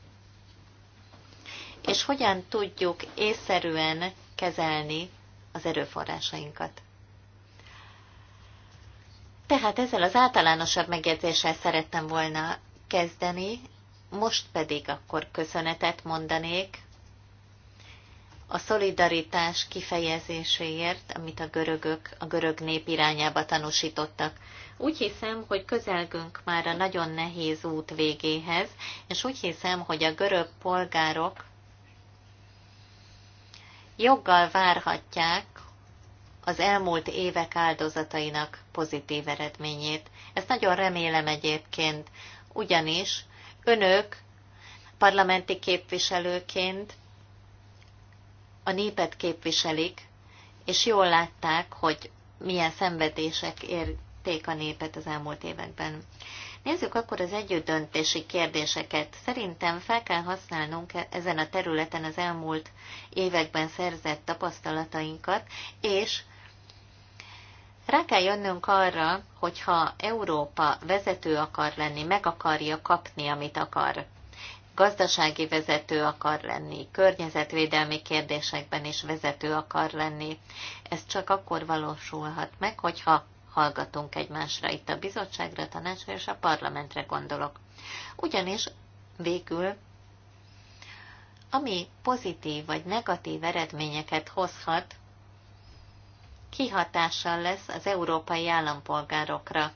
és hogyan tudjuk észszerűen kezelni az erőforrásainkat. Tehát ezzel az általánosabb megjegyzéssel szerettem volna kezdeni, most pedig akkor köszönetet mondanék a szolidaritás kifejezéséért, amit a görögök, a görög nép irányába tanúsítottak. Úgy hiszem, hogy közelgünk már a nagyon nehéz út végéhez, és úgy hiszem, hogy a görög polgárok joggal várhatják az elmúlt évek áldozatainak pozitív eredményét. Ezt nagyon remélem egyébként, ugyanis önök parlamenti képviselőként a népet képviselik, és jól látták, hogy milyen szenvedések érték a népet az elmúlt években. Nézzük akkor az együttdöntési kérdéseket. Szerintem fel kell használnunk e- ezen a területen az elmúlt években szerzett tapasztalatainkat, és rá kell jönnünk arra, hogyha Európa vezető akar lenni, meg akarja kapni, amit akar, gazdasági vezető akar lenni, környezetvédelmi kérdésekben is vezető akar lenni. Ez csak akkor valósulhat meg, hogyha hallgatunk egymásra, itt a bizottságra, a tanácsra és a parlamentre gondolok. Ugyanis végül ami pozitív vagy negatív eredményeket hozhat, kihatással lesz az európai állampolgárokra,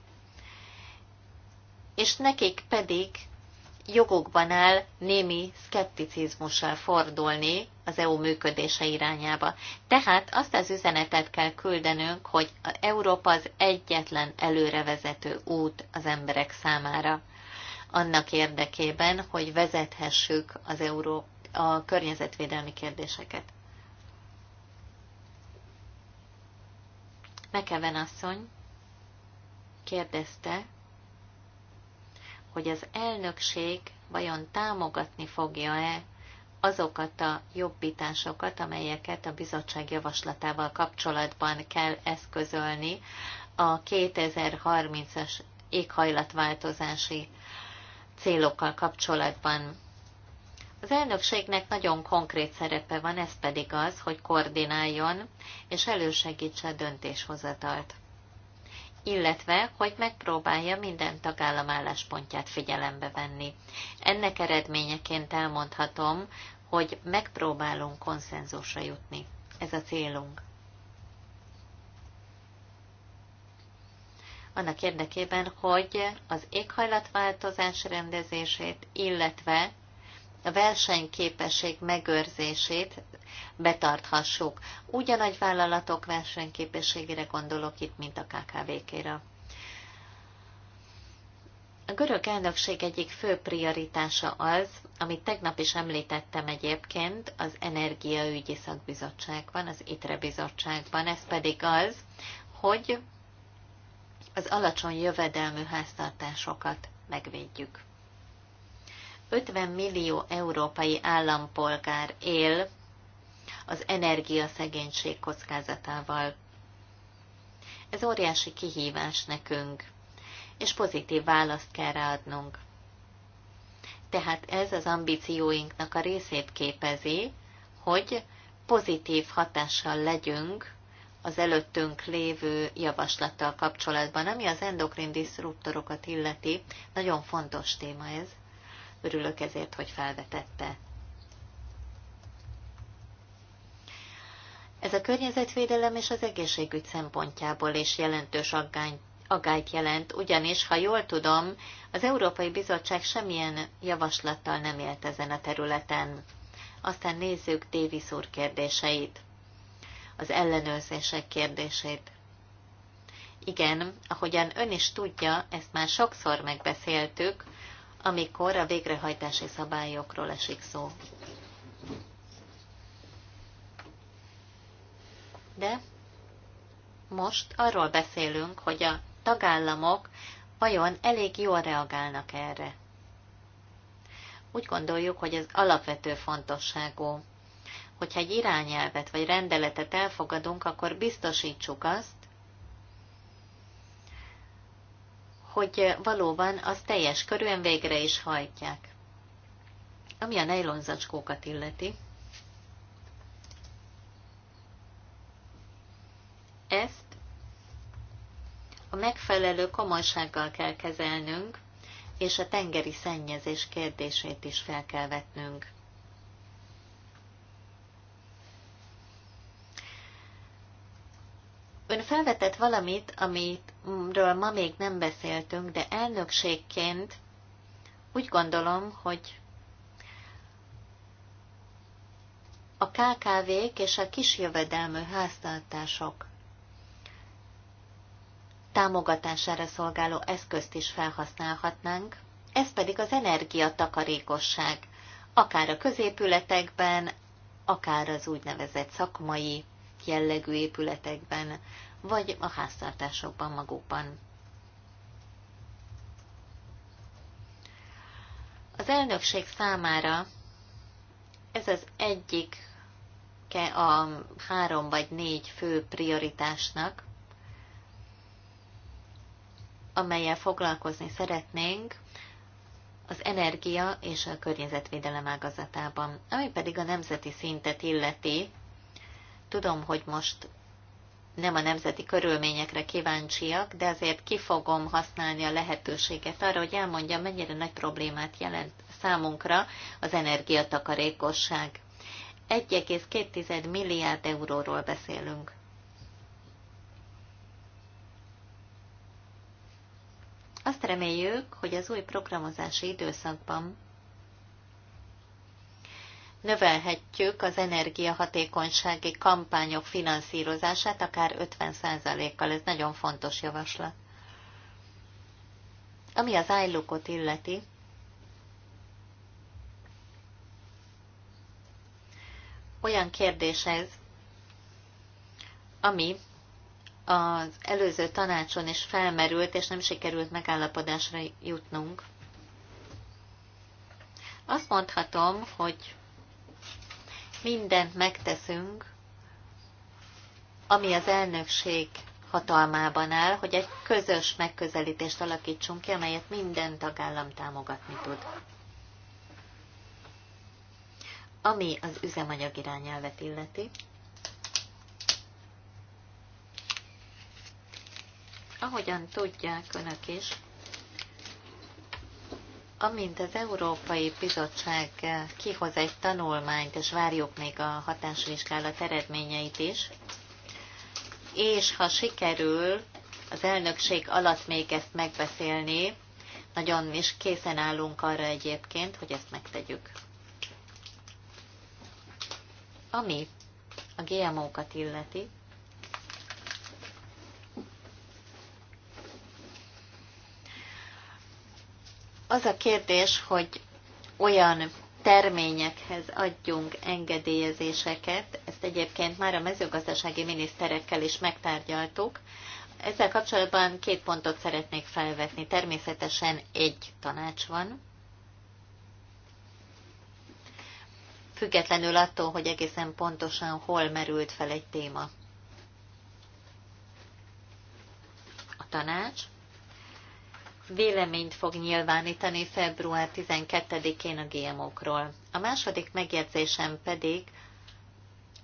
és nekik pedig jogokban áll némi szkepticizmussal fordulni az EU működése irányába. Tehát azt az üzenetet kell küldenünk, hogy Európa az egyetlen előrevezető út az emberek számára. Annak érdekében, hogy vezethessük az Euró a környezetvédelmi kérdéseket. Mekeven asszony kérdezte, hogy az elnökség vajon támogatni fogja-e azokat a jobbításokat, amelyeket a bizottság javaslatával kapcsolatban kell eszközölni a 2030-as éghajlatváltozási célokkal kapcsolatban. Az elnökségnek nagyon konkrét szerepe van, ez pedig az, hogy koordináljon és elősegítse a döntéshozatalt illetve hogy megpróbálja minden tagállam álláspontját figyelembe venni. Ennek eredményeként elmondhatom, hogy megpróbálunk konszenzusra jutni. Ez a célunk. Annak érdekében, hogy az éghajlatváltozás rendezését, illetve a versenyképesség megőrzését betarthassuk. Úgy a nagyvállalatok versenyképességére gondolok itt, mint a KKV-kére. A görög elnökség egyik fő prioritása az, amit tegnap is említettem egyébként, az Energiaügyi Szakbizottságban, az ITRE bizottságban, ez pedig az, hogy az alacsony jövedelmű háztartásokat megvédjük. 50 millió európai állampolgár él az energiaszegénység kockázatával. Ez óriási kihívás nekünk, és pozitív választ kell ráadnunk. Tehát ez az ambícióinknak a részét képezi, hogy pozitív hatással legyünk az előttünk lévő javaslattal kapcsolatban, ami az endokrin diszruptorokat illeti, nagyon fontos téma ez. Örülök ezért, hogy felvetette. Ez a környezetvédelem és az egészségügy szempontjából is jelentős aggány, aggályt jelent, ugyanis, ha jól tudom, az Európai Bizottság semmilyen javaslattal nem élt ezen a területen. Aztán nézzük Davis úr kérdéseit, az ellenőrzések kérdését. Igen, ahogyan ön is tudja, ezt már sokszor megbeszéltük, amikor a végrehajtási szabályokról esik szó. De most arról beszélünk, hogy a tagállamok vajon elég jól reagálnak erre. Úgy gondoljuk, hogy ez alapvető fontosságú. Hogyha egy irányelvet vagy rendeletet elfogadunk, akkor biztosítsuk azt, hogy valóban az teljes körülön végre is hajtják. Ami a nejlonzacskókat illeti, ezt a megfelelő komolysággal kell kezelnünk, és a tengeri szennyezés kérdését is fel kell vetnünk. Ön felvetett valamit, amiről ma még nem beszéltünk, de elnökségként úgy gondolom, hogy a KKV-k és a kisjövedelmű háztartások támogatására szolgáló eszközt is felhasználhatnánk, ez pedig az energiatakarékosság, akár a középületekben, akár az úgynevezett szakmai jellegű épületekben, vagy a háztartásokban magukban. Az elnökség számára ez az egyik a három vagy négy fő prioritásnak, amelyel foglalkozni szeretnénk, az energia és a környezetvédelem ágazatában, ami pedig a nemzeti szintet illeti, Tudom, hogy most nem a nemzeti körülményekre kíváncsiak, de azért ki fogom használni a lehetőséget arra, hogy elmondjam, mennyire nagy problémát jelent számunkra az energiatakarékosság. 1,2 milliárd euróról beszélünk. Azt reméljük, hogy az új programozási időszakban növelhetjük az energiahatékonysági kampányok finanszírozását akár 50%-kal. Ez nagyon fontos javaslat. Ami az ájlókot illeti, olyan kérdés ez, ami az előző tanácson is felmerült, és nem sikerült megállapodásra jutnunk. Azt mondhatom, hogy mindent megteszünk, ami az elnökség hatalmában áll, hogy egy közös megközelítést alakítsunk ki, amelyet minden tagállam támogatni tud. Ami az üzemanyag irányelvet illeti, ahogyan tudják önök is, amint az Európai Bizottság eh, kihoz egy tanulmányt, és várjuk még a hatásvizsgálat eredményeit is, és ha sikerül az elnökség alatt még ezt megbeszélni, nagyon is készen állunk arra egyébként, hogy ezt megtegyük. Ami a GMO-kat illeti, Az a kérdés, hogy olyan terményekhez adjunk engedélyezéseket, ezt egyébként már a mezőgazdasági miniszterekkel is megtárgyaltuk. Ezzel kapcsolatban két pontot szeretnék felvetni. Természetesen egy tanács van, függetlenül attól, hogy egészen pontosan hol merült fel egy téma. A tanács véleményt fog nyilvánítani február 12-én a GMO-król. A második megjegyzésem pedig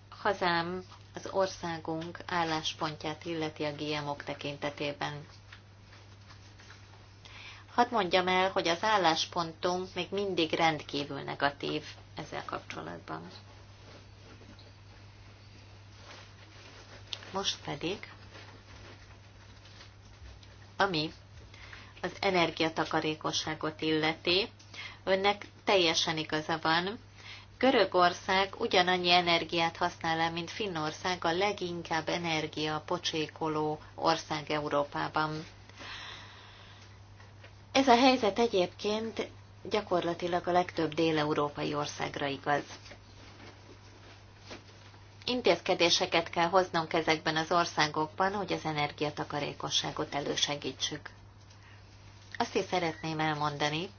hazám, az országunk álláspontját illeti a GMO-k tekintetében. Hadd mondjam el, hogy az álláspontunk még mindig rendkívül negatív ezzel kapcsolatban. Most pedig, ami az energiatakarékosságot illeti, önnek teljesen igaza van. Görögország ugyanannyi energiát használ el, mint Finnország, a leginkább energia pocsékoló ország Európában. Ez a helyzet egyébként gyakorlatilag a legtöbb déleurópai országra igaz. Intézkedéseket kell hoznunk ezekben az országokban, hogy az energiatakarékosságot elősegítsük. Azt is szeretném elmondani,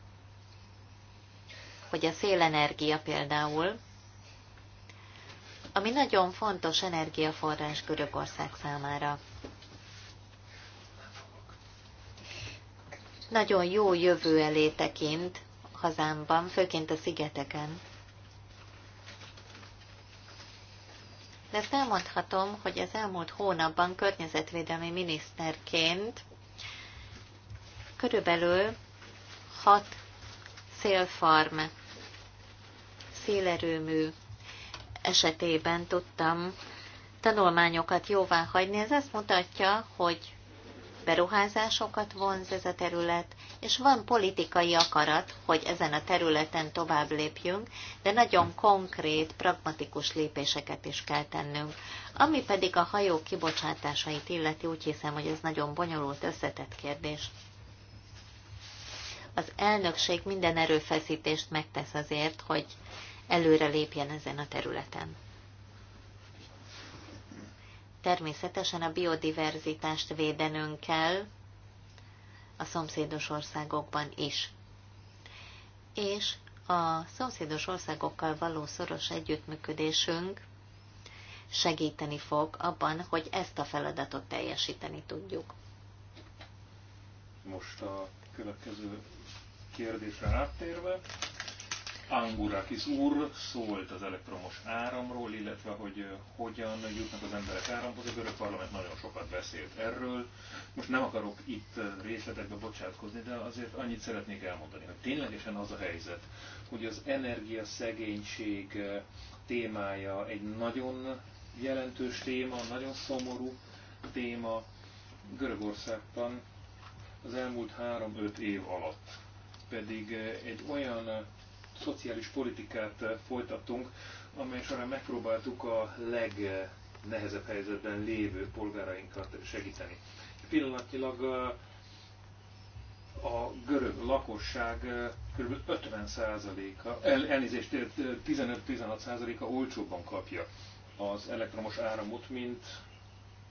hogy a szélenergia például, ami nagyon fontos energiaforrás Görögország számára. Nagyon jó jövő elé tekint hazámban, főként a szigeteken. De ezt elmondhatom, hogy az elmúlt hónapban környezetvédelmi miniszterként körülbelül 6 szélfarm szélerőmű esetében tudtam tanulmányokat jóvá hagyni. Ez azt mutatja, hogy beruházásokat vonz ez a terület, és van politikai akarat, hogy ezen a területen tovább lépjünk, de nagyon konkrét, pragmatikus lépéseket is kell tennünk. Ami pedig a hajó kibocsátásait illeti, úgy hiszem, hogy ez nagyon bonyolult, összetett kérdés az elnökség minden erőfeszítést megtesz azért, hogy előre lépjen ezen a területen. Természetesen a biodiverzitást védenünk kell a szomszédos országokban is. És a szomszédos országokkal való szoros együttműködésünk segíteni fog abban, hogy ezt a feladatot teljesíteni tudjuk. Most a következő kérdésre áttérve, Angurakis úr szólt az elektromos áramról, illetve hogy eh, hogyan jutnak az emberek áramhoz. A görög parlament nagyon sokat beszélt erről. Most nem akarok itt eh, részletekbe bocsátkozni, de azért annyit szeretnék elmondani, hogy ténylegesen az a helyzet, hogy az energiaszegénység eh, témája egy nagyon jelentős téma, nagyon szomorú téma Görögországban az elmúlt 3-5 év alatt pedig eh, egy olyan eh, szociális politikát eh, folytattunk, amely során megpróbáltuk a legnehezebb helyzetben lévő polgárainkat segíteni. Pillanatilag a görög lakosság kb. 50%-a, el, elnézést, 15-16%-a olcsóbban kapja az elektromos áramot, mint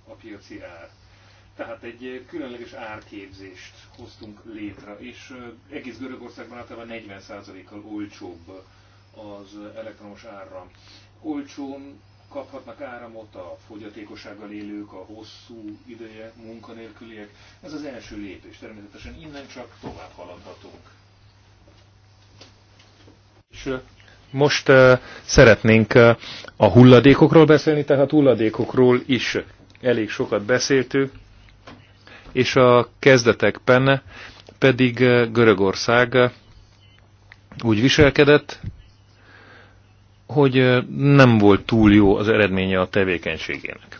a piaci ár. Tehát egy eh, különleges árképzést hoztunk létre, és eh, egész Görögországban általában 40%-kal olcsóbb az elektromos áram. Olcsón kaphatnak áramot a fogyatékossággal élők, a hosszú ideje munkanélküliek. Ez az első lépés. Természetesen innen csak tovább haladhatunk. És eh, most uh, szeretnénk uh, a hulladékokról beszélni, tehát hulladékokról is elég sokat beszéltünk és a kezdetekben pedig eh, Görögország eh, úgy viselkedett, hogy eh, nem volt túl jó az eredménye a tevékenységének.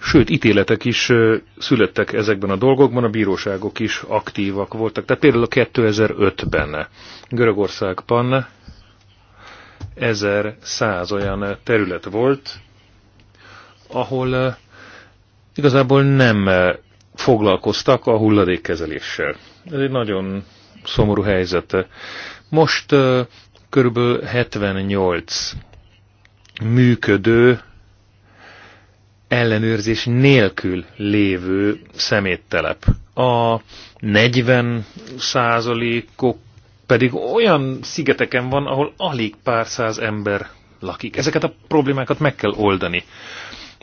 Sőt, ítéletek is születtek ezekben a dolgokban, a bíróságok is aktívak voltak. Tehát például a 2005-ben Görögországban 1100 olyan terület volt, ahol igazából nem eh, foglalkoztak a hulladékkezeléssel. Ez egy nagyon szomorú helyzet. Most eh, körülbelül 78 működő ellenőrzés nélkül lévő szeméttelep. A 40 százalékok pedig olyan szigeteken van, ahol alig pár száz ember lakik. Ezeket a problémákat meg kell oldani.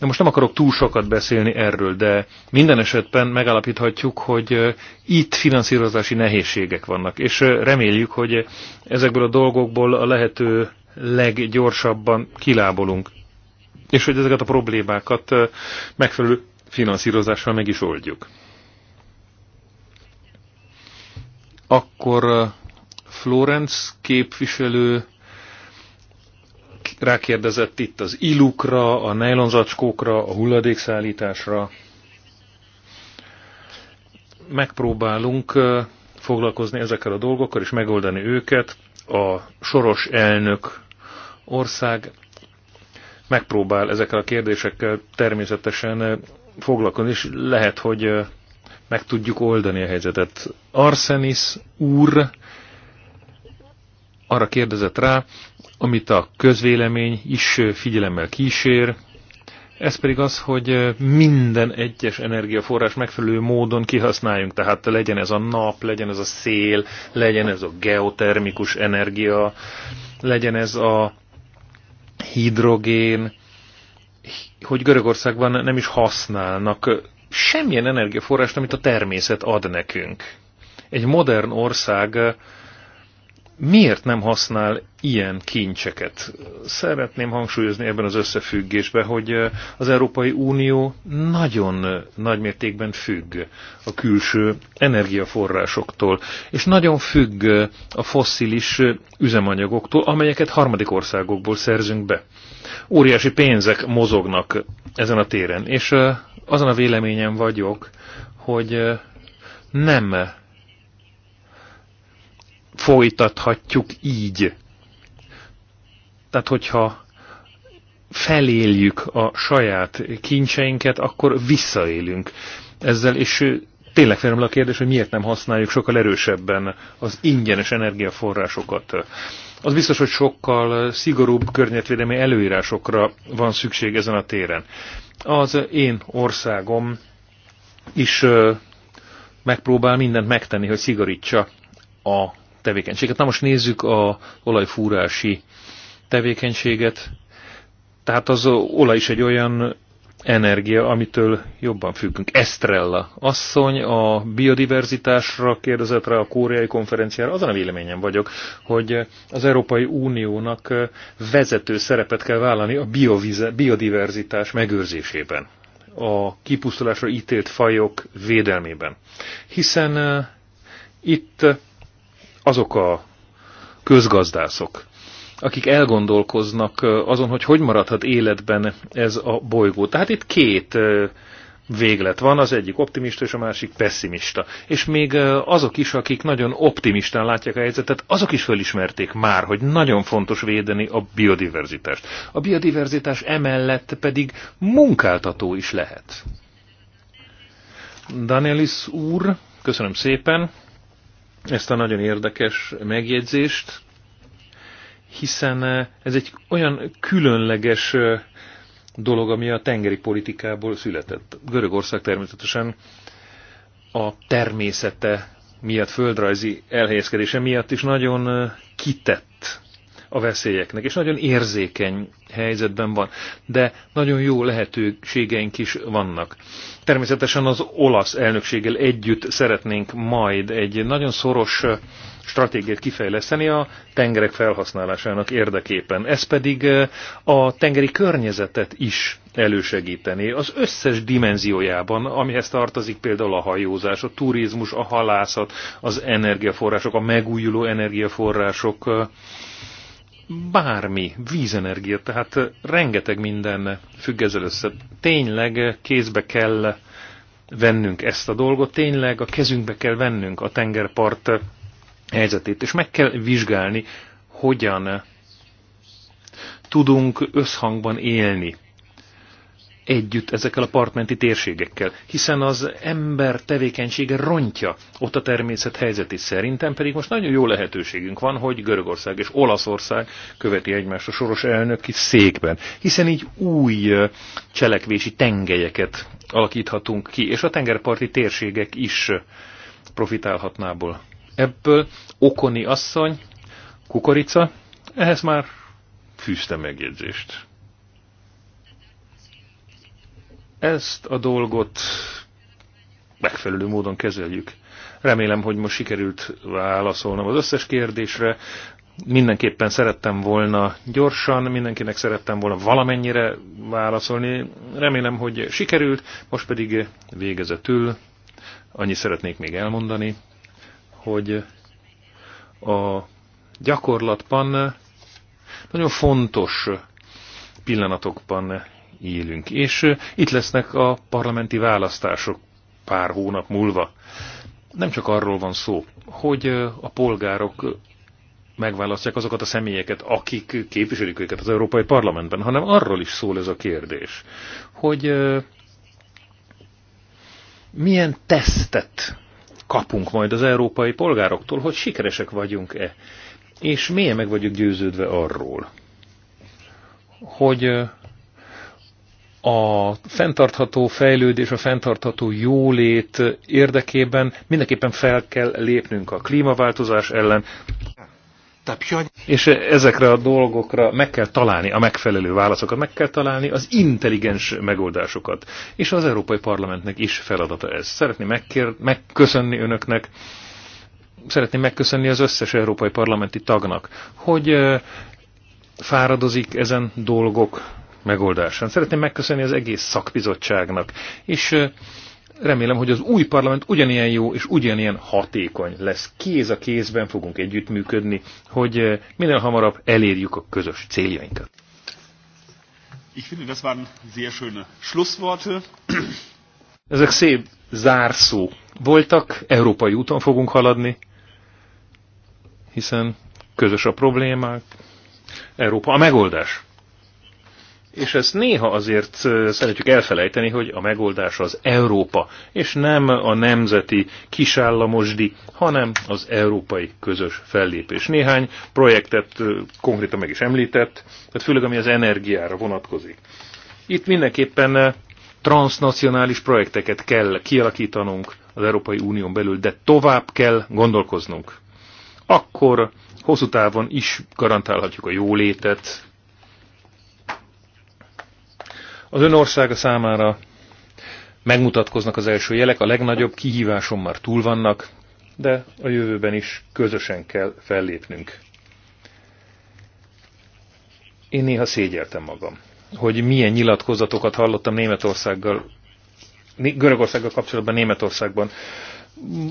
De most nem akarok túl sokat beszélni erről, de minden esetben megállapíthatjuk, hogy itt finanszírozási nehézségek vannak, és reméljük, hogy ezekből a dolgokból a lehető leggyorsabban kilábolunk, és hogy ezeket a problémákat megfelelő finanszírozással meg is oldjuk. Akkor Florence képviselő rákérdezett itt az ilukra, a nejlonzacskókra, a hulladékszállításra. Megpróbálunk foglalkozni ezekkel a dolgokkal és megoldani őket. A soros elnök ország megpróbál ezekkel a kérdésekkel természetesen foglalkozni, és lehet, hogy meg tudjuk oldani a helyzetet. Arsenis úr arra kérdezett rá, amit a közvélemény is figyelemmel kísér, ez pedig az, hogy minden egyes energiaforrás megfelelő módon kihasználjunk, tehát legyen ez a nap, legyen ez a szél, legyen ez a geotermikus energia, legyen ez a hidrogén, hogy Görögországban nem is használnak semmilyen energiaforrást, amit a természet ad nekünk. Egy modern ország miért nem használ ilyen kincseket? Szeretném hangsúlyozni ebben az összefüggésben, hogy az Európai Unió nagyon nagy mértékben függ a külső energiaforrásoktól, és nagyon függ a fosszilis üzemanyagoktól, amelyeket harmadik országokból szerzünk be. Óriási pénzek mozognak ezen a téren, és azon a véleményen vagyok, hogy nem folytathatjuk így. Tehát, hogyha feléljük a saját kincseinket, akkor visszaélünk ezzel, és tényleg felmerül a kérdés, hogy miért nem használjuk sokkal erősebben az ingyenes energiaforrásokat. Az biztos, hogy sokkal szigorúbb környezetvédelmi előírásokra van szükség ezen a téren. Az én országom is megpróbál mindent megtenni, hogy szigorítsa a tevékenységet. Na most nézzük a olajfúrási tevékenységet. Tehát az olaj is egy olyan energia, amitől jobban függünk. Estrella asszony a biodiverzitásra kérdezett rá a koreai konferenciára. Azon a véleményem vagyok, hogy az Európai Uniónak vezető szerepet kell vállalni a biodiverzitás megőrzésében, a kipusztulásra ítélt fajok védelmében. Hiszen eh, itt azok a közgazdászok, akik elgondolkoznak azon, hogy hogy maradhat életben ez a bolygó. Tehát itt két véglet van, az egyik optimista és a másik pessimista. És még azok is, akik nagyon optimistán látják a helyzetet, azok is felismerték már, hogy nagyon fontos védeni a biodiverzitást. A biodiverzitás emellett pedig munkáltató is lehet. Danielis úr, köszönöm szépen ezt a nagyon érdekes megjegyzést, hiszen eh, ez egy olyan különleges eh, dolog, ami a tengeri politikából született. Görögország természetesen a természete miatt, földrajzi elhelyezkedése miatt is nagyon eh, kitett a veszélyeknek, és nagyon érzékeny helyzetben van, de nagyon jó lehetőségeink is vannak. Természetesen az olasz elnökséggel együtt szeretnénk majd egy nagyon szoros stratégiát kifejleszteni a tengerek felhasználásának érdekében. Ez pedig eh, a tengeri környezetet is elősegíteni az összes dimenziójában, amihez tartozik például a hajózás, a turizmus, a halászat, az energiaforrások, a megújuló energiaforrások, eh, bármi, vízenergia, tehát rengeteg minden függ ezzel össze. Tényleg kézbe kell vennünk ezt a dolgot, tényleg a kezünkbe kell vennünk a tengerpart helyzetét, és meg kell vizsgálni, hogyan tudunk összhangban élni együtt ezekkel a partmenti térségekkel, hiszen az ember tevékenysége rontja ott a természet helyzetét szerintem, pedig most nagyon jó lehetőségünk van, hogy Görögország és Olaszország követi egymást a soros elnöki székben, hiszen így új cselekvési tengelyeket alakíthatunk ki, és a tengerparti térségek is profitálhatnából. Ebből Okoni asszony, kukorica, ehhez már fűzte megjegyzést. ezt a dolgot megfelelő módon kezeljük. Remélem, hogy most sikerült válaszolnom az összes kérdésre. Mindenképpen szerettem volna gyorsan, mindenkinek szerettem volna valamennyire válaszolni. Remélem, hogy sikerült. Most pedig végezetül annyi szeretnék még elmondani, hogy a gyakorlatban nagyon fontos pillanatokban élünk. És itt lesznek a parlamenti választások pár hónap múlva. Nem csak arról van szó, hogy a polgárok megválasztják azokat a személyeket, akik képviselik őket az Európai Parlamentben, hanem arról is szól ez a kérdés, hogy milyen tesztet kapunk majd az európai polgároktól, hogy sikeresek vagyunk-e, és milyen meg vagyunk győződve arról, hogy a fenntartható fejlődés, a fenntartható jólét érdekében mindenképpen fel kell lépnünk a klímaváltozás ellen, és ezekre a dolgokra meg kell találni a megfelelő válaszokat, meg kell találni az intelligens megoldásokat. És az Európai Parlamentnek is feladata ez. Szeretném megkér, megköszönni önöknek, szeretném megköszönni az összes Európai Parlamenti tagnak, hogy fáradozik ezen dolgok megoldásán. Szeretném megköszönni az egész szakbizottságnak, és remélem, hogy az új parlament ugyanilyen jó és ugyanilyen hatékony lesz. Kéz a kézben fogunk együttműködni, hogy minél hamarabb elérjük a közös céljainkat. Ich finde, das waren sehr schöne Schlussworte. Ezek szép zárszó voltak, európai úton fogunk haladni, hiszen közös a problémák, Európa a megoldás. És ezt néha azért szeretjük elfelejteni, hogy a megoldás az Európa, és nem a nemzeti kisállamosdi, hanem az európai közös fellépés. Néhány projektet konkrétan meg is említett, tehát főleg ami az energiára vonatkozik. Itt mindenképpen transnacionális projekteket kell kialakítanunk az Európai Unión belül, de tovább kell gondolkoznunk. Akkor hosszú távon is garantálhatjuk a jólétet, az ön országa számára megmutatkoznak az első jelek, a legnagyobb kihíváson már túl vannak, de a jövőben is közösen kell fellépnünk. Én néha szégyeltem magam, hogy milyen nyilatkozatokat hallottam Németországgal, Görögországgal kapcsolatban Németországban.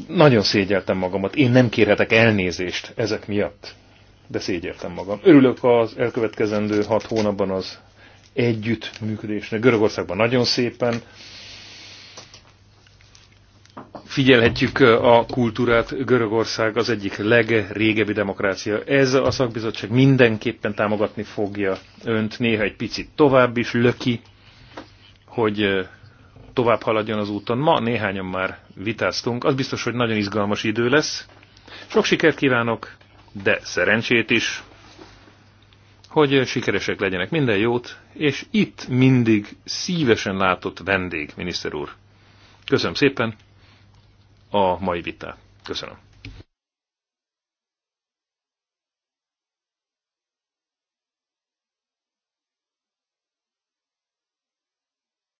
Nagyon szégyeltem magamat. Én nem kérhetek elnézést ezek miatt, de szégyeltem magam. Örülök az elkövetkezendő hat hónapban az együttműködésre. Görögországban nagyon szépen figyelhetjük a kultúrát. Görögország az egyik legrégebbi demokrácia. Ez a szakbizottság mindenképpen támogatni fogja önt, néha egy picit tovább is löki, hogy tovább haladjon az úton. Ma néhányan már vitáztunk, az biztos, hogy nagyon izgalmas idő lesz. Sok sikert kívánok, de szerencsét is, hogy sikeresek legyenek. Minden jót, és itt mindig szívesen látott vendég, miniszter úr. Köszönöm szépen a mai vitát. Köszönöm.